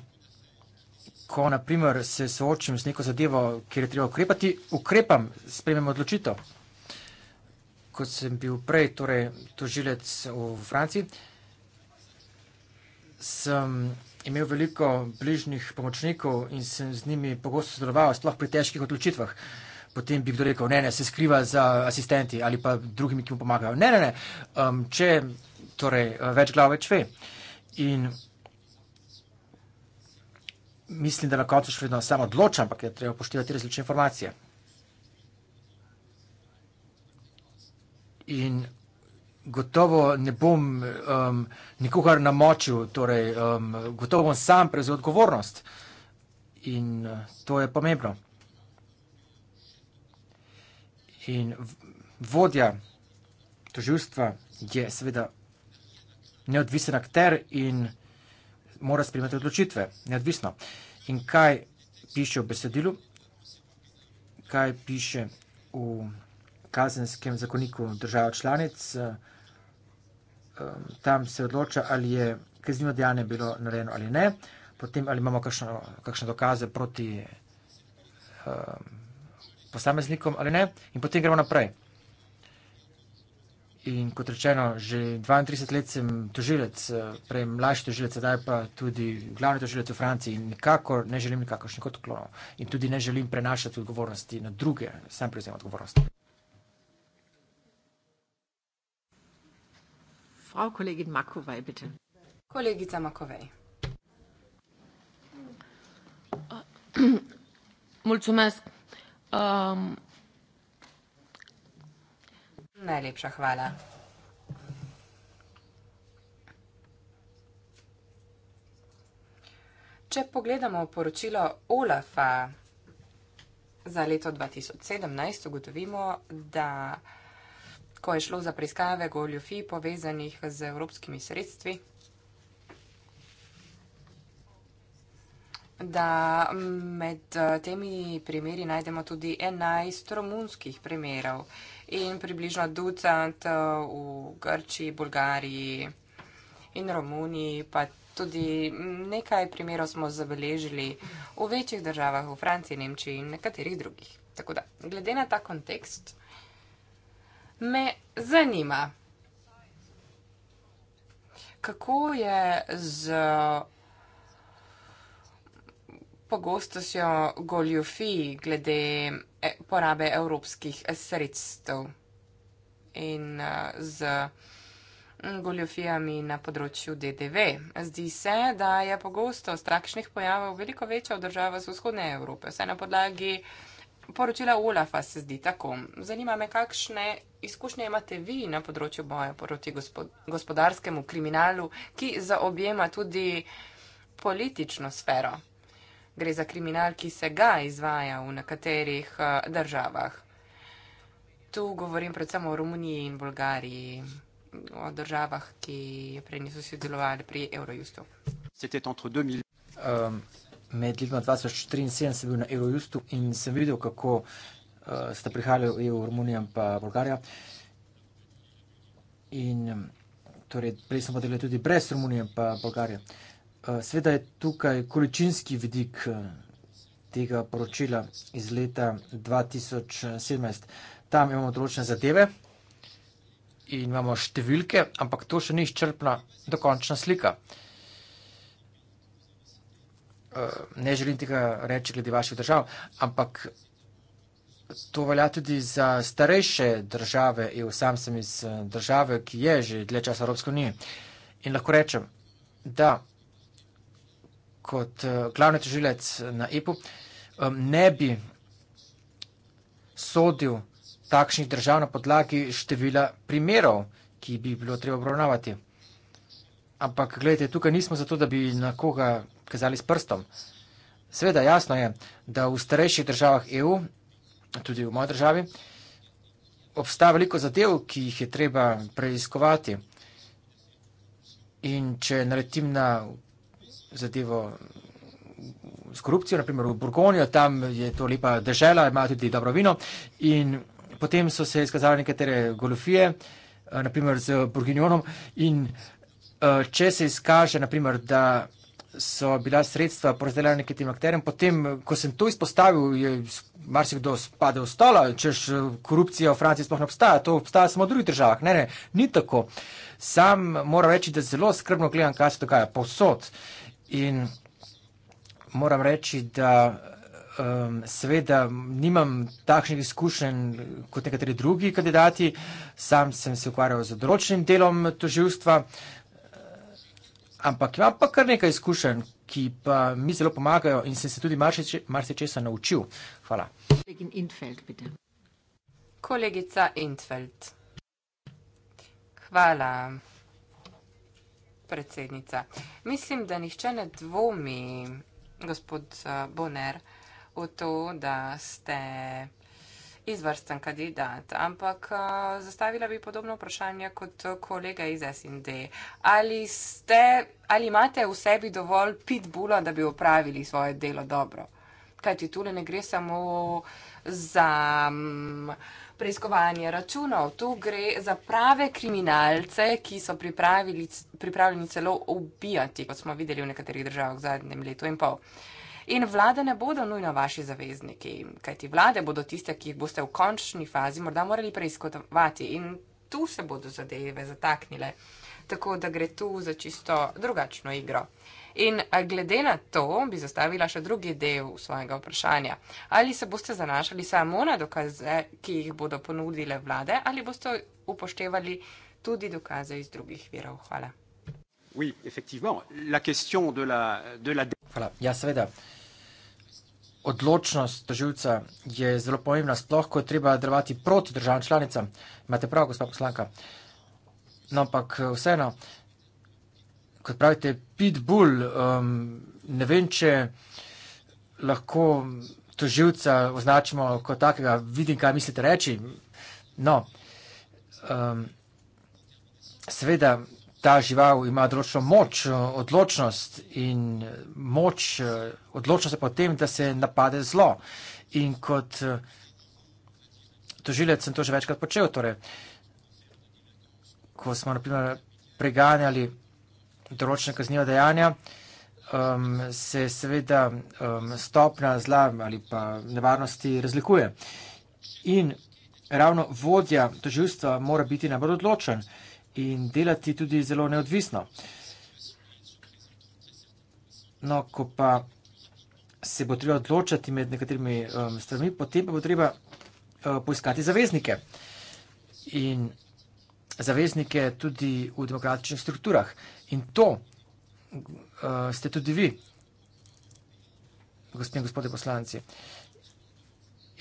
ko naprimer se soočim z neko zadevo, kjer je treba ukrepati, ukrepam, sprejmem odločitev. Kot sem bil prej, torej tožilec v Franciji, sem imel veliko bližnjih pomočnikov in sem z njimi pogosto sodeloval, sploh pri težkih odločitvah. Potem bi kdo rekel, ne, ne, se skriva za asistenti ali pa drugimi, ki mu pomagajo. Ne, ne, ne, um, če torej, več glav, več ve. In mislim, da na koncu še vedno sam odločam, ampak je treba poštivati različne informacije. In gotovo ne bom um, nikogar namočil, torej um, gotovo bom sam prevzel odgovornost. In uh, to je pomembno. In vodja toživstva je seveda neodvisen akter in mora sprejemati odločitve, neodvisno. In kaj piše v besedilu, kaj piše v kazenskem zakoniku držav članic, eh, tam se odloča, ali je kaznivo dejanje bilo narejeno ali ne, potem ali imamo kakšno, kakšne dokaze proti um, posameznikom ali ne, in potem gremo naprej. In kot rečeno, že 32 let sem tožilec, eh, prej mlajši tožilec, zdaj pa tudi glavni tožilec v Franciji in nikakor ne želim nikakršnih odklonov in tudi ne želim prenašati odgovornosti na druge, sem prevzem odgovornosti. Frau kolegin Makovej, bitte. Kolegica Makovej. Mulțumesc. Um, Najlepša hvala. Če pogledamo poročilo OLAF-a za leto 2017, ugotovimo, da ko je šlo za preiskave goljofi povezanih z evropskimi sredstvi, da med eh, temi primeri najdemo tudi enajst romunskih primerov in približno ducat eh, v Grčiji, Bulgariji in Romuniji, pa tudi nekaj primerov smo zabeležili v večjih državah, v Franciji, Nemčiji in nekaterih drugih. Tako da, glede na ta kontekst, me zanima, kako je z pogosto so goljofiji glede e, porabe evropskih e, sredstev in e, z goljofijami na področju DDV. Zdi se, da je pogosto z takšnih pojavov veliko večja v državah z vzhodne Evrope. Vse na podlagi poročila Olafa se zdi tako. Zanima me, kakšne izkušnje imate vi na področju boja proti gospodarskemu kriminalu, ki zaobjema tudi politično sfero gre za kriminal, ki se ga izvaja v nekaterih eh, državah. Tu govorim predvsem o Romuniji in Bolgariji, o državah, ki prej niso sodelovali pri Eurojustu. Um, med letoma 2003 in 2007 sem bil na Eurojustu in sem videl, kako uh, sta prihajali EU, Romunija in Bolgarija. In, um, torej, prej smo delali tudi brez Romunije in Bolgarije. Uh, Eh, Sveda je tukaj količinski vidik eh, tega poročila iz leta 2017. Tam imamo določene zadeve in imamo številke, ampak to še ni izčrpna dokončna slika. Eh, ne želim tega reči glede vaših držav, ampak to velja tudi za starejše države, EU sam sem iz države, ki je že dlje časa Evropske unije. In lahko rečem, da kot eh, glavni tožilec na EPU, eh, ne bi sodil takšnih držav na podlagi števila primerov, ki bi bilo treba obravnavati. Ampak, gledajte, tukaj nismo zato, da bi na koga kazali s prstom. Sveda, jasno je, da v starejših državah EU, tudi v moji državi, obstaja veliko zadev, ki jih je treba preiskovati. In če naletim na zadevo s korupcijo, naprimer v Burgonijo, tam je to lepa dežela, ima tudi dobro vino. In potem so se izkazali nekatere golofije, eh, naprimer z Burginjonom. In eh, če se izkaže, naprimer, da so bila sredstva porazdeljena nekaterim akterjem, potem, ko sem to izpostavil, je marsikdo spadal v stola, češ eh, korupcija v Franciji sploh ne obstaja, to obstaja samo v drugih državah. Ne, ne, ni tako. Sam moram reči, da zelo skrbno gledam, kaj se dogaja povsod. In moram reči, da um, seveda nimam takšnih izkušenj kot nekateri drugi kandidati. Sam sem se ukvarjal z odročnim delom toživstva, ampak imam pa kar nekaj izkušenj, ki pa mi zelo pomagajo in sem se tudi marsičesa naučil. Hvala. Kolegica Intfeld. Hvala predsednica. Mislim, da nihče ne dvomi, gospod eh, Boner, v to, da ste izvrsten kandidat, ampak uh, zastavila bi podobno vprašanje kot kolega iz SND. Ali, ste, ali imate v sebi dovolj pitbula, da bi upravili svoje delo dobro? Kajti tule ne gre samo za. Um, preiskovanje računov. Tu gre za prave kriminalce, ki so pripravljeni celo ubijati, kot smo videli v nekaterih državah v zadnjem letu in pol. In vlade ne bodo nujno vaši zavezniki, kajti vlade bodo tiste, ki jih boste v končni fazi morda morali preiskovati in tu se bodo zadeve zataknile. Tako da gre tu za čisto drugačno igro. In glede na to bi zastavila še drugi del svojega vprašanja. Ali se boste zanašali samo na dokaze, ki jih bodo ponudile vlade, ali boste upoštevali tudi dokaze iz drugih virov? Hvala. Hvala. Ja, seveda. Odločnost državljica je zelo pomembna, sploh ko je treba delovati proti državam članicam. Imate prav, gospod poslanka. No, ampak eh, vseeno, kot pravite, pitbull, um, ne vem, če lahko toživca označimo kot takega, vidim, kaj mislite reči. No, um, seveda, ta žival ima določeno moč, odločnost in moč, uh, odločnost je potem, da se napade zlo. In kot uh, tožilec sem to že večkrat počel, torej, ko smo naprimer preganjali določena kaznjiva dejanja, um, se seveda um, stopna zla ali pa nevarnosti razlikuje. In ravno vodja toživstva mora biti najbolj odločen in delati tudi zelo neodvisno. No, ko pa se bo treba odločati med nekaterimi um, stvarmi, potem pa bo treba uh, poiskati zaveznike. In zaveznike tudi v demokratičnih strukturah. In to uh, ste tudi vi, gospod in gospode poslanci.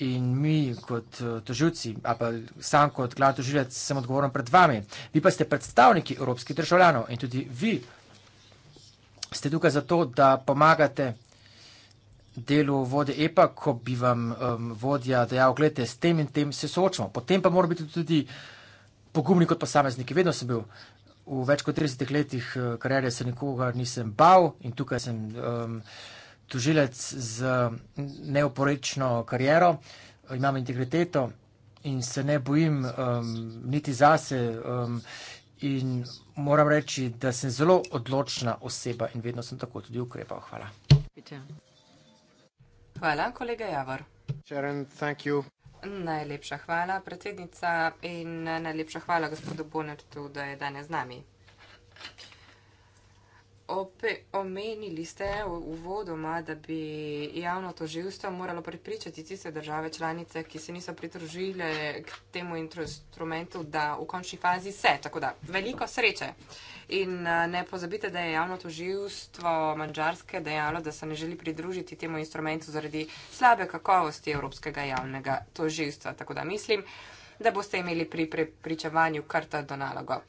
In mi, kot eh, toživci, ali pa sam kot glavni toživec, sem odgovoren pred vami. Vi pa ste predstavniki evropskih državljanov in tudi vi ste tukaj zato, da pomagate delu vode EPA, ko bi vam um, vodja dejal, gledajte, s tem in tem se soočamo. Potem pa mora biti tudi uh, pogumni kot posamezniki. Vedno sem bil v več kot 30 letih eh, karjere, se nikogar nisem bal in tukaj sem um, ehm, tužilec z neoporečno kariero, imam integriteto in se ne bojim um, niti zase. Um, in moram reči, da sem zelo odločna oseba in vedno sem tako tudi ukrepal. Hvala. Hvala, kolega Javor. Sharon, thank you. Najlepša hvala, predsednica, in najlepša hvala gospodu Bonertu, da je danes z nami. Ope, omenili ste v uvodoma, da bi javno toživstvo moralo pripričati tiste države članice, ki se niso pridružile k temu instrumentu, da v končni fazi se. Tako da, veliko sreče. Uh, In ne pozabite, da je javno toživstvo mađarske dejalo, da se ne želi pridružiti temu instrumentu zaradi slabe kakovosti evropskega javnega toživstva. Tako da mislim, da boste imeli pri pričevanju karta do nalogo.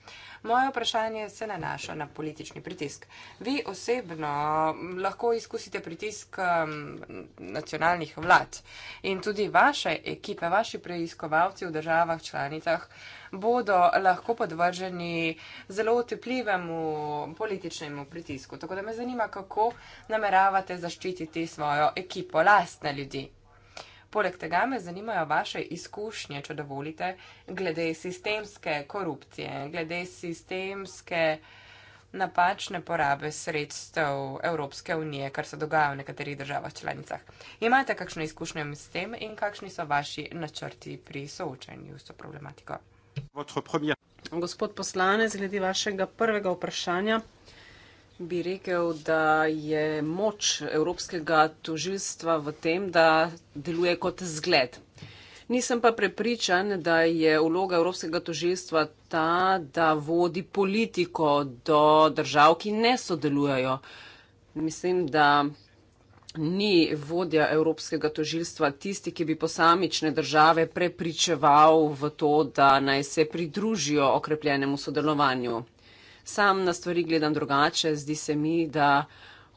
Moje vprašanje se nanaša na politični pritisk. Vi osebno lahko izkusite pritisk um, nacionalnih vlad in tudi vaše ekipe, vaši preiskovalci v državah članicah uh, bodo lahko podvrženi zelo otepljivemu političnemu pritisku. Tako da me zanima, kako nameravate zaščititi svojo ekipo, lastne ljudi. Poleg tega me zanimajo vaše izkušnje, če dovolite, glede sistemske korupcije, glede sistemske napačne porabe sredstev Evropske unije, kar se dogaja v nekaterih državah članicah. Imate kakšne izkušnje s tem in kakšni so vaši načrti pri soočanju s to problematiko? Gospod poslanec, glede vašega prvega vprašanja, bi rekel, da je moč Evropskega tožilstva v tem, da deluje kot zgled. Nisem pa prepričan, da je vloga Evropskega tožilstva ta, da vodi politiko do držav, ki ne sodelujajo. Mislim, da ni vodja Evropskega tožilstva tisti, ki bi posamične države prepričeval v to, da naj se pridružijo okrepljenemu sodelovanju. Sam na stvari gledam drugače, zdi se mi, da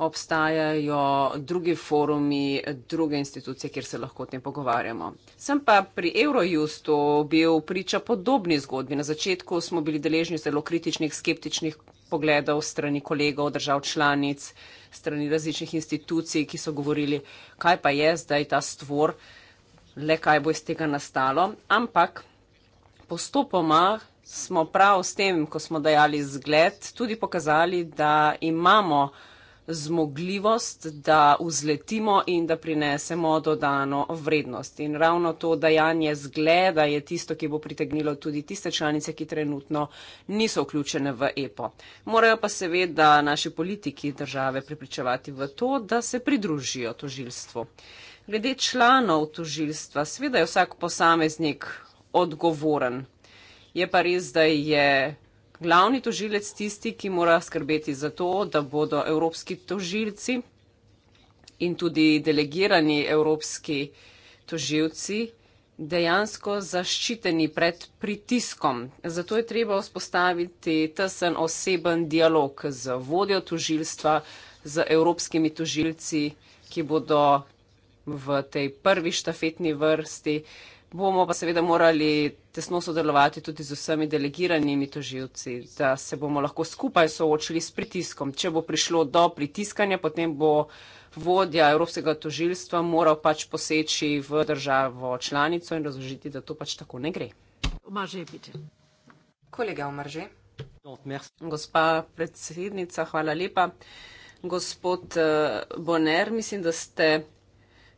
obstajajo drugi forumi, druge institucije, kjer se lahko o tem pogovarjamo. Sem pa pri Eurojustu bil priča podobni zgodbi. Na začetku smo bili deležni zelo kritičnih, skeptičnih pogledov strani kolegov, držav članic, strani različnih institucij, ki so govorili, kaj pa je zdaj ta stvor, le kaj bo iz tega nastalo. Ampak postopoma smo prav s tem, ko smo dajali zgled, tudi pokazali, da imamo zmogljivost, da vzletimo in da prinesemo dodano vrednost. In ravno to dajanje zgleda je tisto, ki bo pritegnilo tudi tiste članice, ki trenutno niso vključene v EPO. Morajo pa seveda naši politiki države prepričevati v to, da se pridružijo tožilstvu. Glede članov tožilstva, sveda je vsak posameznik odgovoren. Je pa res, da je glavni tožilec tisti, ki mora skrbeti za to, da bodo evropski tožilci in tudi delegirani evropski tožilci dejansko zaščiteni pred pritiskom. Zato je treba vzpostaviti tesen oseben dialog z vodjo tožilstva, z evropskimi tožilci, ki bodo v tej prvi štafetni vrsti bomo pa seveda morali tesno sodelovati tudi z vsemi delegiranimi toživci, da se bomo lahko skupaj soočili s pritiskom. Če bo prišlo do pritiskanja, potem bo vodja Evropskega toživstva moral pač poseči v državo članico in razložiti, da to pač tako ne gre. Omarže, pite. Kolega Omarže. Gospa predsednica, hvala lepa. Gospod eh, Boner, mislim, da ste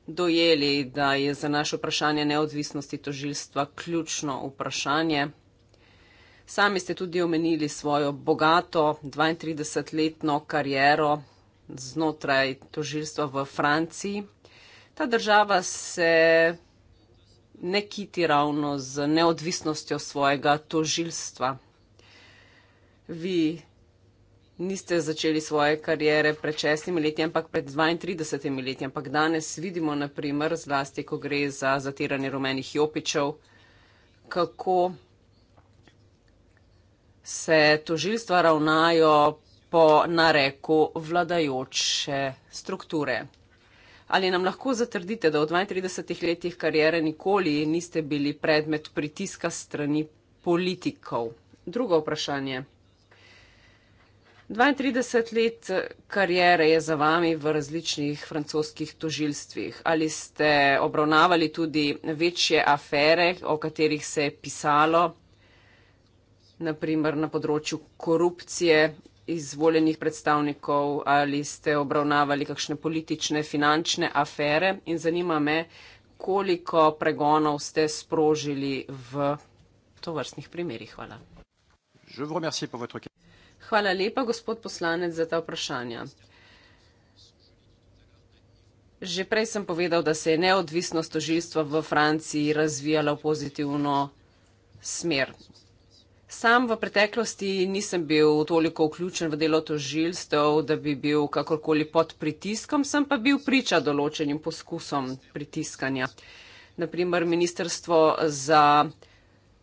dojeli, da je za naše vprašanje neodvisnosti tožilstva ključno vprašanje. Sami ste tudi omenili svojo bogato 32-letno kariero znotraj tožilstva v Franciji. Ta država se ne kiti ravno z neodvisnostjo svojega tožilstva. Vi niste začeli svoje karijere pred šestimi leti, ampak pred 32 leti. Ampak danes vidimo, naprimer, zlasti, ko gre za zatiranje rumenih jopičev, kako se tožilstva ravnajo po nareku vladajoče strukture. Ali nam lahko zatrdite, da v 32 letih karijere nikoli niste bili predmet pritiska strani politikov? Drugo vprašanje. 32 let eh, karijere je za vami v različnih francoskih tožilstvih. Ali ste obravnavali tudi večje afere, o katerih se je pisalo, naprimer na področju korupcije izvoljenih predstavnikov, ali ste obravnavali kakšne politične, finančne afere in zanima me, koliko pregonov ste sprožili v tovrstnih primerih. Hvala. Je vous remercie pour votre question. Hvala lepa, gospod poslanec, za ta vprašanja. Že prej sem povedal, da se je neodvisnost tožilstva v Franciji razvijala v pozitivno smer. Sam v preteklosti nisem bil toliko vključen v delo tožilstev, da bi bil kakorkoli pod pritiskom, sem pa bil priča določenim poskusom pritiskanja. Naprimer, ministrstvo za.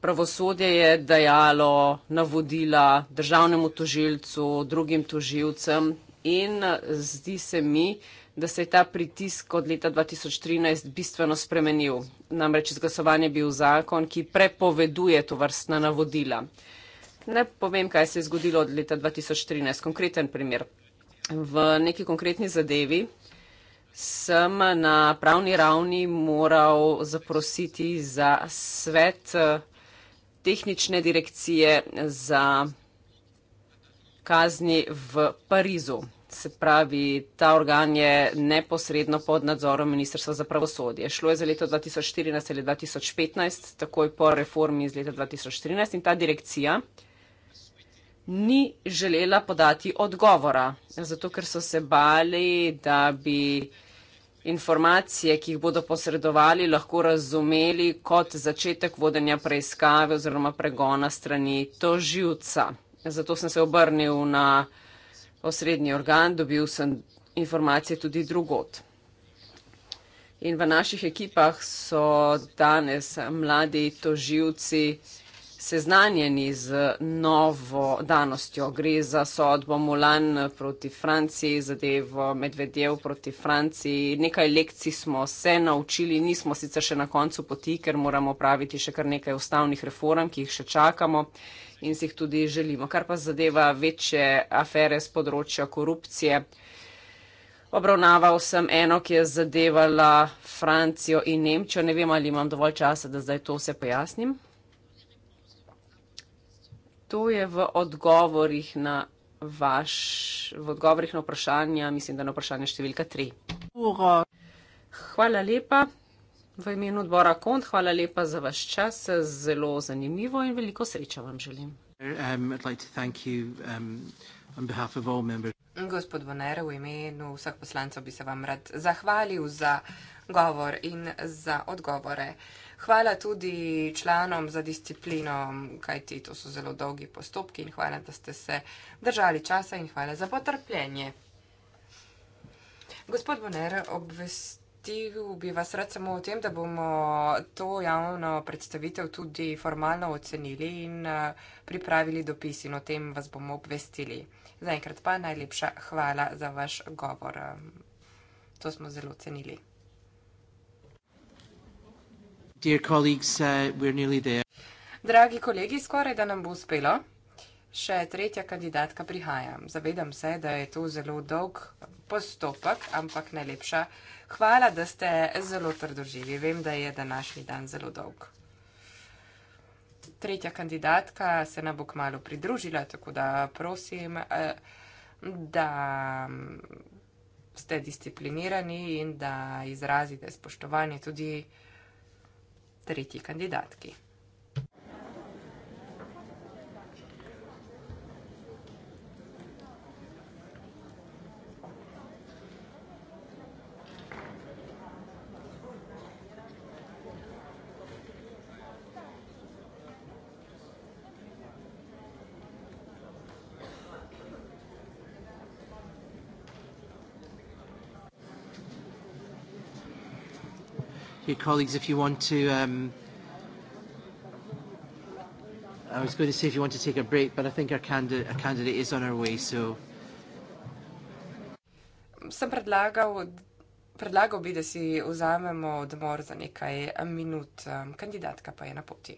Pravosodje je dajalo navodila državnemu tožilcu, drugim tožilcem in eh, zdi se mi, da se je ta pritisk od leta 2013 bistveno spremenil. Namreč izglasovan je bil zakon, ki prepoveduje to vrstna navodila. Ne povem, kaj se je zgodilo od leta 2013. Konkreten primer. V neki konkretni zadevi sem na pravni ravni moral zaprositi za svet eh, tehnične direkcije za kazni v Parizu. Se pravi, ta organ je neposredno pod nadzorom Ministrstva za pravosodje. Šlo je za leto 2014 ali 2015, takoj po reformi iz leta 2014 in ta direkcija ni želela podati odgovora, zato ker so se bali, da bi informacije, ki jih bodo posredovali, lahko razumeli kot začetek vodenja preiskave oziroma pregona strani toživca. Zato sem se obrnil na osrednji organ, dobil sem informacije tudi drugot. In v naših ekipah so danes mladi toživci, seznanjeni z novo danostjo. Gre za sodbo Mulan proti Franciji, zadevo Medvedev proti Franciji. Nekaj lekcij smo se naučili, nismo sicer še na koncu poti, ker moramo praviti še kar nekaj ustavnih reform, ki jih še čakamo in si jih tudi želimo. Kar pa zadeva večje afere z področja korupcije. Obravnaval sem eno, ki je zadevala Francijo in Nemčijo. Ne vem, ali imam dovolj časa, da zdaj to vse pojasnim to je v odgovorih na vaš, v odgovorih na vprašanja, mislim, da na vprašanje številka tri. Uro. Hvala lepa v imenu odbora KONT, hvala lepa za vaš čas, zelo zanimivo in veliko sreča vam želim. Um, um Gospod Bonner, v imenu vseh poslancev bi se vam rad zahvalil za govor in za odgovore. Hvala tudi članom za disciplino, kajti to so zelo dolgi postopki in hvala, da ste se držali časa in hvala za potrpljenje. Gospod Boner, obvestil bi vas rad samo o tem, da bomo to javno predstavitev tudi formalno ocenili in eh, pripravili dopis in o tem vas bomo obvestili. Zaenkrat pa najlepša hvala za vaš govor. To smo zelo cenili. Dear colleagues, uh, we're nearly there. Dragi kolegi, skoraj da nam bo uspelo. Še tretja kandidatka prihaja. Zavedam se, da je to zelo dolg postopek, ampak najlepša hvala, da ste zelo trdoživi. Vem, da je današnji dan zelo dolg. Tretja kandidatka se nam bo k malu pridružila, tako da prosim, eh, da mm, ste disciplinirani in da izrazite spoštovanje tudi tretji kandidatki. colleagues, if you want to, um, I was going to say if you want to take a break, but I think our candidate, our candidate is on our way, so. Sem predlagal, predlagal bi, da si vzamemo odmor za nekaj minut, um, kandidatka pa je na poti.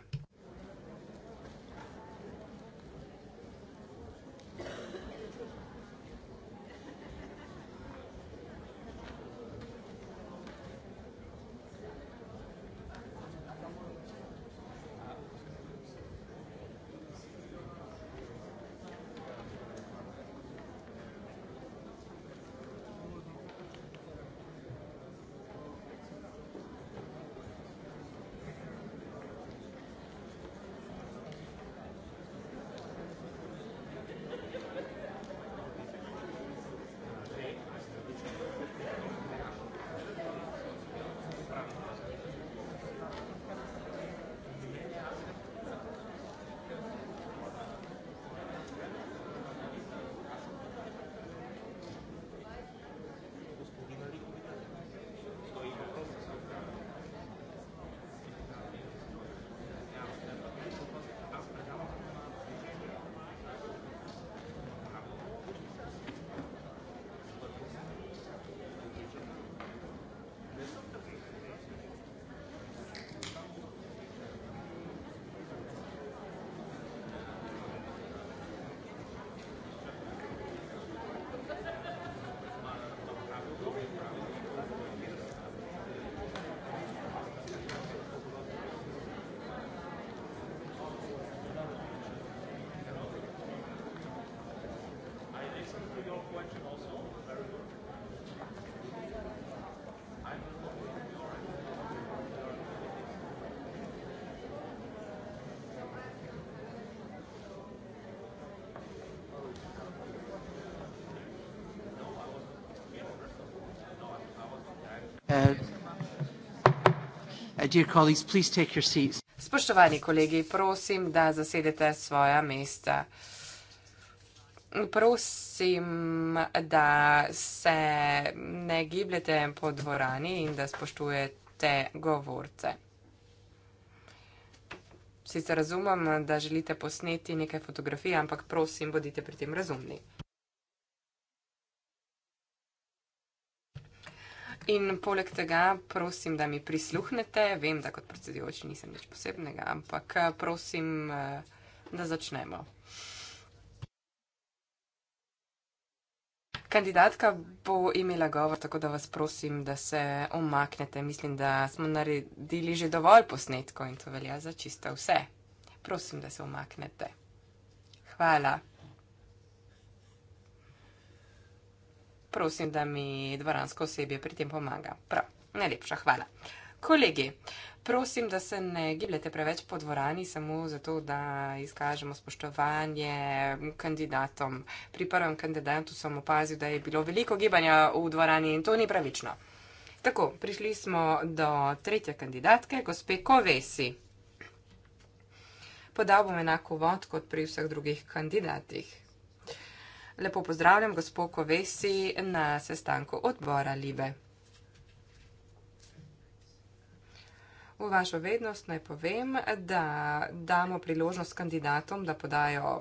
Spoštovani kolegi, prosim, da zasedete svoja mesta. Prosim, da se ne gibljete po dvorani in da spoštujete govorce. Sicer razumem, da želite posneti nekaj fotografij, ampak prosim, bodite pri tem razumni. In poleg tega prosim, da mi prisluhnete. Vem, da kot predsedujoči nisem nič posebnega, ampak eh, prosim, eh, da začnemo. Kandidatka bo imela govor, tako da vas prosim, da se omaknete. Mislim, da smo naredili že dovolj posnetkov in to velja za čisto vse. Prosim, da se omaknete. Hvala. prosim, da mi dvoransko osebje pri tem pomaga. Prav, najlepša hvala. Kolegi, prosim, da se ne gibljete preveč po dvorani, samo zato, da izkažemo spoštovanje kandidatom. Pri prvem kandidatu sem opazil, da je bilo veliko gibanja v dvorani in to ni pravično. Tako, prišli smo do tretje kandidatke, gospe Kovesi. Podal bom enako vod kot pri vseh drugih kandidatih. Lepo pozdravljam gospod Kovesi na sestanku odbora Libe. V vašo vednost naj povem, da damo priložnost kandidatom, da podajo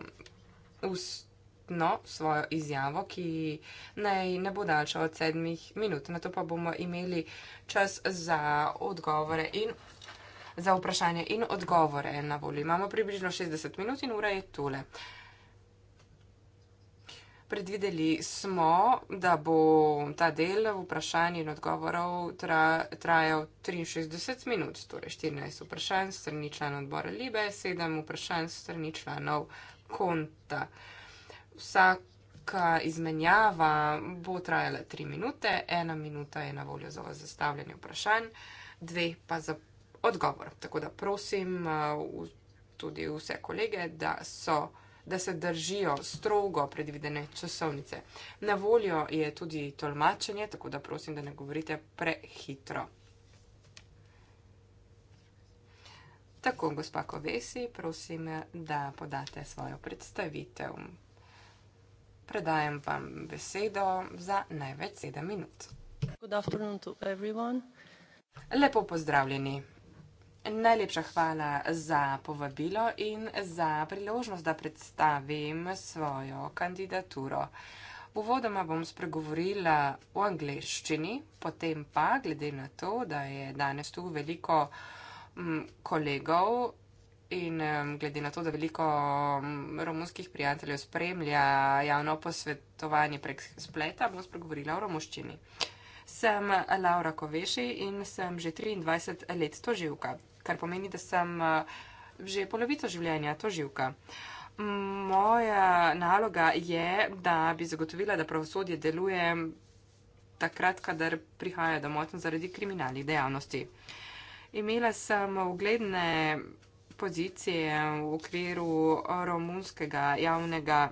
ustno svojo izjavo, ki naj ne bo daljša od sedmih minut. Na to pa bomo imeli čas za odgovore in za vprašanje in odgovore na voljo. Imamo približno 60 minut in ura je tole. Uh, Predvideli smo, da bo ta del vprašanj in odgovorov tra, trajal 63 minut, torej 14 vprašanj strani članov odbora Libe, 7 vprašanj strani članov konta. Vsaka izmenjava bo trajala 3 minute, 1 minuta je na voljo za vas zastavljanje vprašanj, 2 pa za odgovor. Tako da prosim eh, tudi vse kolege, da so da se držijo strogo predvidene časovnice. Na voljo je tudi tolmačenje, tako da prosim, da ne govorite prehitro. Tako, gospa Kovesi, prosim, da podate svojo predstavitev. Predajam vam besedo za največ sedem minut. Lepo pozdravljeni Najlepša hvala za povabilo in za priložnost, da predstavim svojo kandidaturo. Uvodoma bom spregovorila v angleščini, potem pa, glede na to, da je danes tu veliko mm, kolegov in mm, glede na to, da veliko mm, romunskih prijateljev spremlja javno posvetovanje prek spleta, bom spregovorila v romuščini. Sem Laura Koveši in sem že 23 let to živka kar pomeni, da sem eh, že polovico življenja to živka. Moja naloga je, da bi zagotovila, da pravosodje deluje takrat, kadar prihaja do motenj zaradi kriminalnih dejavnosti. Imela sem ugledne pozicije v okviru romunskega javnega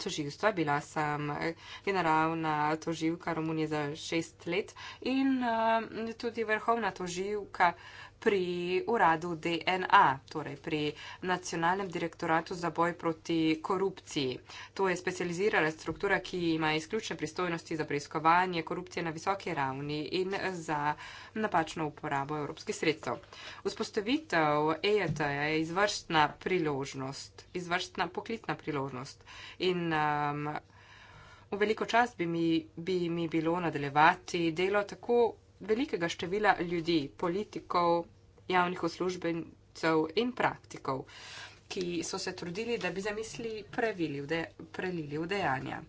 tožilstva. Bila sem eh, generalna tožilka Romunije za šest let in eh, tudi vrhovna tožilka pri uradu DNA, torej pri nacionalnem direktoratu za boj proti korupciji. To je specializirana struktura, ki ima izključne pristojnosti za preiskovanje korupcije na visoki ravni in za napačno uporabo evropskih sredstev. Vzpostavitev EJT je izvrstna priložnost, izvrstna poklitna priložnost in um, V veliko čast bi mi, bi mi bilo nadaljevati delo tako velikega števila ljudi, politikov, javnih uslužbencev in praktikov, ki so se trudili, da bi zamisli pravili, da prelili v dejanja.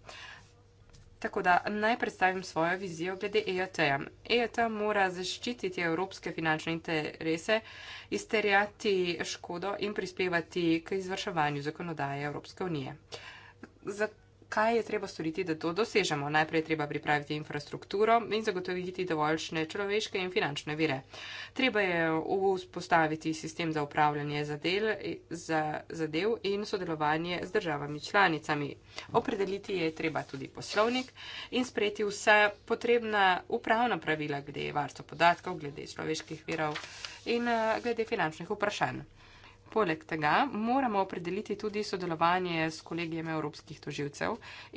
Tako da naj predstavim svojo vizijo glede EJT-ja. EJT mora zaščititi evropske finančne interese, izterjati škodo in prispevati k izvrševanju zakonodaje Evropske unije. Zato kaj je treba storiti, da to dosežemo. Najprej je treba pripraviti infrastrukturo in zagotoviti dovoljšne človeške in finančne vire. Treba je vzpostaviti sistem za upravljanje zadel, za, zadev in sodelovanje z državami članicami. Opredeliti je treba tudi poslovnik in sprejeti vse potrebna upravna pravila glede varstva podatkov, glede človeških virov in eh, glede finančnih vprašanj. Poleg tega moramo opredeliti tudi sodelovanje s kolegijem evropskih toživcev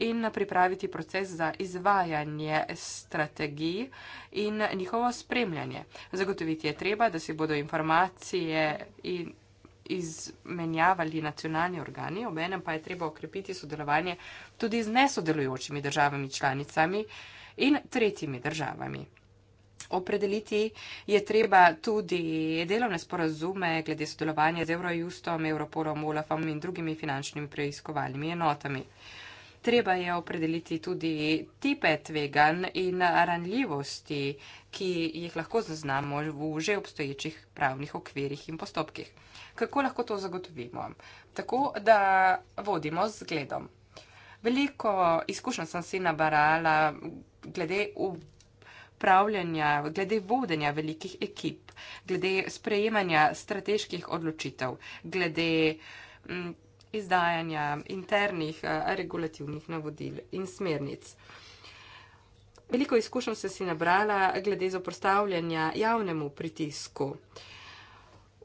in pripraviti proces za izvajanje strategij in njihovo spremljanje. Zagotoviti je treba, da si bodo informacije in izmenjavali nacionalni organi, obenem pa je treba okrepiti sodelovanje tudi z nesodelujočimi državami članicami in tretjimi državami. Opredeliti je treba tudi delovne sporazume glede sodelovanja z Eurojustom, Europolom, Olafom in drugimi finančnimi preiskovalnimi enotami. Treba je opredeliti tudi tipe tvegan in ranljivosti, ki jih lahko zaznamo v že obstoječih pravnih okvirih in postopkih. Kako lahko to zagotovimo? Tako, da vodimo z zgledom. Veliko izkušenj sem si nabarala glede v upravljanja, glede vodenja velikih ekip, glede sprejemanja strateških odločitev, glede mm, izdajanja internih eh, regulativnih navodil in smernic. Veliko izkušenj se si nabrala glede zoprostavljanja javnemu pritisku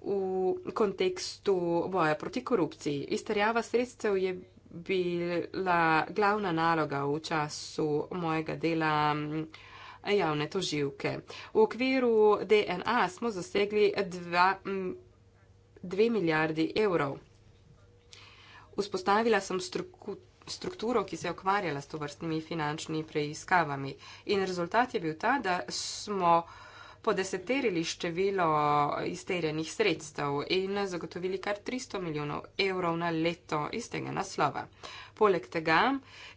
v kontekstu boja proti korupciji. Izterjava sredstev je bila glavna naloga v času mojega dela mm, javne toživke. V okviru DNA smo zasegli 2 milijardi evrov. Vzpostavila sem strukturo strukturo, ki se je okvarjala s to vrstnimi finančnimi preiskavami. In rezultat je bil ta, da smo podeseterili število izterjenih sredstev in zagotovili kar 300 milijonov evrov na leto iz tega naslova. Poleg tega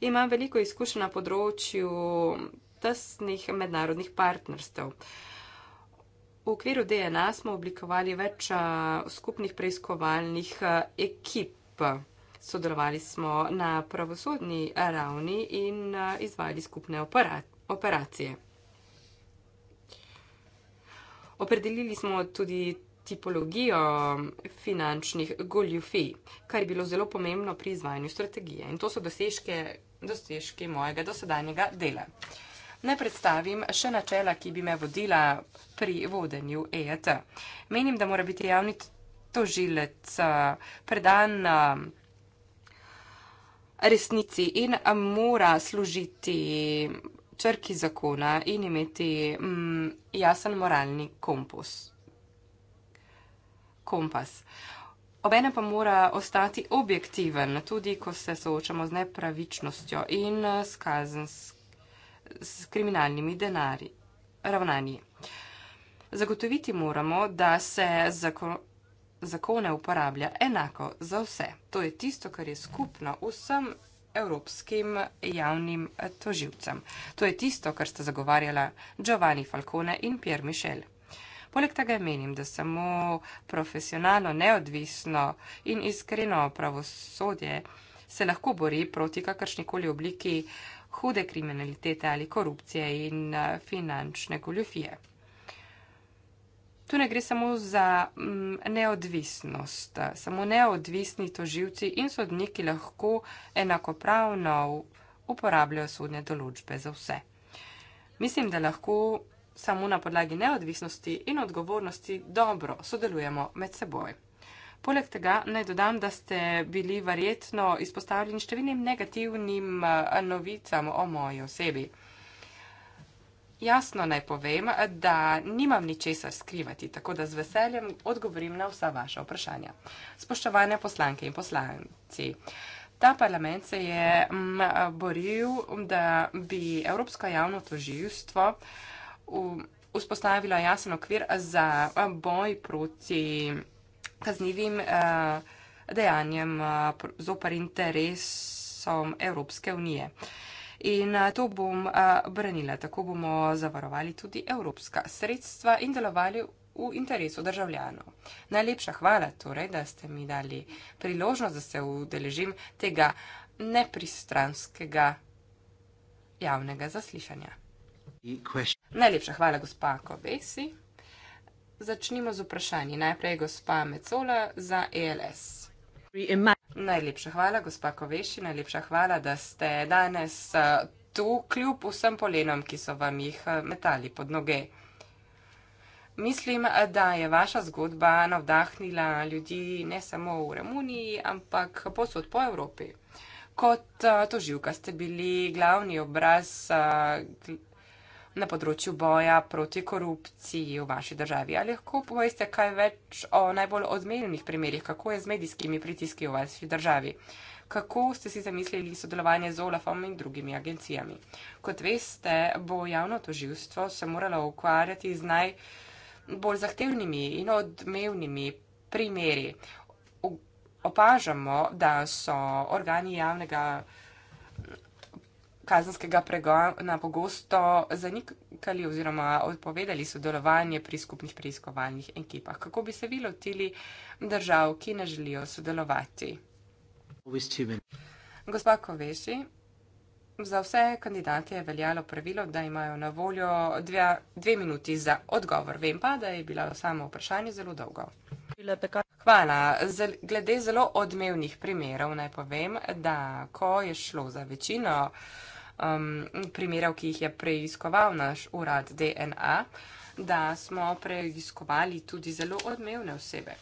imam veliko izkušenj na področju tesnih mednarodnih partnerstev. V okviru DNA smo oblikovali več skupnih preiskovalnih ekip. Sodelovali smo na pravosodni ravni in izvali skupne operacije. Opredelili smo tudi tipologijo finančnih goljufi, kar je bilo zelo pomembno pri izvajanju strategije. In to so dosežke, dosežki mojega dosedanjega dela. Uh, ne predstavim še načela, ki bi me vodila pri vodenju EET. Menim, da mora biti javni tožilec eh, predan eh, resnici in eh, mora služiti črki zakona in imeti mm, jasen moralni kompus. kompas. Obene pa mora ostati objektiven, tudi ko se soočamo z nepravičnostjo in s kazenskim s kriminalnimi denari, ravnanji. Zagotoviti moramo, da se zako, zakone uporablja enako za vse. To je tisto, kar je skupno vsem evropskim javnim eh, toživcem. To je tisto, kar sta zagovarjala Giovanni Falcone in Pierre Michel. Poleg tega menim, da samo profesionalno, neodvisno in iskreno pravosodje se lahko bori proti kakršnikoli obliki uh, hude kriminalitete ali korupcije in eh, finančne goljofije. Tu ne gre samo za mm, neodvisnost. Eh, samo neodvisni toživci in sodniki lahko enakopravno uporabljajo sodne določbe za vse. Mislim, da lahko samo na podlagi neodvisnosti in odgovornosti dobro sodelujemo med seboj. Poleg tega naj dodam, da ste bili verjetno izpostavljeni številnim negativnim eh, novicam o moji osebi. Jasno naj povem, da nimam ničesar skrivati, tako da z veseljem odgovorim na vsa vaša vprašanja. Spoštovane poslanke in poslanci, ta parlament se je mm, boril, da bi Evropsko javno toživstvo vzpostavilo jasen okvir za eh, boj proti kaznivim uh, dejanjem uh, eh, zopar interesom Evropske unije. In uh, to bom uh, branila. Tako bomo zavarovali tudi evropska sredstva in delovali v interesu državljanov. Najlepša hvala torej, da ste mi dali priložnost, da se udeležim tega nepristranskega javnega zaslišanja. Najlepša hvala, gospa Kobesi. Začnimo z vprašanji. Najprej gospa Mecola za ELS. Najlepša hvala, gospa Koveši, najlepša hvala, da ste danes eh, tu kljub vsem polenom, ki so vam jih eh, metali pod noge. Mislim, eh, da je vaša zgodba navdahnila ljudi ne samo v Romuniji, ampak posod po Evropi. Kot toživka ste bili glavni obraz na področju boja proti korupciji v vaši državi. Ali lahko poveste kaj več o najbolj odmevnih primerjih, kako je z medijskimi pritiski v vaši državi? Kako ste si zamislili sodelovanje z OLAF-om in drugimi agencijami? Kot veste, bo javno toživstvo se moralo ukvarjati z najbolj zahtevnimi in odmevnimi primeri. Opažamo, da so organi javnega toživstva kazenskega pregona pogosto zanikali oziroma odpovedali sodelovanje pri skupnih preiskovalnih ekipah. Kako bi se vi lotili držav, ki ne želijo sodelovati? Gospa Koveši, za vse kandidate je veljalo pravilo, da imajo na voljo dve, dve minuti za odgovor. Vem pa, da je bilo samo vprašanje zelo dolgo. Hvala. Zel, glede zelo odmevnih primerov naj povem, da ko je šlo za večino um, primerov, ki jih je preiskoval naš urad DNA, da smo preiskovali tudi zelo odmevne osebe.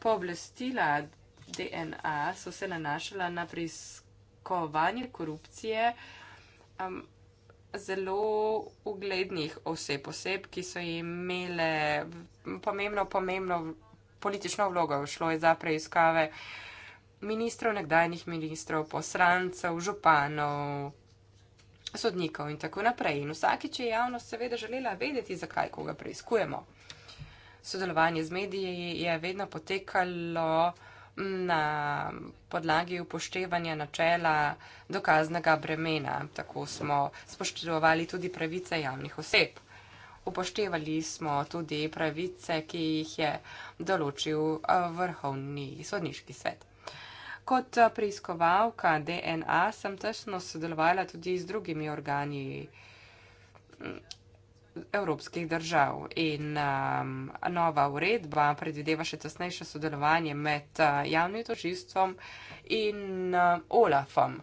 Pooblastila DNA so se nanašala na preiskovanje korupcije um, zelo uglednih oseb, oseb, ki so imele pomembno, pomembno politično vlogo. Šlo je za preiskave ministrov, nekdajnih ministrov, posrancev, županov, sodnikov in tako naprej. In vsakič je javnost seveda želela vedeti, zakaj koga preiskujemo. Sodelovanje z mediji je vedno potekalo mm, na podlagi upoštevanja načela dokaznega bremena. Tako smo spoštovali tudi pravice javnih oseb. Upoštevali smo tudi pravice, ki jih je določil eh, vrhovni sodniški svet. Kot preiskovalka DNA sem tesno sodelovala tudi z drugimi organi mm, evropskih držav in um, nova uredba predvideva še tesnejše sodelovanje med uh, javnim tožistvom in uh, OLAFom.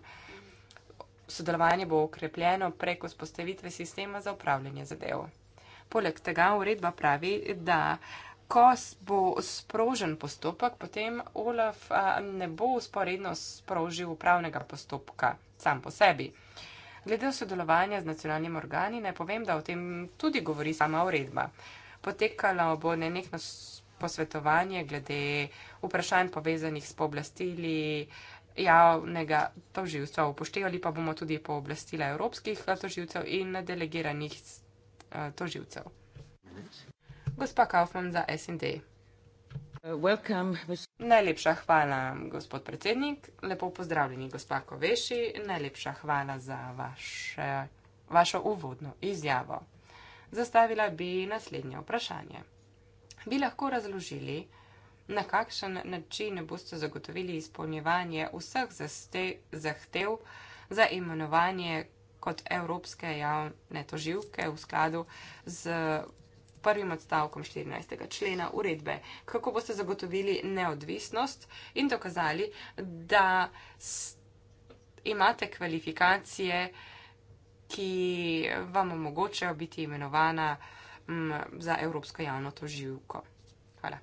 Sodelovanje bo ukrepljeno preko spostavitve sistema za upravljanje zadev. Poleg tega uredba pravi, da uh, ko bo sprožen postopek, potem Olaf a, ne bo usporedno sprožil upravnega postopka sam po sebi. Glede sodelovanja z nacionalnim organi, naj povem, da o tem tudi govori sama uredba. Potekalo bo nenehno posvetovanje glede vprašanj povezanih s pooblastili javnega toživstva. Upoštevali pa bomo tudi pooblastila evropskih toživcev in delegiranih toživcev. Gospa Kaufmann za SND. Uh, Najlepša hvala, gospod predsednik. Lepo pozdravljeni, gospa Koveši. Najlepša hvala za vaše, vašo uvodno izjavo. Zastavila bi naslednje vprašanje. Bi lahko razložili, na kakšen način boste zagotovili izpolnjevanje vseh zahtev za imenovanje kot Evropske javne toživke v skladu z prvim odstavkom 14. člena uredbe, kako boste zagotovili neodvisnost in dokazali, da imate kvalifikacije, ki vam omogočajo biti imenovana m, mm, za Evropsko javno toživko. Hvala.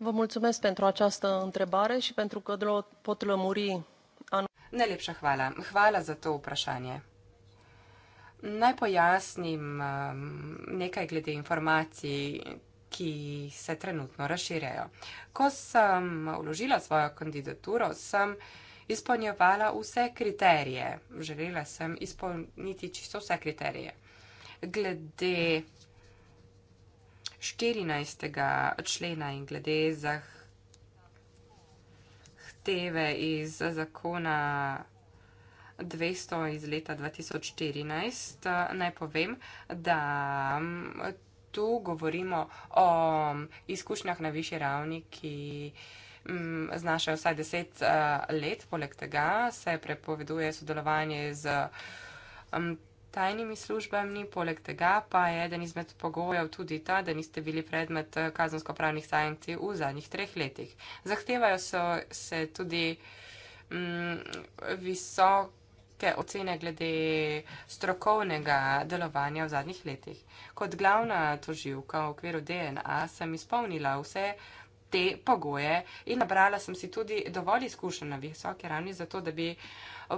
Vă mulțumesc pentru această întrebare și pentru că pot lămuri. Anul... Nelepșa hvala. Hvala za to vprašanje. Naj pojasnim um, nekaj glede informacij, ki se trenutno razširjajo. Ko sem vložila svojo kandidaturo, sem izpolnjevala vse kriterije. Želela sem izpolniti čisto vse kriterije. Glede 14. člena in glede zahteve iz zakona 200 iz leta 2014. Naj povem, da mm, tu govorimo o mm, izkušnjah na višji ravni, ki mm, znašajo vsaj 10 eh, let. Poleg tega se prepoveduje sodelovanje z tajnimi službami, poleg tega pa je eden izmed pogojev tudi ta, da niste bili predmet eh, kazensko-pravnih sankcij v zadnjih treh letih. Zahtevajo se tudi visok kratke ocene glede strokovnega delovanja v zadnjih letih. Kot glavna toživka v okviru DNA sem izpolnila vse te pogoje in nabrala sem si tudi dovolj izkušenj na visoke ravni za to, da bi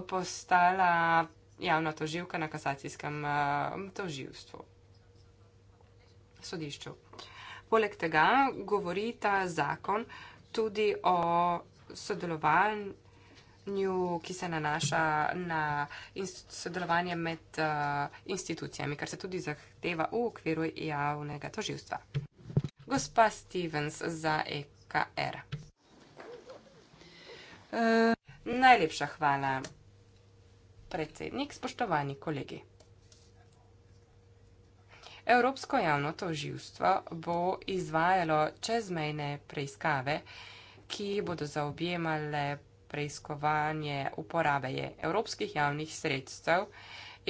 postala javna toživka na kasacijskem um, toživstvu. Sodišču. Poleg tega govorita zakon tudi o sodelovanju vprašanju, ki se nanaša na sodelovanje med uh, institucijami, kar se tudi zahteva v okviru javnega toživstva. Gospa Stevens za EKR. Uh, eh, najlepša hvala, predsednik, spoštovani kolegi. Evropsko javno toživstvo bo izvajalo čezmejne preiskave, ki bodo zaobjemale preiskovanje uporabe evropskih javnih sredstev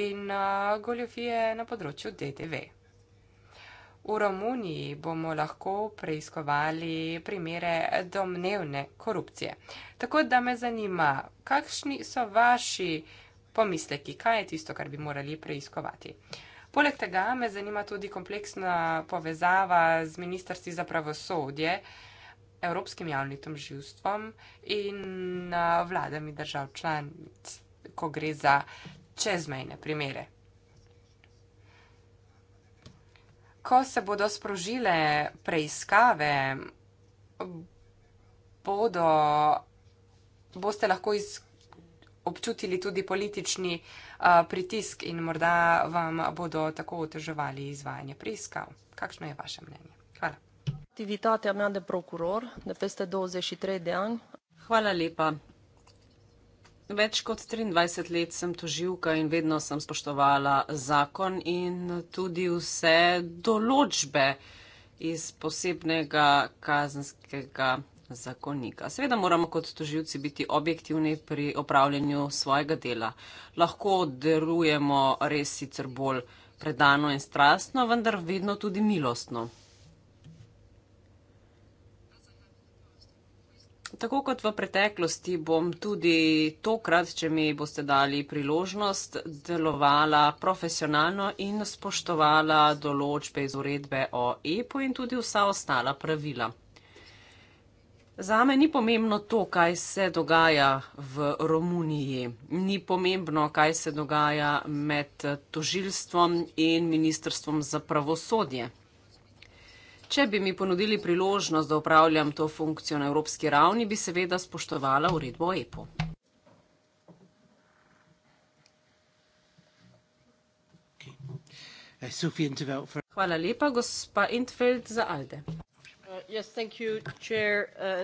in goljofije na področju DTV. V Romuniji bomo lahko preiskovali primere domnevne korupcije. Tako da me zanima, kakšni so vaši pomisleki, kaj je tisto, kar bi morali preiskovati. Poleg tega me zanima tudi kompleksna povezava z ministrstvi za pravosodje, uh, evropskim javnim tožilstvom in uh, vladami držav članic, ko gre za čezmejne primere. Ko se bodo sprožile preiskave, bodo, boste lahko iz, občutili tudi politični uh, pritisk in morda vam bodo tako oteževali izvajanje preiskav. Kakšno je vaše mnenje? activitatea mea de procuror de peste douăzeci și trei de ani. Hvala lepa. Več kot 23 let sem tožilka in vedno sem spoštovala zakon in tudi vse določbe iz posebnega kazenskega zakonika. Seveda moramo kot tožilci biti objektivni pri opravljanju svojega dela. Lahko delujemo res sicer bolj predano in strastno, vendar vedno tudi milostno. Tako kot v preteklosti bom tudi tokrat, če mi boste dali priložnost, delovala profesionalno in spoštovala določbe iz uredbe o EPO in tudi vsa ostala pravila. Zame ni pomembno to, kaj se dogaja v Romuniji, ni pomembno, kaj se dogaja med tožilstvom in ministrstvom za pravosodje. Če bi mi ponudili priložnost, da upravljam to funkcijo na evropski ravni, bi seveda spoštovala uredbo EPO. E uh, hvala lepa, gospa Intfeld za Alde. Uh,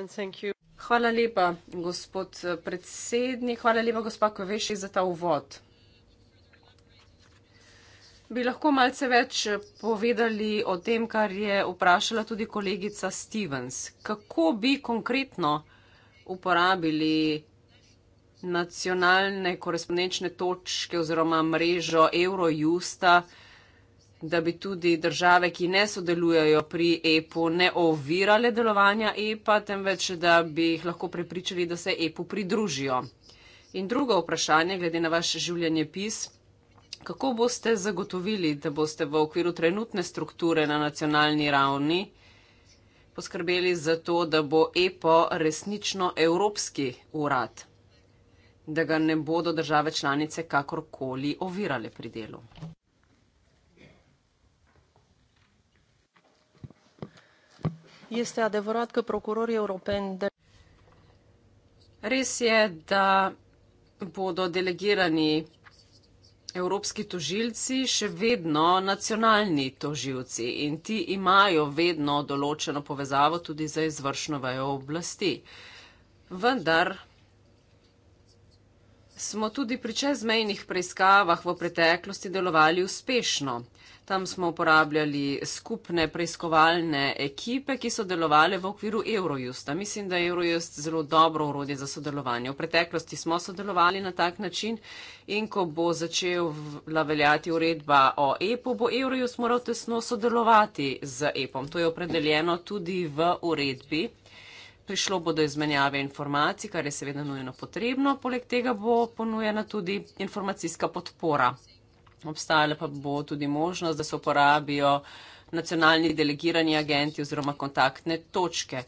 uh, hvala lepa, gospod eh, predsednik, hvala lepa, gospa Koveši, za ta uvod. Bi lahko malce več povedali o tem, kar je vprašala tudi kolegica Stevens. Kako bi konkretno uporabili nacionalne korespondenčne točke oziroma mrežo Eurojusta, da bi tudi države, ki ne sodelujejo pri EPU, ne ovirale delovanja EPA, temveč da bi jih lahko prepričali, da se EPU pridružijo. In drugo vprašanje, glede na vaš življenje pismo kako boste zagotovili, da boste v okviru trenutne strukture na nacionalni ravni poskrbeli za to, da bo EPO resnično evropski urad, da ga ne bodo države članice kakorkoli ovirale pri delu? Res je, da bodo delegirani evropski tožilci še vedno nacionalni tožilci in ti imajo vedno določeno povezavo tudi za izvršno vajo oblasti. Vendar smo tudi pri čezmejnih preiskavah v preteklosti delovali uspešno. Tam smo uporabljali skupne preiskovalne ekipe, ki so delovali v okviru Eurojusta. Mislim, da je Eurojust zelo dobro urodje za sodelovanje. V preteklosti smo sodelovali na tak način in ko bo začela veljati uredba o EPO, bo Eurojust moral tesno sodelovati z EPOM. To je opredeljeno tudi v uredbi. Prišlo bo do izmenjave informacij, kar je seveda nujno potrebno. Poleg tega bo ponujena tudi informacijska podpora obstajala pa bo tudi možnost, da se uporabijo nacionalni delegirani agenti oziroma kontaktne točke.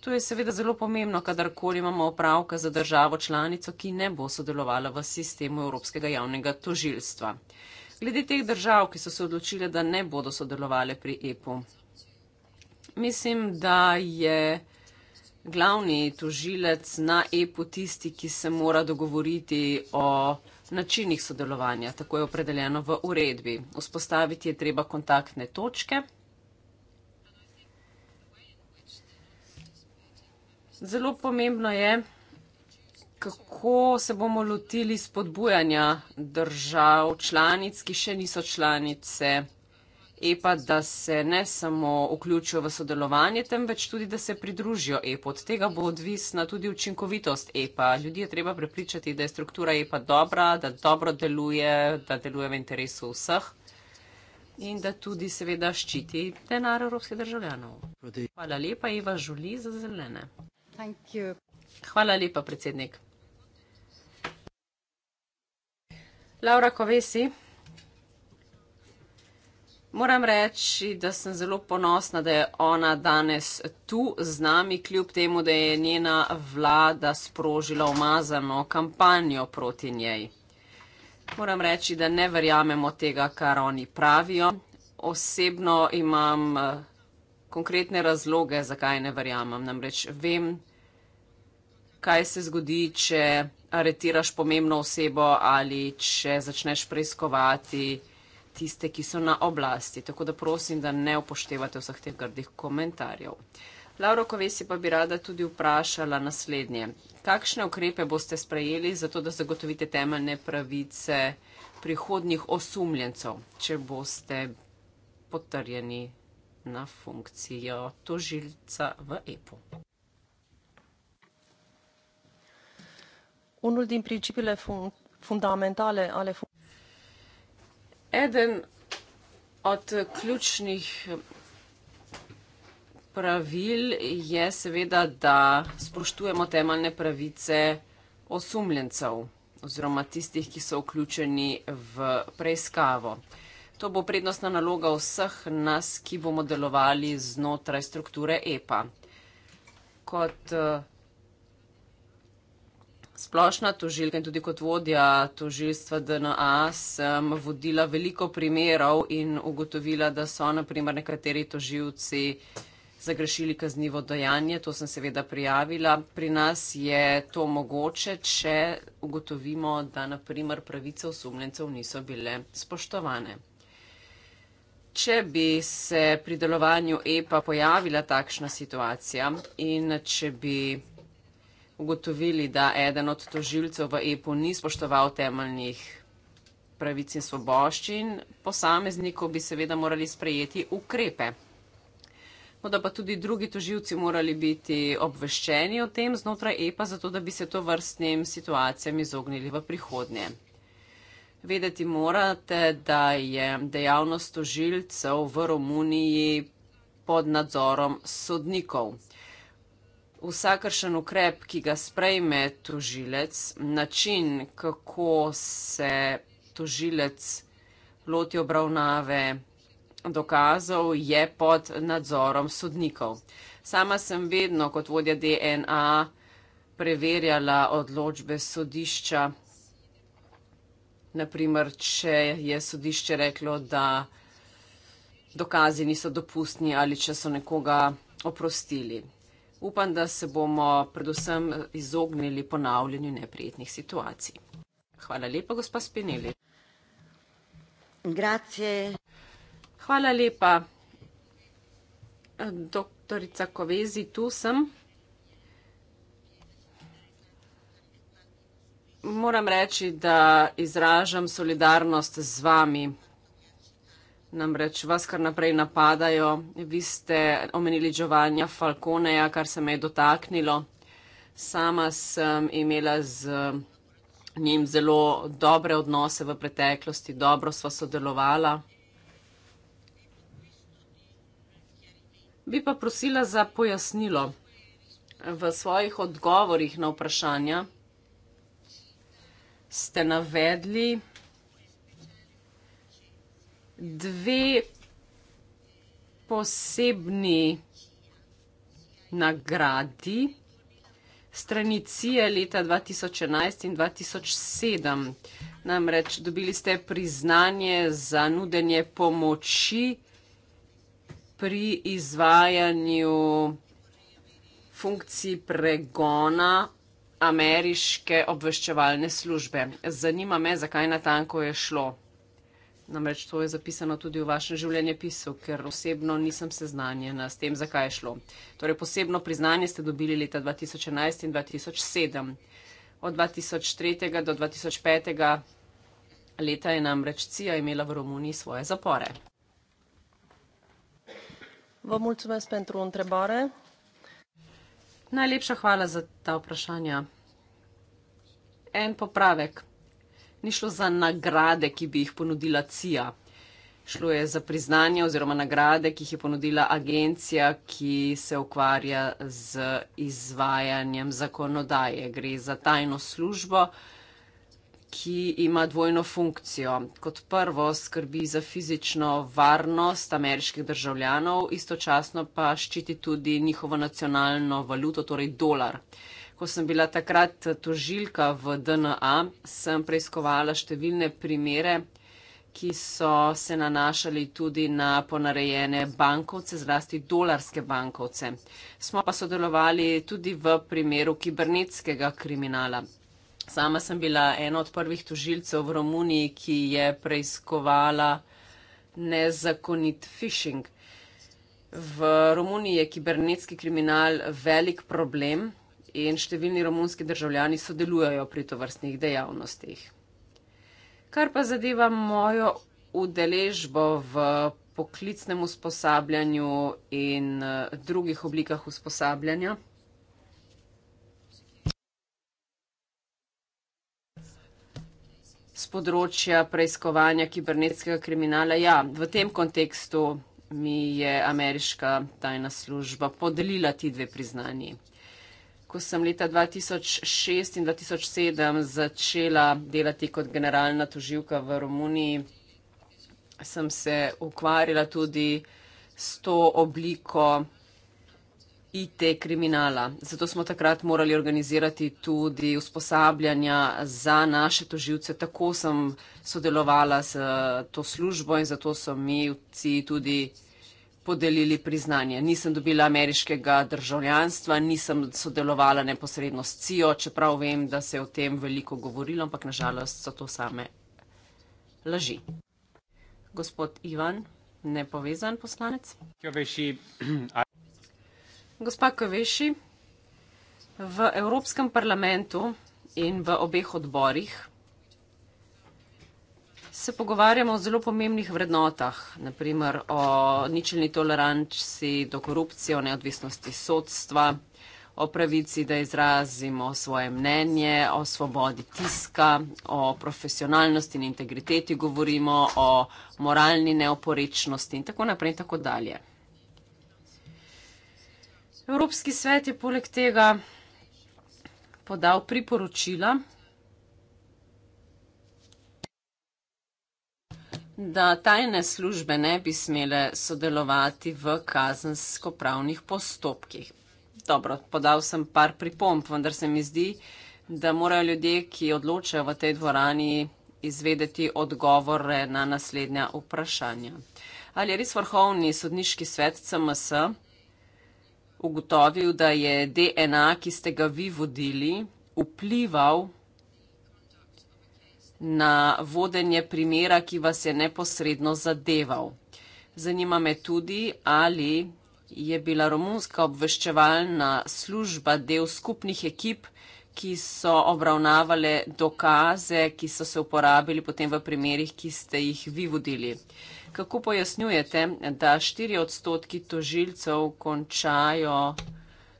To je seveda zelo pomembno, kadarkoli imamo opravka za državo članico, ki ne bo sodelovala v sistemu Evropskega javnega tožilstva. Glede teh držav, ki so se odločile, da ne bodo sodelovali pri EPO, mislim, da je glavni tožilec na EPO tisti, ki se mora dogovoriti o načinih sodelovanja, tako je opredeljeno v uredbi. Vzpostaviti je treba kontaktne točke. Zelo pomembno je, kako se bomo lotili spodbujanja držav članic, ki še niso članice. EPA, da se ne samo vključijo v sodelovanje, temveč tudi, da se pridružijo EPA. Od tega bo odvisna tudi učinkovitost EPA. Ljudje je treba prepričati, da je struktura EPA dobra, da dobro deluje, da deluje v interesu vseh in da tudi seveda ščiti denar evropskih državljanov. Hvala lepa, Eva Žuli za zelene. Hvala lepa, predsednik. Laura Kovesi. Moram reči, da sem zelo ponosna, da je ona danes tu z nami, kljub temu, da je njena vlada sprožila umazano kampanjo proti njej. Moram reči, da ne verjamemo tega, kar oni pravijo. Osebno imam eh, konkretne razloge, zakaj ne verjamem. Namreč vem, kaj se zgodi, če aretiraš pomembno osebo ali če začneš preiskovati tiste, ki so na oblasti. Tako da prosim, da ne upoštevate vseh teh grdih komentarjev. Laura Kovesi pa bi rada tudi vprašala naslednje. Kakšne ukrepe boste sprejeli za to, da zagotovite temeljne pravice prihodnjih osumljencev, če boste potrjeni na funkcijo tožilca v EPO? Unul din principiile fun fundamentale ale funcției eden od ključnih pravil je seveda, da spoštujemo temeljne pravice osumljencev oziroma tistih, ki so vključeni v preiskavo. To bo prednostna naloga vseh nas, ki bomo delovali znotraj strukture EPA. Kot uh, Splošna tožilka in tudi kot vodja tožilstva DNA sem vodila veliko primerov in ugotovila, da so naprimer nekateri toživci zagrešili kaznivo dojanje. To sem seveda prijavila. Pri nas je to mogoče, če ugotovimo, da naprimer pravice osumljencev niso bile spoštovane. Če bi se pri delovanju EPA pojavila takšna situacija in če bi ugotovili, da eden od toživljcev v EPO ni spoštoval temeljnih pravic in svoboščin, posamezniku bi seveda morali sprejeti ukrepe. Da pa tudi drugi toživci morali biti obveščeni o tem znotraj EPA, zato da bi se to vrstnim situacijam izognili v prihodnje. Vedeti morate, da je dejavnost toživcev v Romuniji pod nadzorom sodnikov vsakršen ukrep, ki ga sprejme tožilec, način, kako se tožilec loti obravnave dokazov, je pod nadzorom sodnikov. Sama sem vedno kot vodja DNA preverjala odločbe sodišča. Naprimer, če je sodišče reklo, da dokazi niso dopustni ali če so nekoga oprostili. Upam, da se bomo predvsem izognili ponavljanju neprijetnih situacij. Hvala lepa, gospa Spinelli. Grazie. Hvala lepa. Doktorica Kovezi, tu sem. Moram reči, da izražam solidarnost z vami. Namreč vas kar naprej napadajo. Vi ste omenili Giovanja Falconeja, kar se me je dotaknilo. Sama sem imela z njim zelo dobre odnose v preteklosti, dobro sva sodelovala. Bi pa prosila za pojasnilo v svojih odgovorih na vprašanja. Ste navedli, dve posebni nagradi strani CIA leta 2011 in 2007. Namreč dobili ste priznanje za nudenje pomoči pri izvajanju funkcij pregona ameriške obveščevalne službe. Zanima me, zakaj natanko je šlo. Namreč to je zapisano tudi v vašem življenjepisu, ker osebno nisem seznanjena s tem, zakaj je šlo. Torej, posebno priznanje ste dobili leta 2011 in 2007. Od 2003 do 2005 leta je namreč CIA imela v Romuniji svoje zapore. Najlepša hvala za ta vprašanja. En popravek ni šlo za nagrade, ki bi jih ponudila CIA. Šlo je za priznanje oziroma nagrade, ki jih je ponudila agencija, ki se ukvarja z izvajanjem zakonodaje. Gre za tajno službo, ki ima dvojno funkcijo. Kot prvo skrbi za fizično varnost ameriških državljanov, istočasno pa ščiti tudi njihovo nacionalno valuto, torej dolar ko sem bila takrat tožilka v DNA, sem preiskovala številne primere, ki so se nanašali tudi na ponarejene bankovce, zlasti dolarske bankovce. Smo pa sodelovali tudi v primeru kibernetskega kriminala. Sama sem bila ena od prvih tožilcev v Romuniji, ki je preiskovala nezakonit phishing. V Romuniji je kibernetski kriminal velik problem, in številni romunski državljani sodelujejo pri tovrstnih dejavnostih. Kar pa zadeva mojo udeležbo v poklicnem usposabljanju in eh, drugih oblikah usposabljanja. Z področja preiskovanja kibernetskega kriminala, ja, v tem kontekstu mi je ameriška tajna služba podelila ti dve priznanji ko sem leta 2006 in 2007 začela delati kot generalna toživka v Romuniji, sem se ukvarjala tudi s to obliko IT kriminala. Zato smo takrat morali organizirati tudi usposabljanja za naše toživce. Tako sem sodelovala s eh, to službo in zato so mi vsi tudi podelili priznanje. Nisem dobila ameriškega državljanstva, nisem sodelovala neposredno s CIO, čeprav vem, da se je o tem veliko govorilo, ampak nažalost so to same laži. Gospod Ivan, nepovezan poslanec. Gospa Koveši, v Evropskem parlamentu in v obeh odborih se pogovarjamo o zelo pomembnih vrednotah, naprimer o ničelni toleranci do korupcije, o neodvisnosti sodstva, o pravici, da izrazimo svoje mnenje, o svobodi tiska, o profesionalnosti in integriteti govorimo, o moralni neoporečnosti in tako naprej in tako dalje. Evropski svet je poleg tega podal priporočila, da tajne službe ne bi smele sodelovati v kazensko-pravnih postopkih. Dobro, podal sem par pripomp, vendar se mi zdi, da morajo ljudje, ki odločajo v tej dvorani, izvedeti odgovore na naslednja vprašanja. Ali je res vrhovni sodniški svet CMS ugotovil, da je DNA, ki ste ga vi vodili, vplival na vodenje primera, ki vas je neposredno zadeval. Zanima me tudi, ali je bila romunska obveščevalna služba del skupnih ekip, ki so obravnavale dokaze, ki so se uporabili potem v primerih, ki ste jih vi vodili. Kako pojasnjujete, da štiri odstotki tožilcev končajo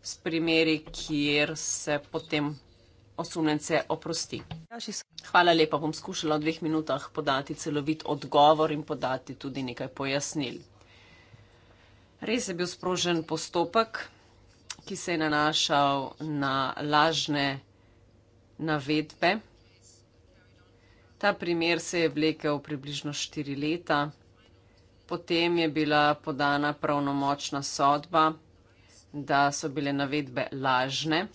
s primeri, kjer se potem osumljence oprosti. Hvala lepa, bom skušala v dveh minutah podati celovit odgovor in podati tudi nekaj pojasnil. Res je bil sprožen postopek, ki se je nanašal na lažne navedbe. Ta primer se je vlekel približno štiri leta, potem je bila podana pravnomočna sodba, da so bile navedbe lažne.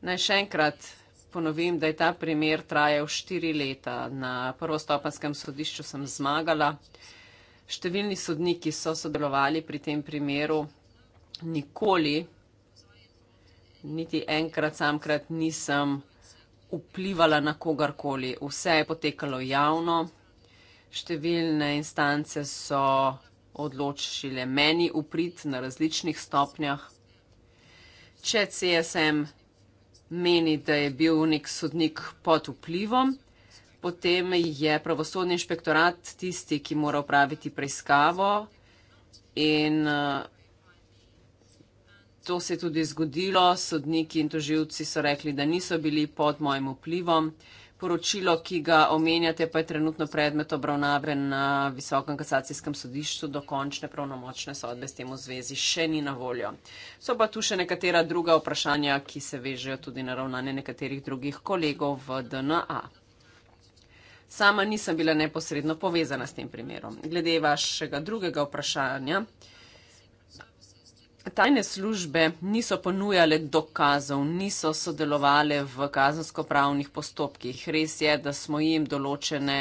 Naj še enkrat ponovim, da je ta primer trajal štiri leta. Na prvostopanskem sodišču sem zmagala. Številni sodniki so sodelovali pri tem primeru. Nikoli, niti enkrat samkrat nisem vplivala na kogarkoli. Vse je potekalo javno. Številne instance so odločile meni uprit na različnih stopnjah. Če CSM meni, da je bil nek sodnik pod vplivom, potem je pravosodni inšpektorat tisti, ki mora upraviti preiskavo in eh, to se je tudi zgodilo. Sodniki in toživci so rekli, da niso bili pod mojim vplivom poročilo, ki ga omenjate, pa je trenutno predmet obravnave na Visokem kasacijskem sodišču, dokončne pravnomočne sodbe s tem v zvezi še ni na voljo. So pa tu še nekatera druga vprašanja, ki se vežejo tudi na ravnanje nekaterih drugih kolegov v DNA. Sama nisem bila neposredno povezana s tem primerom. Glede vašega drugega vprašanja. Tajne službe niso ponujale dokazov, niso sodelovale v kazensko-pravnih postopkih. Res je, da smo jim določene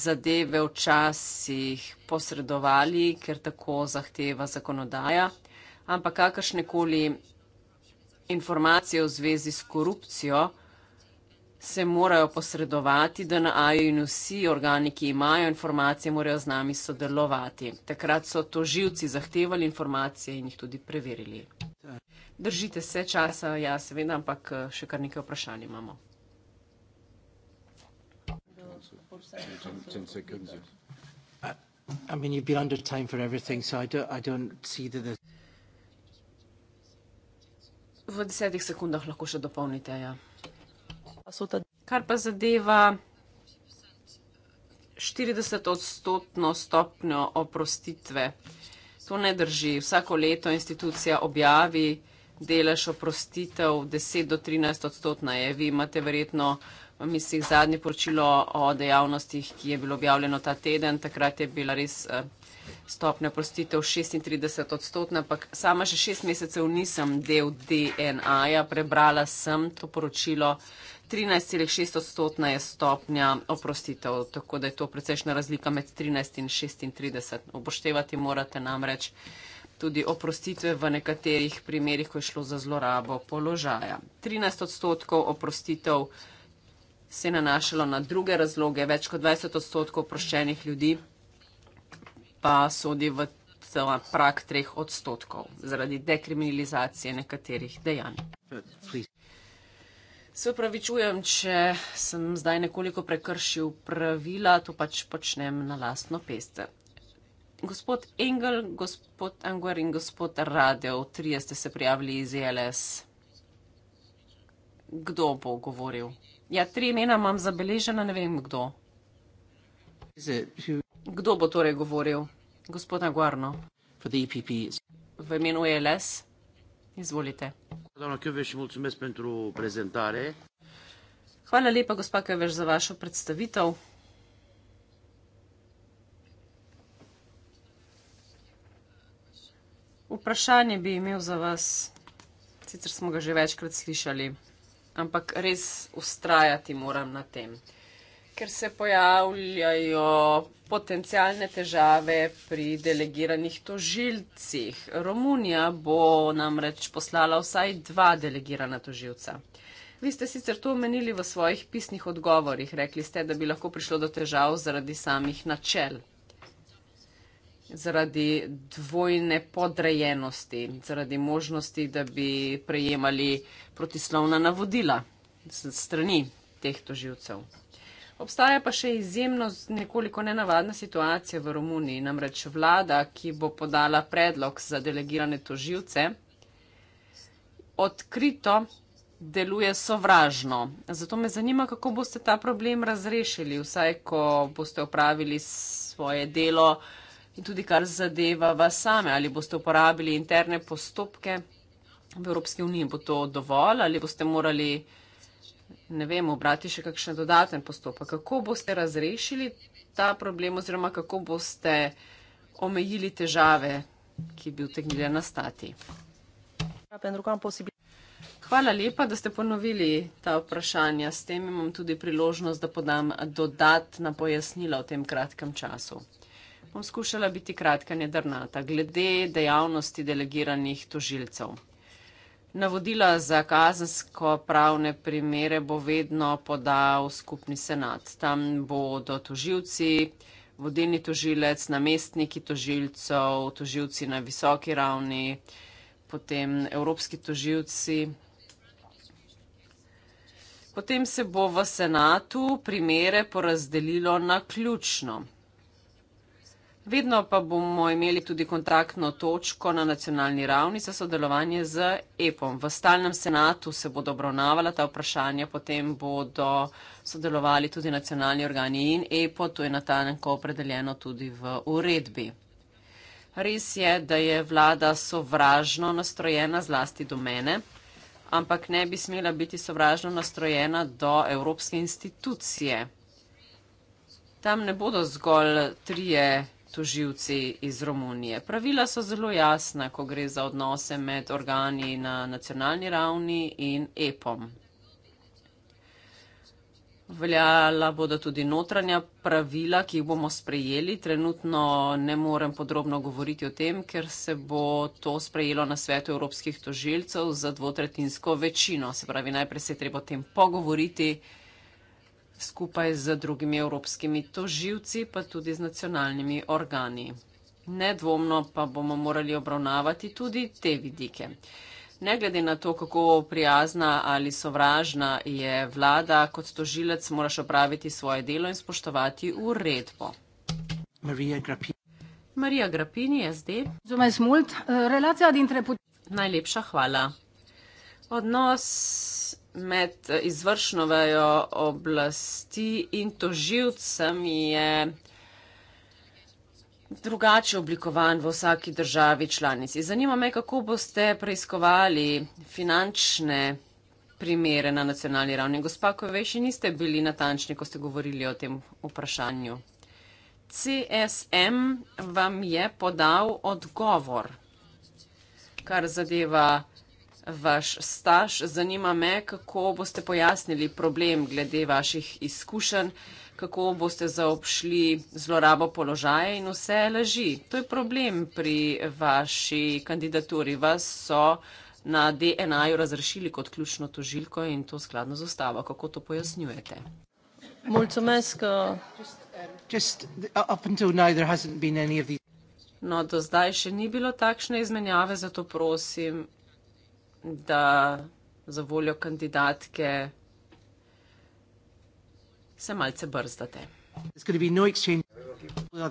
zadeve včasih posredovali, ker tako zahteva zakonodaja, ampak kakršnekoli informacije v zvezi s korupcijo, se morajo posredovati, da na AI in vsi organi, ki imajo informacije, morajo z nami sodelovati. Takrat so to živci zahtevali informacije in jih tudi preverili. Držite se časa, ja seveda, ampak eh, še kar nekaj vprašanj imamo. I mean, you've been under time for everything, so I don't, I don't see that there's... V desetih sekundah lahko še dopolnite, ja. Ta... Kar pa zadeva 40-odstotno stopnjo oprostitve, to ne drži. Vsako leto institucija objavi delež oprostitev 10-13 odstotna je. Vi imate verjetno v mislih zadnje poročilo o dejavnostih, ki je bilo objavljeno ta teden. Takrat je bila res eh, stopnja oprostitev 36 odstotna, ampak sama še šest mesecev nisem del DNA-ja, prebrala sem to poročilo. 13,6 odstotna je stopnja oprostitev, tako da je to precejšna razlika med 13 in 36. Oboštevati morate namreč tudi oprostitve v nekaterih primerjih, ko je šlo za zlorabo položaja. 13 odstotkov oprostitev se je nanašalo na druge razloge, več kot 20 odstotkov oproščenih ljudi pa sodi v prak treh odstotkov zaradi dekriminalizacije nekaterih dejanj. Se upravičujem, če sem zdaj nekoliko prekršil pravila, to pač počnem na lastno pest. Gospod Engel, gospod Anguer in gospod Radev, trije ste se prijavili iz e LS. Kdo bo govoril? Ja, tri imena imam zabeležena, ne vem kdo. Kdo bo torej govoril? Gospod Anguarno. E v imenu e LS. Izvolite. Doamna Căveș, mulțumesc pentru prezentare. Hvala lepa, gospa Căveș, za vašo predstavitev. Vprašanje bi imel za vas, sicer smo ga že večkrat slišali, ampak res ustrajati moram na tem ker se pojavljajo potencijalne težave pri delegiranih tožilcih. Romunija bo namreč poslala vsaj dva delegirana tožilca. Vi ste sicer to omenili v svojih pisnih odgovorih, rekli ste, da bi lahko prišlo do težav zaradi samih načel, zaradi dvojne podrejenosti, zaradi možnosti, da bi prejemali protislovna navodila strani teh toživcev. Obstaja pa še izjemno nekoliko nenavadna situacija v Romuniji, namreč vlada, ki bo podala predlog za delegirane toživce, odkrito deluje sovražno. Zato me zanima, kako boste ta problem razrešili, vsaj ko boste opravili svoje delo in tudi kar zadeva vas same, ali boste uporabili interne postopke v Evropski uniji, bo to dovolj ali boste morali ne vem, obrati še kakšen dodaten postopek. Kako boste razrešili ta problem oziroma kako boste omejili težave, ki bi utegnile nastati? Hvala lepa, da ste ponovili ta vprašanja. S tem imam tudi priložnost, da podam dodatna pojasnila v tem kratkem času. Bom skušala biti kratka nedrnata glede dejavnosti delegiranih tožilcev. Navodila za kazensko pravne primere bo vedno podal skupni senat. Tam bodo tožilci, vodilni tožilec, namestniki tožilcev, tožilci na visoki ravni, potem evropski tožilci. Potem se bo v senatu primere porazdelilo na ključno. Vedno pa bomo imeli tudi kontaktno točko na nacionalni ravni za sodelovanje z EPOM. V stalnem senatu se bodo obravnavala ta vprašanja, potem bodo sodelovali tudi nacionalni organi in EPO, to je natanko opredeljeno tudi v uredbi. Res je, da je vlada sovražno nastrojena zlasti do mene, ampak ne bi smela biti sovražno nastrojena do Evropske institucije. Tam ne bodo zgolj trije tužilci iz Romunije. Pravila so zelo jasna, ko gre za odnose med organi na nacionalni ravni in EPOM. Veljala bodo tudi notranja pravila, ki jih bomo sprejeli. Trenutno ne morem podrobno govoriti o tem, ker se bo to sprejelo na svetu evropskih tožilcev za dvotretinsko večino. Se pravi, najprej se je treba o tem pogovoriti skupaj z drugimi evropskimi toživci, pa tudi z nacionalnimi organi. Nedvomno pa bomo morali obravnavati tudi te vidike. Ne glede na to, kako prijazna ali sovražna je vlada, kot tožilec moraš opraviti svoje delo in spoštovati uredbo. Marija Grapini. Marija Grapini, SD. Zume Smult, relacija od Intreput. Najlepša hvala. Odnos med izvršno vejo oblasti in toživcami je drugače oblikovan v vsaki državi članici. Zanima me, kako boste preiskovali finančne primere na nacionalni ravni. Gospa Koveši, niste bili natančni, ko ste govorili o tem vprašanju. CSM vam je podal odgovor, kar zadeva vaš staž. Zanima me, kako boste pojasnili problem glede vaših izkušenj, kako boste zaopšli zlorabo položaja in vse laži. To je problem pri vaši kandidaturi. Vas so na DNA-ju razrešili kot ključno tožilko in to skladno z ustavo. Kako to pojasnjujete? Multumesko. Uh, uh, no, do zdaj še ni bilo takšne izmenjave, zato prosim, da za voljo kandidatke se malce brzdate. No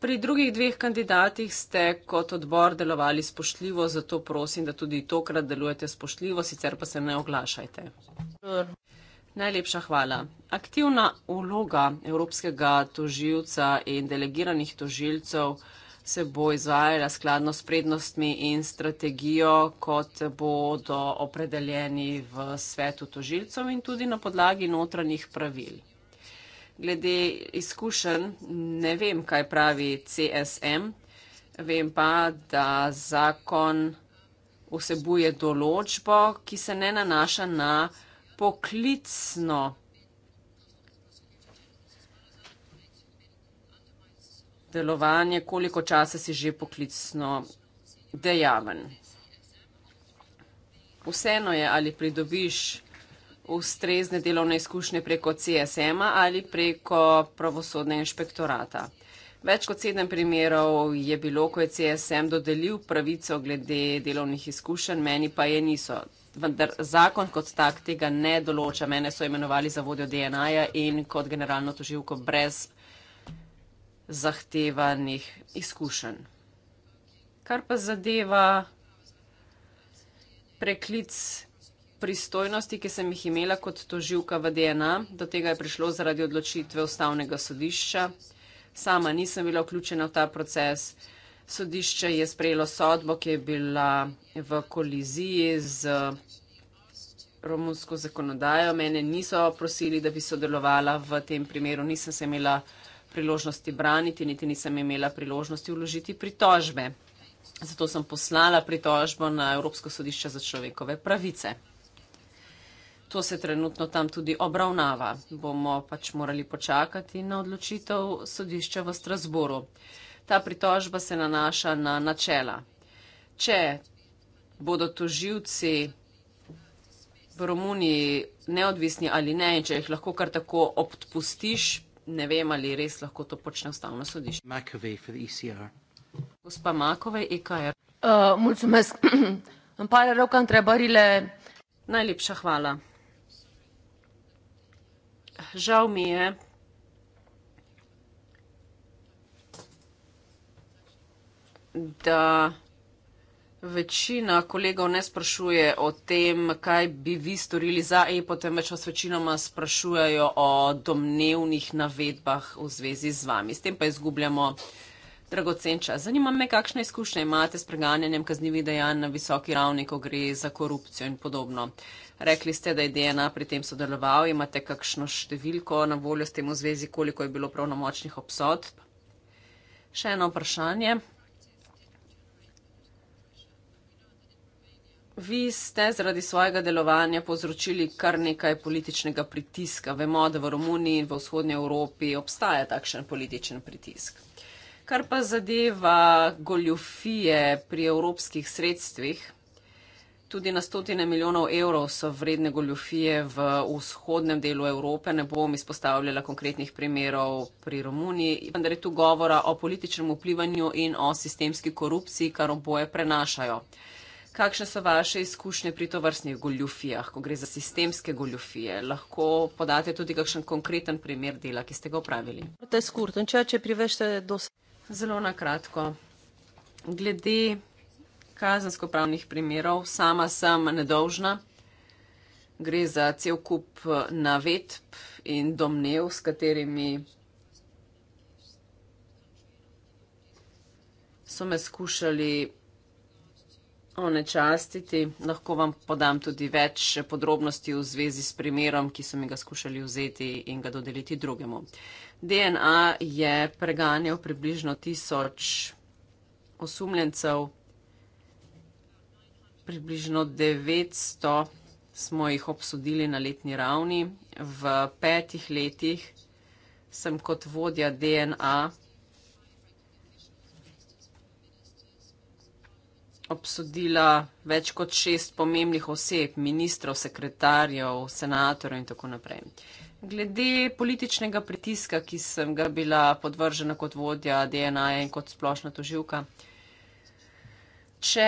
Pri drugih dveh kandidatih ste kot odbor delovali spoštljivo, zato prosim, da tudi tokrat delujete spoštljivo, sicer pa se ne oglašajte. Najlepša hvala. Aktivna vloga evropskega tožilca in delegiranih tožilcev se bo izvajala skladno s prednostmi in strategijo, kot bodo opredeljeni v svetu tožilcev in tudi na podlagi notranjih pravil. Glede izkušenj ne vem, kaj pravi CSM, vem pa, da zakon vsebuje določbo, ki se ne nanaša na poklicno delovanje, koliko časa si že poklicno dejaven. Vseeno je, ali pridobiš ustrezne delovne izkušnje preko CSM-a ali preko pravosodne inšpektorata. Več kot sedem primerov je bilo, ko je CSM dodelil pravico glede delovnih izkušenj, meni pa je niso. Vendar zakon kot tak tega ne določa. Mene so imenovali za vodjo DNA-ja in kot generalno toživko brez zahtevanih izkušenj. Kar pa zadeva preklic pristojnosti, ki sem jih imela kot toživka v DNA, do tega je prišlo zaradi odločitve ustavnega sodišča. Sama nisem bila vključena v ta proces. Sodišče je sprejelo sodbo, ki je bila v koliziji z romunsko zakonodajo. Mene niso prosili, da bi sodelovala v tem primeru. Nisem se imela priložnosti braniti, niti nisem imela priložnosti vložiti pritožbe. Zato sem poslala pritožbo na Evropsko sodišče za človekove pravice. To se trenutno tam tudi obravnava. Bomo pač morali počakati na odločitev sodišča v Strasboru. Ta pritožba se nanaša na načela. Če bodo toživci v Romuniji neodvisni ali ne, in če jih lahko kar tako odpustiš, ne vem, ali res lahko to počne ustavno sodišče. Makovej for the ECR. Gospa Makovej, EKR. Uh, Mulcumes, Ampare Rokan Trebarile. Najlepša hvala. Žal mi je. Da Večina kolegov ne sprašuje o tem, kaj bi vi storili za EPO, temveč vas večinoma sprašujejo o domnevnih navedbah v zvezi z vami. S tem pa izgubljamo dragocen čas. Zanima me, kakšne izkušnje imate s preganjanjem kaznjivih dejanj na visoki ravni, ko gre za korupcijo in podobno. Rekli ste, da je DNA pri tem sodeloval, imate kakšno številko na voljo s tem v zvezi, koliko je bilo pravnomočnih obsodb. Še eno vprašanje. vi ste zaradi svojega delovanja povzročili kar nekaj političnega pritiska. Vemo, da v Romuniji in v vzhodnji Evropi obstaja takšen političen pritisk. Kar pa zadeva goljofije pri evropskih sredstvih, tudi na stotine milijonov evrov so vredne goljofije v vzhodnem delu Evrope. Ne bom izpostavljala konkretnih primerov pri Romuniji, vendar je tu govora o političnem vplivanju in o sistemski korupciji, kar oboje prenašajo. Kakšne so vaše izkušnje pri tovrstnih goljufijah, ko gre za sistemske goljufije? Lahko podate tudi kakšen konkreten primer dela, ki ste ga upravili. Zelo na kratko. Glede kazensko-pravnih primerov, sama sem nedolžna. Gre za cel kup eh, navedb in domnev, s katerimi so me skušali onečastiti. Lahko vam podam tudi več podrobnosti v zvezi s primerom, ki so mi ga skušali vzeti in ga dodeliti drugemu. DNA je preganjal približno tisoč osumljencev, približno 900 smo jih obsodili na letni ravni. V petih letih sem kot vodja DNA obsodila več kot šest pomembnih oseb, ministrov, sekretarjev, senatorjev in tako naprej. Glede političnega pritiska, ki sem ga bila podvržena kot vodja DNA in kot splošna toživka, če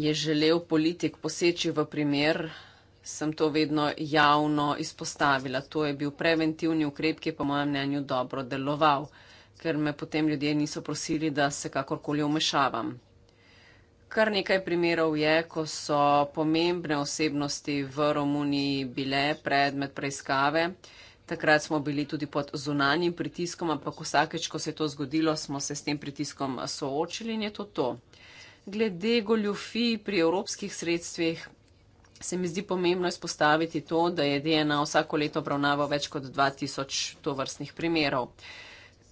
je želel politik poseči v primer, sem to vedno javno izpostavila. To je bil preventivni ukrep, ki je po mojem mnenju dobro deloval, ker me potem ljudje niso prosili, da se kakorkoli omešavam. Kar nekaj primerov je, ko so pomembne osebnosti v Romuniji bile predmet preiskave. Takrat smo bili tudi pod zunanjim pritiskom, ampak vsakeč, ko se je to zgodilo, smo se s tem pritiskom soočili in je to to. Glede goljufi pri evropskih sredstvih, se mi zdi pomembno izpostaviti to, da je DNA vsako leto obravnava več kot 2000 tovrstnih primerov.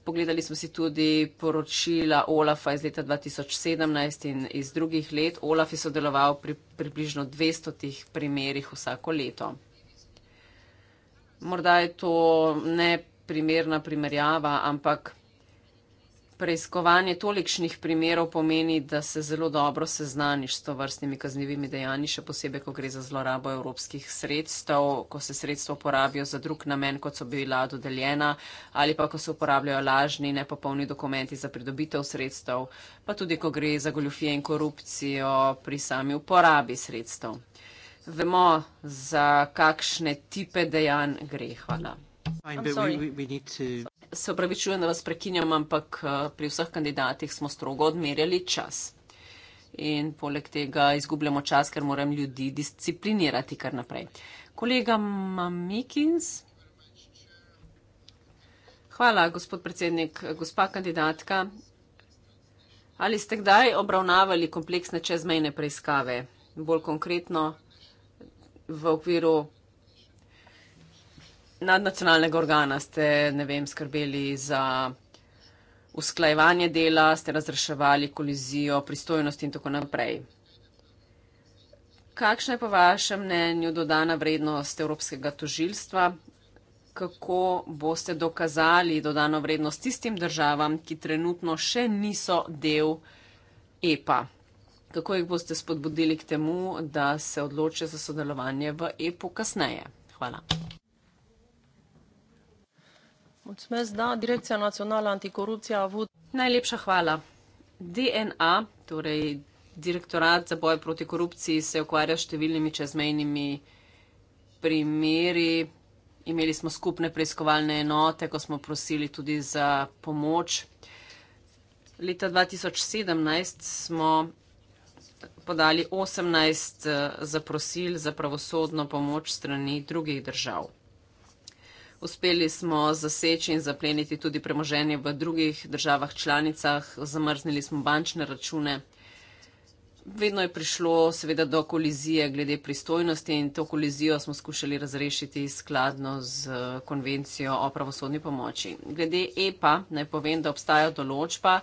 Pogledali smo si tudi poročila Olafa iz leta 2017 in iz drugih let. Olaf je sodeloval pri približno 200 tih primerih vsako leto. Morda je to ne primerna primerjava, ampak preiskovanje tolikšnih primerov pomeni, da se zelo dobro seznaniš s to vrstnimi kaznjivimi dejanji, še posebej, ko gre za zlorabo evropskih sredstev, ko se sredstvo porabijo za drug namen, kot so bila dodeljena, ali pa ko se uporabljajo lažni, nepopolni dokumenti za pridobitev sredstev, pa tudi, ko gre za goljufije in korupcijo pri sami uporabi sredstev. Vemo, za kakšne type dejanj gre. Hvala. Fine, Se upravičujem, da vas prekinjam, ampak eh, pri vseh kandidatih smo strogo odmerjali čas. In poleg tega izgubljamo čas, ker moram ljudi disciplinirati kar naprej. Kolega Mamikins. Hvala, gospod predsednik. Gospa kandidatka, ali ste kdaj obravnavali kompleksne čezmejne preiskave? Bolj konkretno v okviru nadnacionalnega organa ste, ne vem, skrbeli za usklajevanje dela, ste razreševali kolizijo, pristojnosti in tako naprej. Kakšna je po vašem mnenju dodana vrednost Evropskega tožilstva? Kako boste dokazali dodano vrednost tistim državam, ki trenutno še niso del EPA? Kako jih boste spodbudili k temu, da se odločijo za sodelovanje v EPU kasneje? Hvala. Mulțumesc, da, Direcția Națională Anticorupție a avut... Najlepša hvala. DNA, torej Direktorat za boj proti korupciji, se ukvarja s številnimi čezmejnimi primeri. Imeli smo skupne preiskovalne enote, ko smo prosili tudi za pomoč. Leta 2017 smo podali 18 eh, zaprosil za pravosodno pomoč strani drugih držav. Uspeli smo zaseči in zapleniti tudi premoženje v drugih državah članicah, zamrznili smo bančne račune. Vedno je prišlo seveda do kolizije glede pristojnosti in to kolizijo smo skušali razrešiti skladno z eh, konvencijo o pravosodni pomoči. Glede EPA naj povem, da obstaja določba,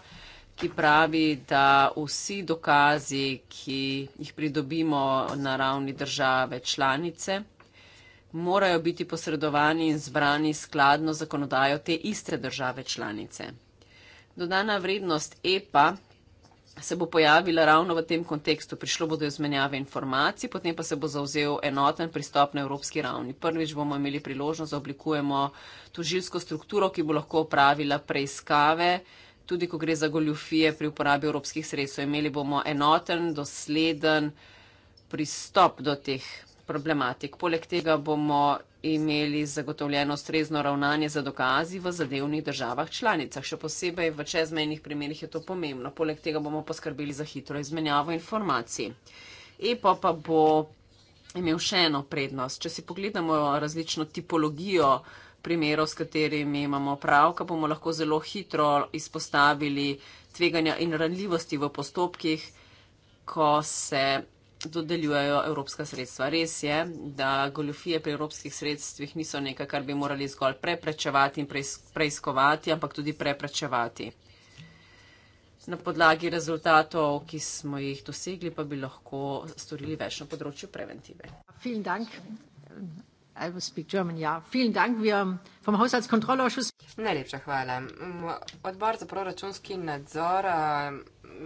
ki pravi, da vsi dokazi, ki jih pridobimo na ravni države članice, morajo biti posredovani in zbrani skladno zakonodajo te iste države članice. Dodana vrednost EPA se bo pojavila ravno v tem kontekstu. Prišlo bodo izmenjave informacij, potem pa se bo zauzel enoten pristop na evropski ravni. Prvič bomo imeli priložnost, da oblikujemo tužilsko strukturo, ki bo lahko opravila preiskave, tudi ko gre za goljufije pri uporabi evropskih sredstev. Imeli bomo enoten, dosleden pristop do teh problematik. Poleg tega bomo imeli zagotovljeno strezno ravnanje za dokazi v zadevnih državah članicah. Še posebej v čezmejnih primerjih je to pomembno. Poleg tega bomo poskrbeli za hitro izmenjavo informacij. EPO pa bo imel še eno prednost. Če si pogledamo različno tipologijo primerov, s katerimi imamo pravka, bomo lahko zelo hitro izpostavili tveganja in ranljivosti v postopkih, ko se dodeljujejo evropska sredstva. Res je, da goljofije pri evropskih sredstvih niso nekaj, kar bi morali zgolj preprečevati in preiskovati, ampak tudi preprečevati. Na podlagi rezultatov, ki smo jih dosegli, pa bi lahko storili več na področju preventive. Ja, Najlepša hvala. Odbor za proračunski nadzor. Uh,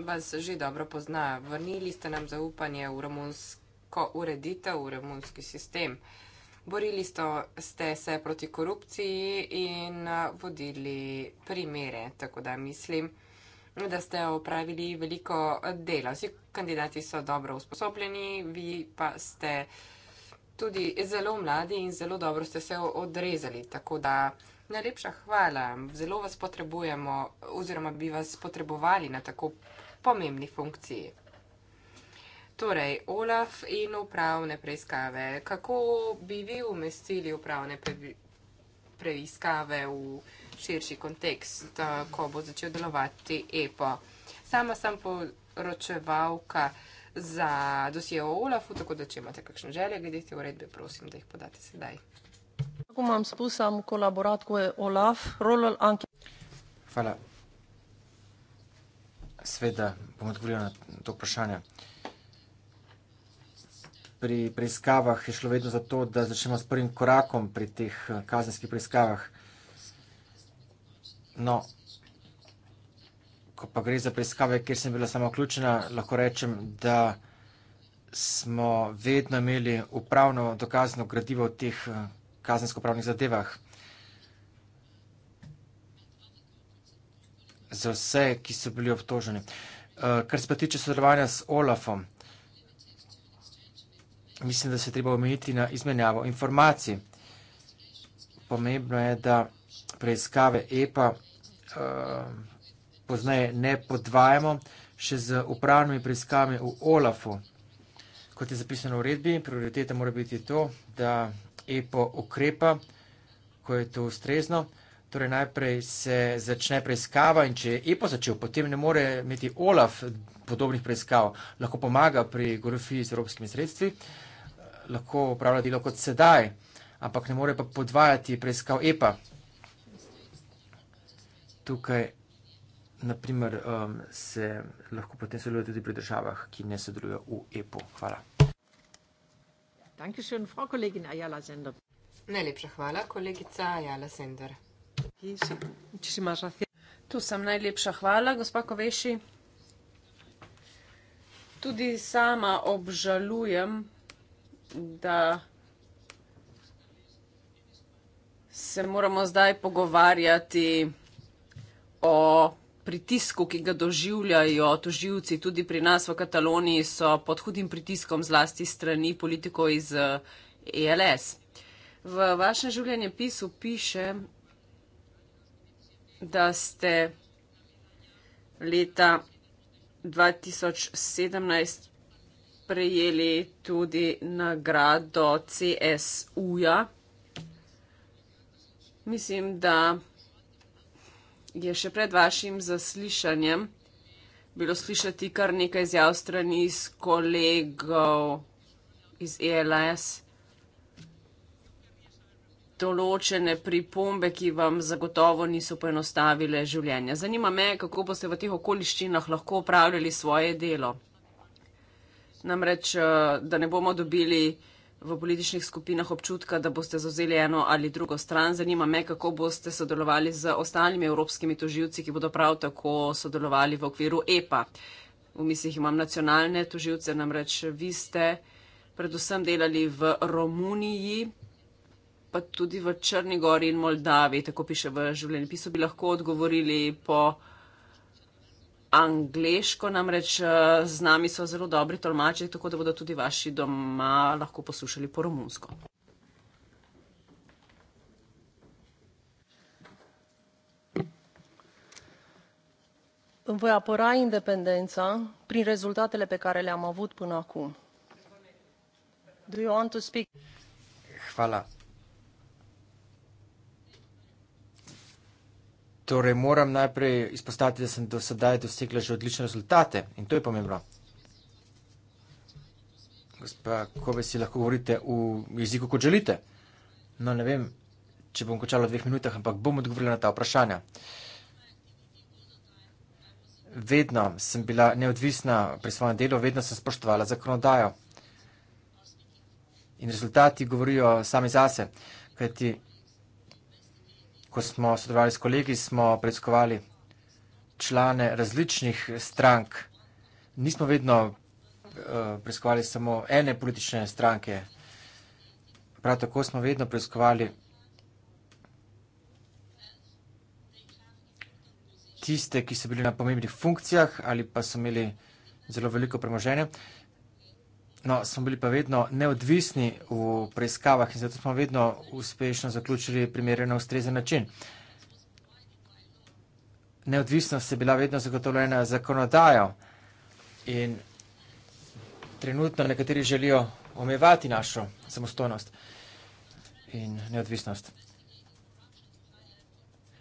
vas že dobro pozna. Vrnili ste nam zaupanje v romunsko ureditev, v romunski sistem. Borili sto, ste se proti korupciji in vodili primere, tako da mislim, da ste opravili veliko dela. Vsi kandidati so dobro usposobljeni, vi pa ste tudi zelo mladi in zelo dobro ste se odrezali. Tako da Najlepša hvala. Zelo vas potrebujemo, oziroma bi vas potrebovali na tako pomembni funkciji. Torej, Olaf in upravne preiskave. Kako bi vi umestili upravne pre preiskave v širši kontekst, ko bo začel delovati EPO? Sama sem poročevalka za dosijo Olafu, tako da če imate kakšne želje glede te uredbe, prosim, da jih podate sedaj cum am spus, am colaborat cu Olaf. Rolul anche... Hvala. Sveda, bom odgovorila na to vprašanje. Pri preiskavah je šlo vedno za to, da začnemo s prvim korakom pri teh eh, kazenskih preiskavah. No, ko pa gre za preiskave, kjer sem bila sama vključena, lahko rečem, da smo vedno imeli upravno dokazno gradivo v teh eh, kazensko-pravnih zadevah. Za vse, ki so bili obtoženi. Eh, kar se pa tiče sodelovanja s OLAFom, mislim, da se treba omejiti na izmenjavo informacij. Pomembno je, da preiskave EPA eh, poznaje ne podvajamo še z upravnimi preiskavami v OLAFu. Kot je zapisano v redbi, prioriteta mora biti to, da EPO ukrepa, ko je to ustrezno. Torej, najprej se začne preiskava in če je EPO začel, potem ne more imeti OLAF podobnih preiskav, lahko pomaga pri gorofiji z evropskimi sredstvi, lahko upravlja delo kot sedaj, ampak ne more pa podvajati preiskav EPA. Tukaj naprimer, um, se lahko potem sodeluje tudi pri državah, ki ne sodelujejo v EPO. Hvala. Dankeschön, Frau Kollegin Ayala Sender. Najlepša hvala, kolegica Ayala Sender. Tu sem najlepša hvala, gospa Koveši. Tudi sama obžalujem, da se moramo zdaj pogovarjati o pritisku, ki ga doživljajo toživci tudi pri nas v Kataloniji, so pod hudim pritiskom zlasti strani politikov iz ELS. Eh, e v vašem življenjem pisu piše, da ste leta 2017 prejeli tudi nagrado CSU-ja. Mislim, da je še pred vašim zaslišanjem bilo slišati kar nekaj izjav strani iz kolegov iz ELS. Določene pripombe, ki vam zagotovo niso poenostavile življenja. Zanima me, kako boste v teh okoliščinah lahko upravljali svoje delo. Namreč, eh, da ne bomo dobili v političnih skupinah občutka, da boste zauzeli eno ali drugo stran. Zanima me, kako boste sodelovali z ostalimi evropskimi toživci, ki bodo prav tako sodelovali v okviru EPA. V mislih imam nacionalne toživce, namreč vi ste predvsem delali v Romuniji, pa tudi v Črnigori in Moldavi, tako piše v življenjepisu, bi lahko odgovorili po angliško, namreč eh, z nami so zelo dobri tolmači, tako da bodo tudi vaši doma lahko poslušali po romunsko. Voi apăra independența prin rezultatele pe care le-am avut până acum. Do you want to speak? Hvala. Torej, moram najprej izpostaviti, da sem do sedaj dosegla že odlične rezultate in to je pomembno. Gospa, ko bi si lahko govorite v jeziku, kot želite? No, ne vem, če bom končala v dveh minutah, ampak bom odgovorila na ta vprašanja. Vedno sem bila neodvisna pri svojem delu, vedno sem spoštovala zakonodajo. In rezultati govorijo sami zase, kajti ko smo sodelovali s kolegi, smo preiskovali člane različnih strank. Nismo vedno eh, preiskovali samo ene politične stranke. Prav tako smo vedno preiskovali tiste, ki so bili na pomembnih funkcijah ali pa so imeli zelo veliko premoženje. No, smo bili pa vedno neodvisni v preiskavah in zato smo vedno uspešno zaključili primere na ustrezen način. Neodvisnost je bila vedno zagotovljena zakonodajo in trenutno nekateri želijo omejevati našo samostojnost in neodvisnost.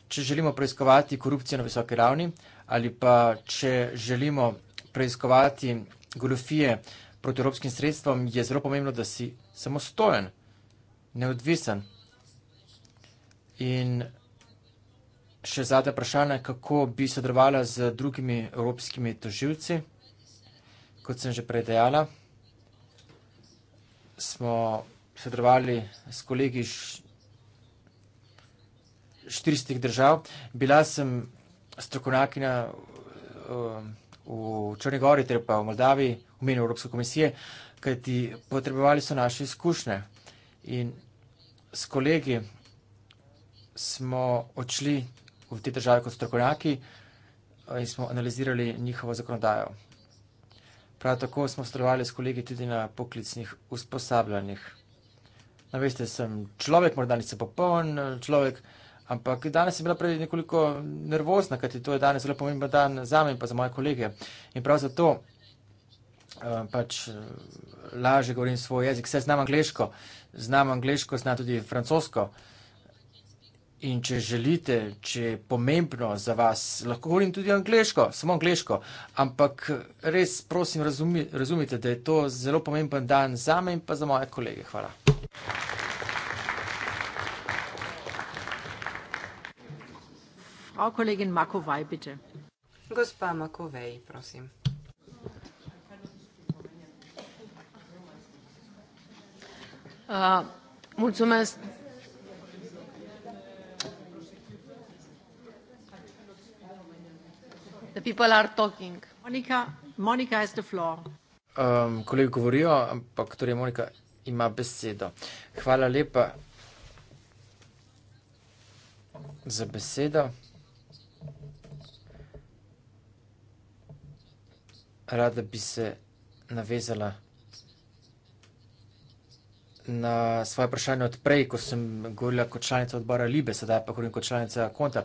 Če želimo preiskovati korupcijo na visoki ravni ali pa če želimo preiskovati goljofije, proti evropskim sredstvom, je zelo pomembno, da si samostojen, neodvisen. In še zadnje vprašanje, kako bi sodelovala z drugimi evropskimi toživci, kot sem že prej dejala. Smo sodelovali s kolegi iz 400 držav. Bila sem strokovnjakinja. Uh, v Črni Gori, ter torej pa v Moldaviji, v meni Evropske komisije, kajti potrebovali so naše izkušnje. In s kolegi smo odšli v te države kot strokovnjaki eh, in smo analizirali njihovo zakonodajo. Prav tako smo sodelovali s kolegi tudi na poklicnih usposabljanjih. Na veste, sem človek, morda nisem popoln človek, Ampak danes sem bila prej nekoliko nervozna, kajti to je danes zelo pomemben dan za me in pa za moje kolege. In prav zato uh, pač uh, lažje govorim svoj jezik, saj znam angliško, znam angliško, znam tudi francosko. In če želite, če je pomembno za vas, lahko govorim tudi angliško, samo angliško. Ampak res prosim, razumi, razumite, da je to zelo pomemben dan za me in pa za moje kolege. Hvala. Gospa Makovej, prosim. Mulțumesc. The people are talking. Monica, Monica has the floor. Um, kolegi govorijo, ampak torej Monika ima besedo. Hvala lepa za besedo. rada bi se navezala na svoje vprašanje od prej, ko sem govorila kot članica odbora Libe, sedaj pa govorim kot članica konta.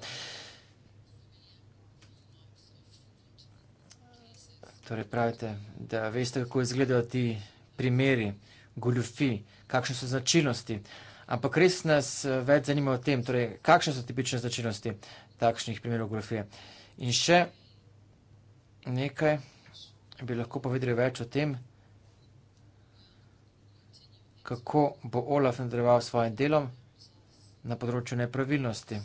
Torej pravite, da veste, kako izgledajo ti primeri, goljufi, kakšne so značilnosti. Ampak res nas eh, več zanima o tem, torej, kakšne so tipične značilnosti takšnih primerov goljufije. In še nekaj bi lahko povedali več o tem, kako bo Olaf nadaljeval s svojim delom na področju nepravilnosti.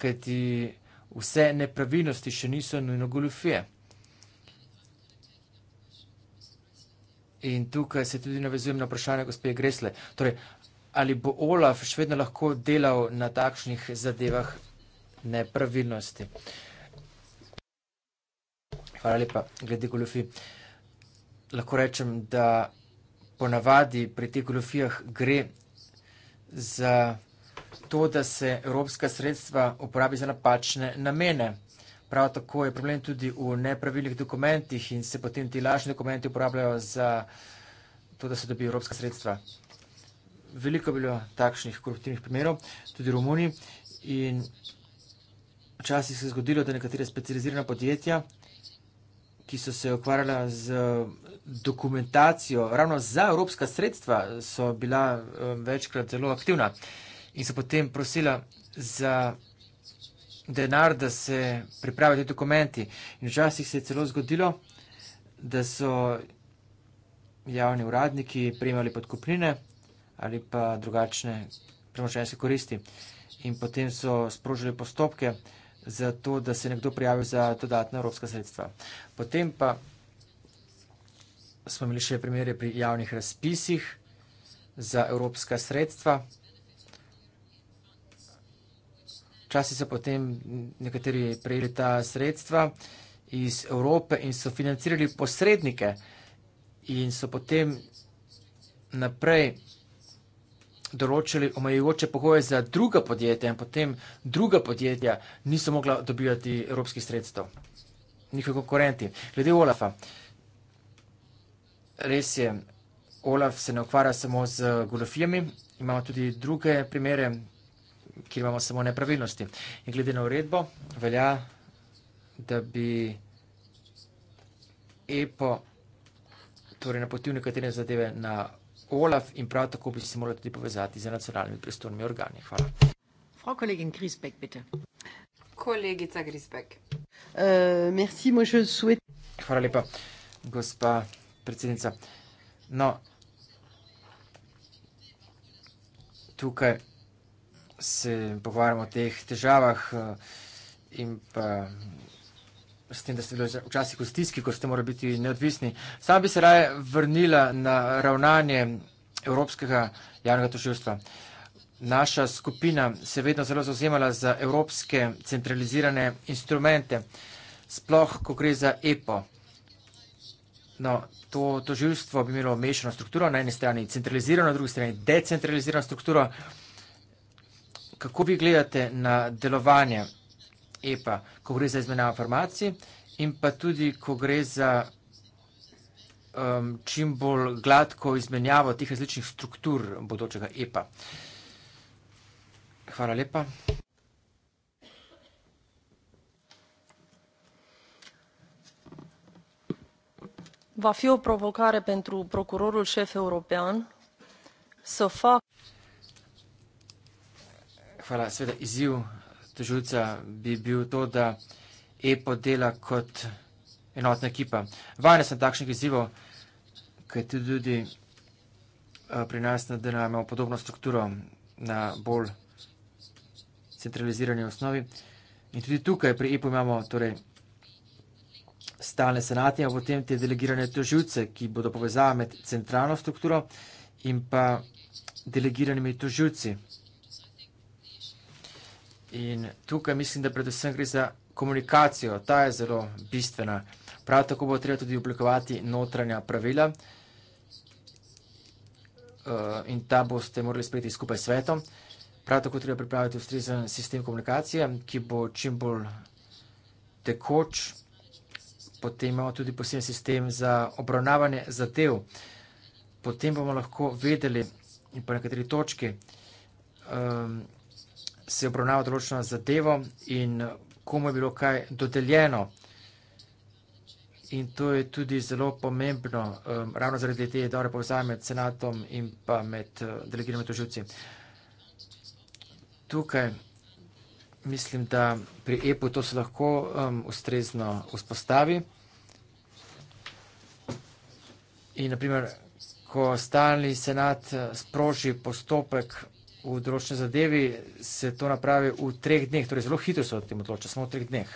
Ker ti vse nepravilnosti še niso nujno goljufije. In tukaj se tudi navezujem na vprašanje gospe Gresle. Torej, ali bo Olaf še vedno lahko delal na takšnih zadevah nepravilnosti. Hvala lepa, glede golofi. Lahko rečem, da ponavadi pri teh golofijah gre za to, da se evropska sredstva uporabi za napačne namene. Prav tako je problem tudi v nepravilnih dokumentih in se potem ti lažni dokumenti uporabljajo za to, da se dobijo evropska sredstva. Veliko je bilo takšnih koruptivnih primerov, tudi v Romuniji včasih se je zgodilo, da nekatere specializirane podjetja, ki so se ukvarjala z eh, dokumentacijo, ravno za evropska sredstva, so bila eh, večkrat zelo aktivna in so potem prosila za denar, da se pripravijo ti dokumenti. In včasih se je celo zgodilo, da so javni uradniki prejemali podkupnine ali pa drugačne premoženjske koristi. In potem so sprožili postopke, uh, za to, da se je nekdo prijavil za dodatna evropska sredstva. Potem pa smo imeli še primere pri javnih razpisih za evropska sredstva. Včasih so potem nekateri prejeli ta sredstva iz Evrope in so financirali posrednike in so potem naprej financirali določili omejujoče pogoje za druga podjetja in potem druga podjetja niso mogla dobivati evropskih sredstev, njihovi konkurenti. Glede Olafa, res je, Olaf se ne ukvarja samo z goljofijami, imamo tudi druge primere, kjer imamo samo nepravilnosti. In glede na uredbo, velja, da bi EPO, torej napotil nekatere zadeve na OLAF in prav tako bi se morali tudi povezati z nacionalnimi pristojnimi organi. Hvala. Frau Kollegin Griesbeck, bitte. Kolegica Griesbeck. Uh, merci, moi je souhaite... Hvala lepa, gospa predsednica. No, tukaj se pogovarjamo o teh težavah äh, in pa s tem, da ste bili včasih v stiski, ko ste morali biti neodvisni. Sam bi se raje vrnila na ravnanje Evropskega javnega toživstva. Naša skupina se je vedno zelo zauzemala za evropske centralizirane instrumente, sploh, ko gre za EPO. No, to toživstvo bi imelo mešano strukturo, na eni strani centralizirano, na drugi strani decentralizirano strukturo. Kako vi gledate na delovanje EPA, ko gre za izmenjavo informacij in pa tudi, ko gre za um, čim bolj gladko izmenjavo teh različnih struktur bodočega EPA. Hvala lepa. Va fi o provocare pentru procurorul șef european să facă. Hvala, sveda, izziv tožilca bi bil to, da EPO dela kot enotna ekipa. Vajen sem takšnih izzivov, ker tudi, tudi eh, pri nas na DNA imamo podobno strukturo na bolj centralizirani osnovi. In tudi tukaj pri EPO imamo torej, stalne senate in potem te delegirane tožilce, ki bodo povezave med centralno strukturo in pa delegiranimi tožilci. In tukaj mislim, da predvsem gre za komunikacijo, ta je zelo bistvena. Prav tako bo treba tudi oblikovati notranja pravila eh, in ta boste morali sprejeti skupaj s svetom. Prav tako treba pripraviti ustrezen sistem komunikacije, ki bo čim bolj tekoč. Potem imamo tudi poseben sistem za obravnavanje zadev. Potem bomo lahko vedeli in pa nekateri točki. Ehm, se je obravnaval določeno zadevo in komu je bilo kaj dodeljeno. In to je tudi zelo pomembno, um, ravno zaradi te dobre povezave med senatom in pa med uh, delegiranimi tožilci. Tukaj mislim, da pri EPU to se lahko um, ustrezno vzpostavi. In naprimer, ko stalni senat uh, sproži postopek v določeni zadevi se to napravi v treh dneh, torej zelo hitro se o tem odloča, samo v treh dneh.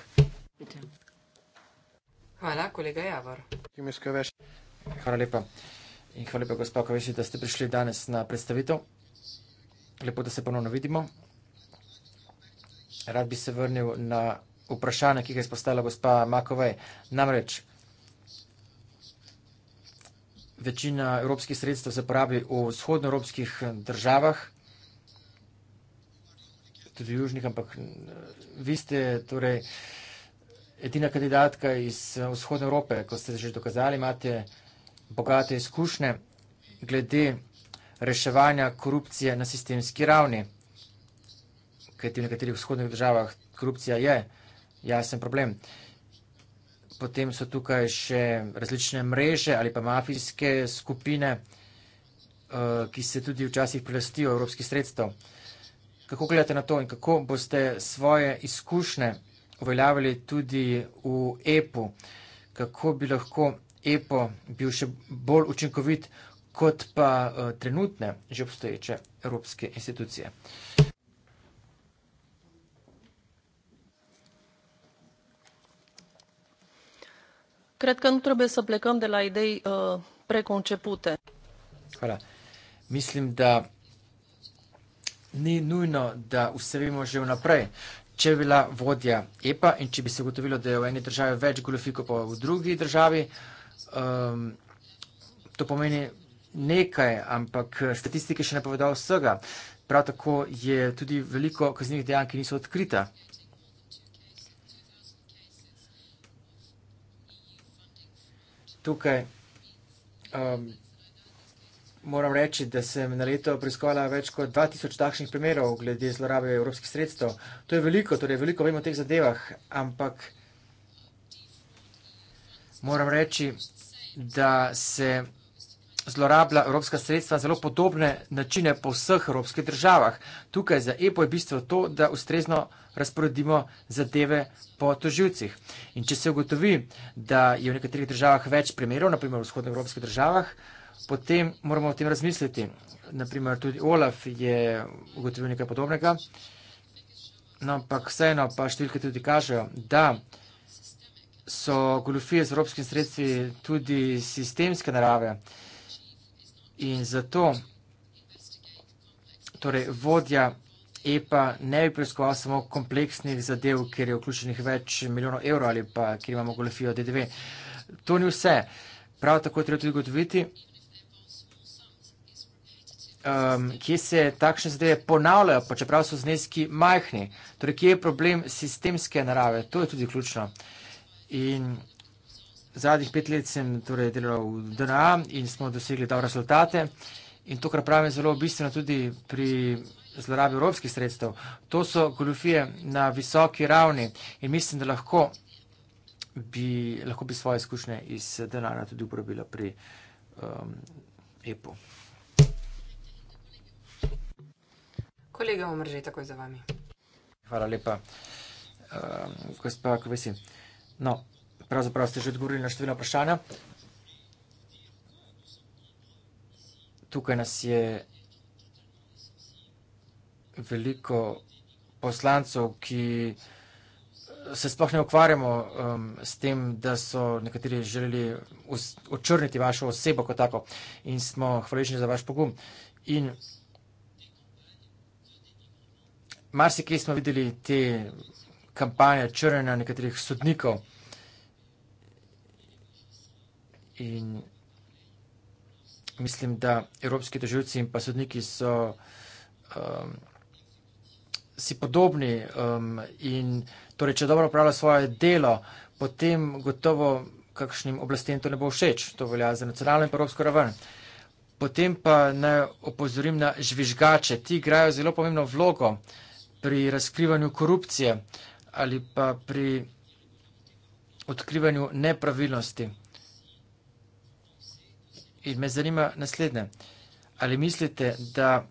Hvala, kolega Javor. Hvala lepa. In hvala lepa, gospod Kaveši, da ste prišli danes na predstavitev. Lepo, da se ponovno vidimo. Rad bi se vrnil na vprašanje, ki ga je spostala gospa Makovej. Namreč, večina evropskih sredstev se porabi v vzhodnoevropskih državah, tudi južnih, ampak eh, vi ste torej edina kandidatka iz eh, vzhodne Evrope, ko ste že dokazali, imate bogate izkušnje glede reševanja korupcije na sistemski ravni, kajti v nekaterih vzhodnih državah korupcija je jasen problem. Potem so tukaj še različne mreže ali pa mafijske skupine, eh, ki se tudi včasih prilastijo evropskih sredstev. Kako gledate na to in kako boste svoje izkušnje uveljavili tudi v EPO? Kako bi lahko EPO bil še bolj učinkovit kot pa eh, trenutne že obstoječe evropske institucije? Cred că nu trebuie să plecăm de la idei uh, preconcepute. Hvala. Mislim da ni nujno, da vse vemo že vnaprej. Če bi bila vodja EPA in če bi se gotovilo, da je v eni državi več goljofi kot pa v drugi državi, um, to pomeni nekaj, ampak statistike še ne povedo vsega. Prav tako je tudi veliko kaznjih dejanj, ki niso odkrita. Tukaj um, Moram reči, da sem na leto preiskovala več kot 2000 takšnih primerov glede zlorabe evropskih sredstev. To je veliko, torej veliko vemo o teh zadevah, ampak moram reči, da se zlorablja evropska sredstva zelo podobne načine po vseh evropskih državah. Tukaj za EPO je bistvo to, da ustrezno razporedimo zadeve po toživcih. In če se ugotovi, da je v nekaterih državah več primerov, naprimer v vzhodnoevropskih državah, potem moramo o tem razmisliti. Naprimer, tudi Olaf je ugotovil nekaj podobnega, no, ampak vseeno pa številke tudi kažejo, da so golufije z evropskim sredstvi tudi sistemske narave in zato torej, vodja EPA ne bi preiskoval samo kompleksnih zadev, kjer je vključenih več milijonov evrov ali pa kjer imamo golufijo DDV. To ni vse. Prav tako treba tudi ugotoviti, um, kje se takšne zadeve ponavljajo, pa čeprav so zneski majhni. Torej, kje je problem sistemske narave, to je tudi ključno. In zadnjih pet let sem torej, delal v DNA in smo dosegli dobre rezultate. In to, kar pravim, je zelo bistveno tudi pri zlorabi evropskih sredstev. To so goljofije na visoki ravni in mislim, da lahko bi, lahko bi svoje izkušnje iz denarja tudi uporabila pri um, EPO. Kolega Omrže, takoj za vami. Hvala lepa, uh, gospa Kovesi. No, pravzaprav ste že odgovorili na številna vprašanja. Tukaj nas je veliko poslancov, ki se sploh ne ukvarjamo um, s tem, da so nekateri želeli očrniti vašo osebo kot tako in smo hvaležni za vaš pogum. In marsikaj smo videli te kampanje črnjenja nekaterih sodnikov. In mislim, da evropski državci in pa sodniki so um, si podobni um, in torej, če dobro upravlja svoje delo, potem gotovo kakšnim oblastem to ne bo všeč. To velja za nacionalno in evropsko raven. Potem pa naj opozorim na žvižgače. Ti igrajo zelo pomembno vlogo uh, pri razkrivanju korupcije ali pa pri odkrivanju nepravilnosti. In me zanima naslednje. Ali mislite, da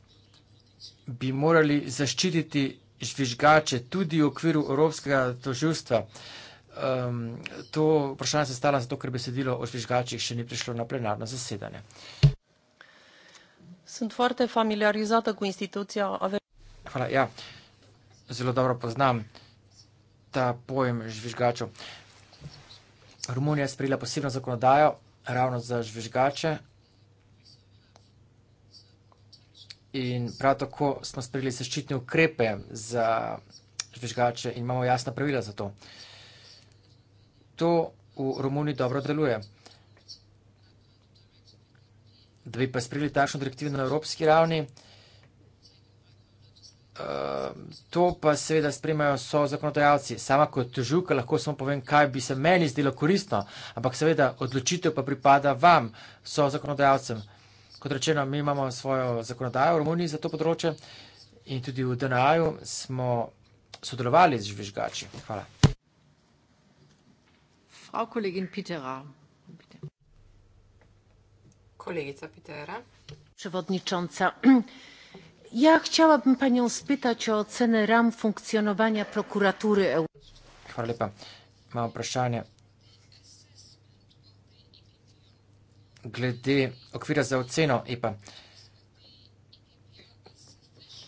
bi morali zaščititi žvižgače tudi v okviru Evropskega toživstva? Um, to vprašanje se stala zato, ker besedilo o žvižgačih še ni prišlo na plenarno zasedanje. Sunt foarte familiarizată cu instituția. Hvala, ja. Uh, zelo dobro poznam ta pojem žvižgačev. Romunija je sprejela posebno zakonodajo ravno za žvižgače. In prav tako smo sprejeli zaščitne ukrepe za žvižgače in imamo jasna pravila za to. To v Romuniji dobro deluje. Da bi pa sprejeli takšno direktivo na evropski ravni, Ehm, to pa seveda spremajo so zakonodajalci. Sama kot žuka lahko samo povem, kaj bi se meni zdelo koristno, ampak seveda odločitev pa pripada vam, so zakonodajalcem. Kot rečeno, mi imamo svojo zakonodajo v Romuniji za to področje in tudi v DNA-ju smo sodelovali z žvižgači. Hvala. Frau kolegin Pitera. Kolegica Pitera. Prevodničanca ja chciałabym panią spytać o ocenę ram funkcjonowania prokuratury europejskiej. glede okvira za oceno EPA.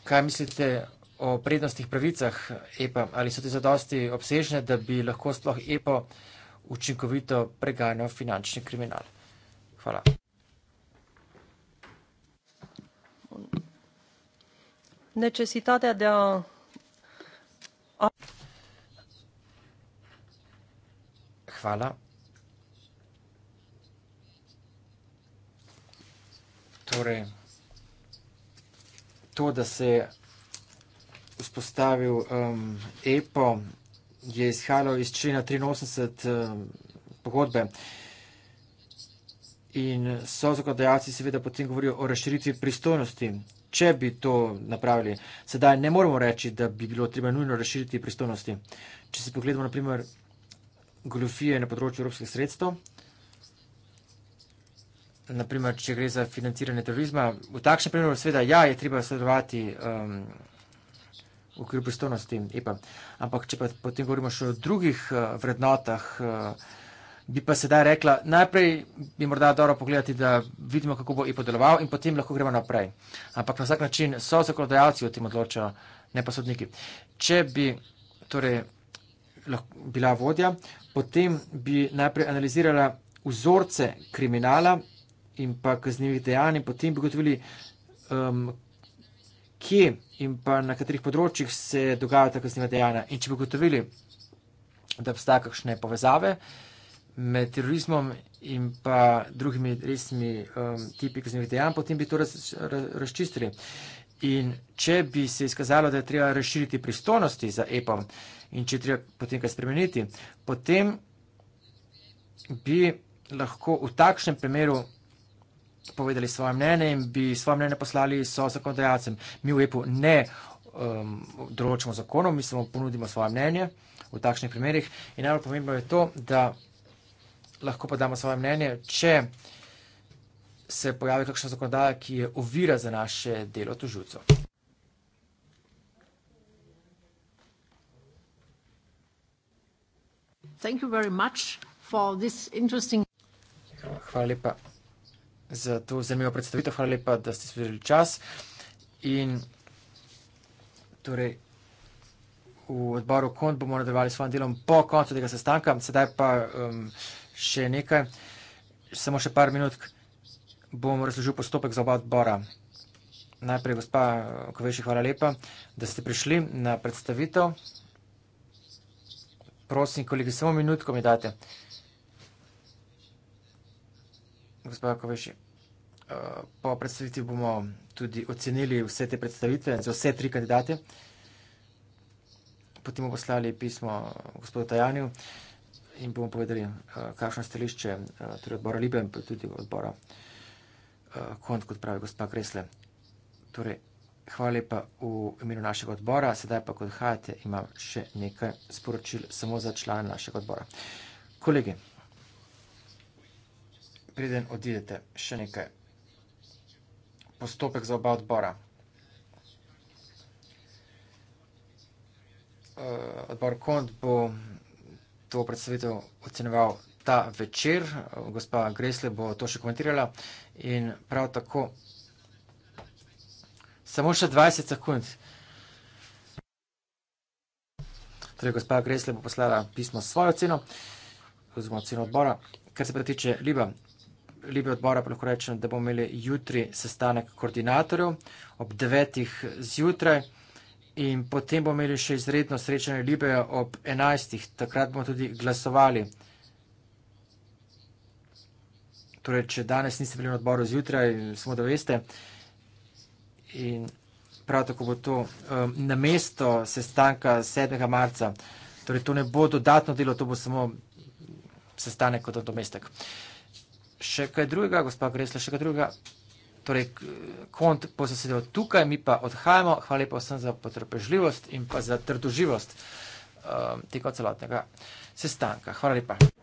Kaj mislite o prednostnih pravicah EPA? Ali so te zadosti obsežne, da bi lahko sploh EPA učinkovito preganjal finančni kriminal? Hvala. necesitatea de a Hvala. Torej, to, da se je vzpostavil um, EPO, je izhajalo iz člena 83 um, pogodbe. In so zakladajalci seveda potem govorijo o razširitvi pristojnosti če bi to napravili. Sedaj ne moramo reči, da bi bilo treba nujno razširiti pristojnosti. Če si pogledamo, naprimer, goljofije na področju evropskih sredstev, naprimer, če gre za financiranje terorizma, v takšnem primeru sveda ja, je treba sodelovati um, v okviru pristojnosti, e ampak če pa potem govorimo še o drugih uh, vrednotah, uh, bi pa sedaj rekla, najprej bi morda dobro pogledati, da vidimo, kako bo IPO e deloval in potem lahko gremo naprej. Ampak na vsak način so zakonodajalci o tem odločajo, ne pa sodniki. Če bi torej, lahko, bila vodja, potem bi najprej analizirala vzorce kriminala in pa kaznjivih dejanj in potem bi gotovili, um, kje in pa na katerih področjih se dogajata kaznjiva dejanja. In če bi gotovili, da obstaja kakšne povezave, uh, med terorizmom in pa drugimi resnimi um, tipi kaznjivih dejanj, potem bi to raz, raz, razčistili. In če bi se izkazalo, da je treba razširiti pristojnosti za EPOM in če je treba potem kaj spremeniti, potem bi lahko v takšnem primeru povedali svoje mnenje in bi svoje mnenje poslali so zakonodajalcem. Mi v EPO ne um, določimo zakonov, mi samo ponudimo svoje mnenje v takšnih primerih. In najbolj pomembno je to, da lahko pa damo svoje mnenje. Če se pojavi kakšna zakonodaja, ki je ovira za naše delo tužilcev. Hvala lepa za to zanimivo predstavitev, hvala lepa, da ste spodili čas. In torej v odboru KONT bomo nadaljevali s svojim delom po koncu tega sestanka. Sedaj pa... Um, še nekaj, samo še par minut, bom razložil postopek za oba odbora. Najprej, gospa Koveši, hvala lepa, da ste prišli na predstavitev. Prosim, kolegi, samo minutko mi date. Gospa Koveši, eh, po predstavitvi bomo tudi ocenili vse te predstavitve za vse tri kandidate. Potem bomo poslali pismo gospodu Tajanju in bomo povedali, eh, kakšno stališče eh, torej odbora Libe in tudi odbora eh, Kont, kot pravi gospa Kresle. Torej, hvala lepa v imenu našega odbora, sedaj pa, kot hajate, imam še nekaj sporočil samo za člane našega odbora. Kolegi, preden odidete, še nekaj. Postopek za oba odbora. Odbor Kont bo to predstavitev ocenjeval ta večer. Gospa Gresle bo to še komentirala. In prav tako, samo še 20 sekund. Torej, gospa Gresle bo poslala pismo svojo ceno, oziroma ceno odbora. Kar se pa tiče Liba, Liba odbora pa lahko rečem, da bomo imeli jutri sestanek koordinatorjev ob 9.00 zjutraj in potem bomo imeli še izredno srečanje Libeja ob 11. Takrat bomo tudi glasovali. Torej, če danes niste bili na odboru zjutraj, samo da veste. In prav tako bo to um, na mesto sestanka 7. marca. Torej, to ne bo dodatno delo, to bo samo sestanek kot domestek. Še kaj drugega, gospod Gresla, še kaj drugega? torej, kont bo zasedel tukaj, mi pa odhajamo. Hvala lepa vsem za potrpežljivost in pa za trdoživost uh, um, tega celotnega sestanka. Hvala lepa.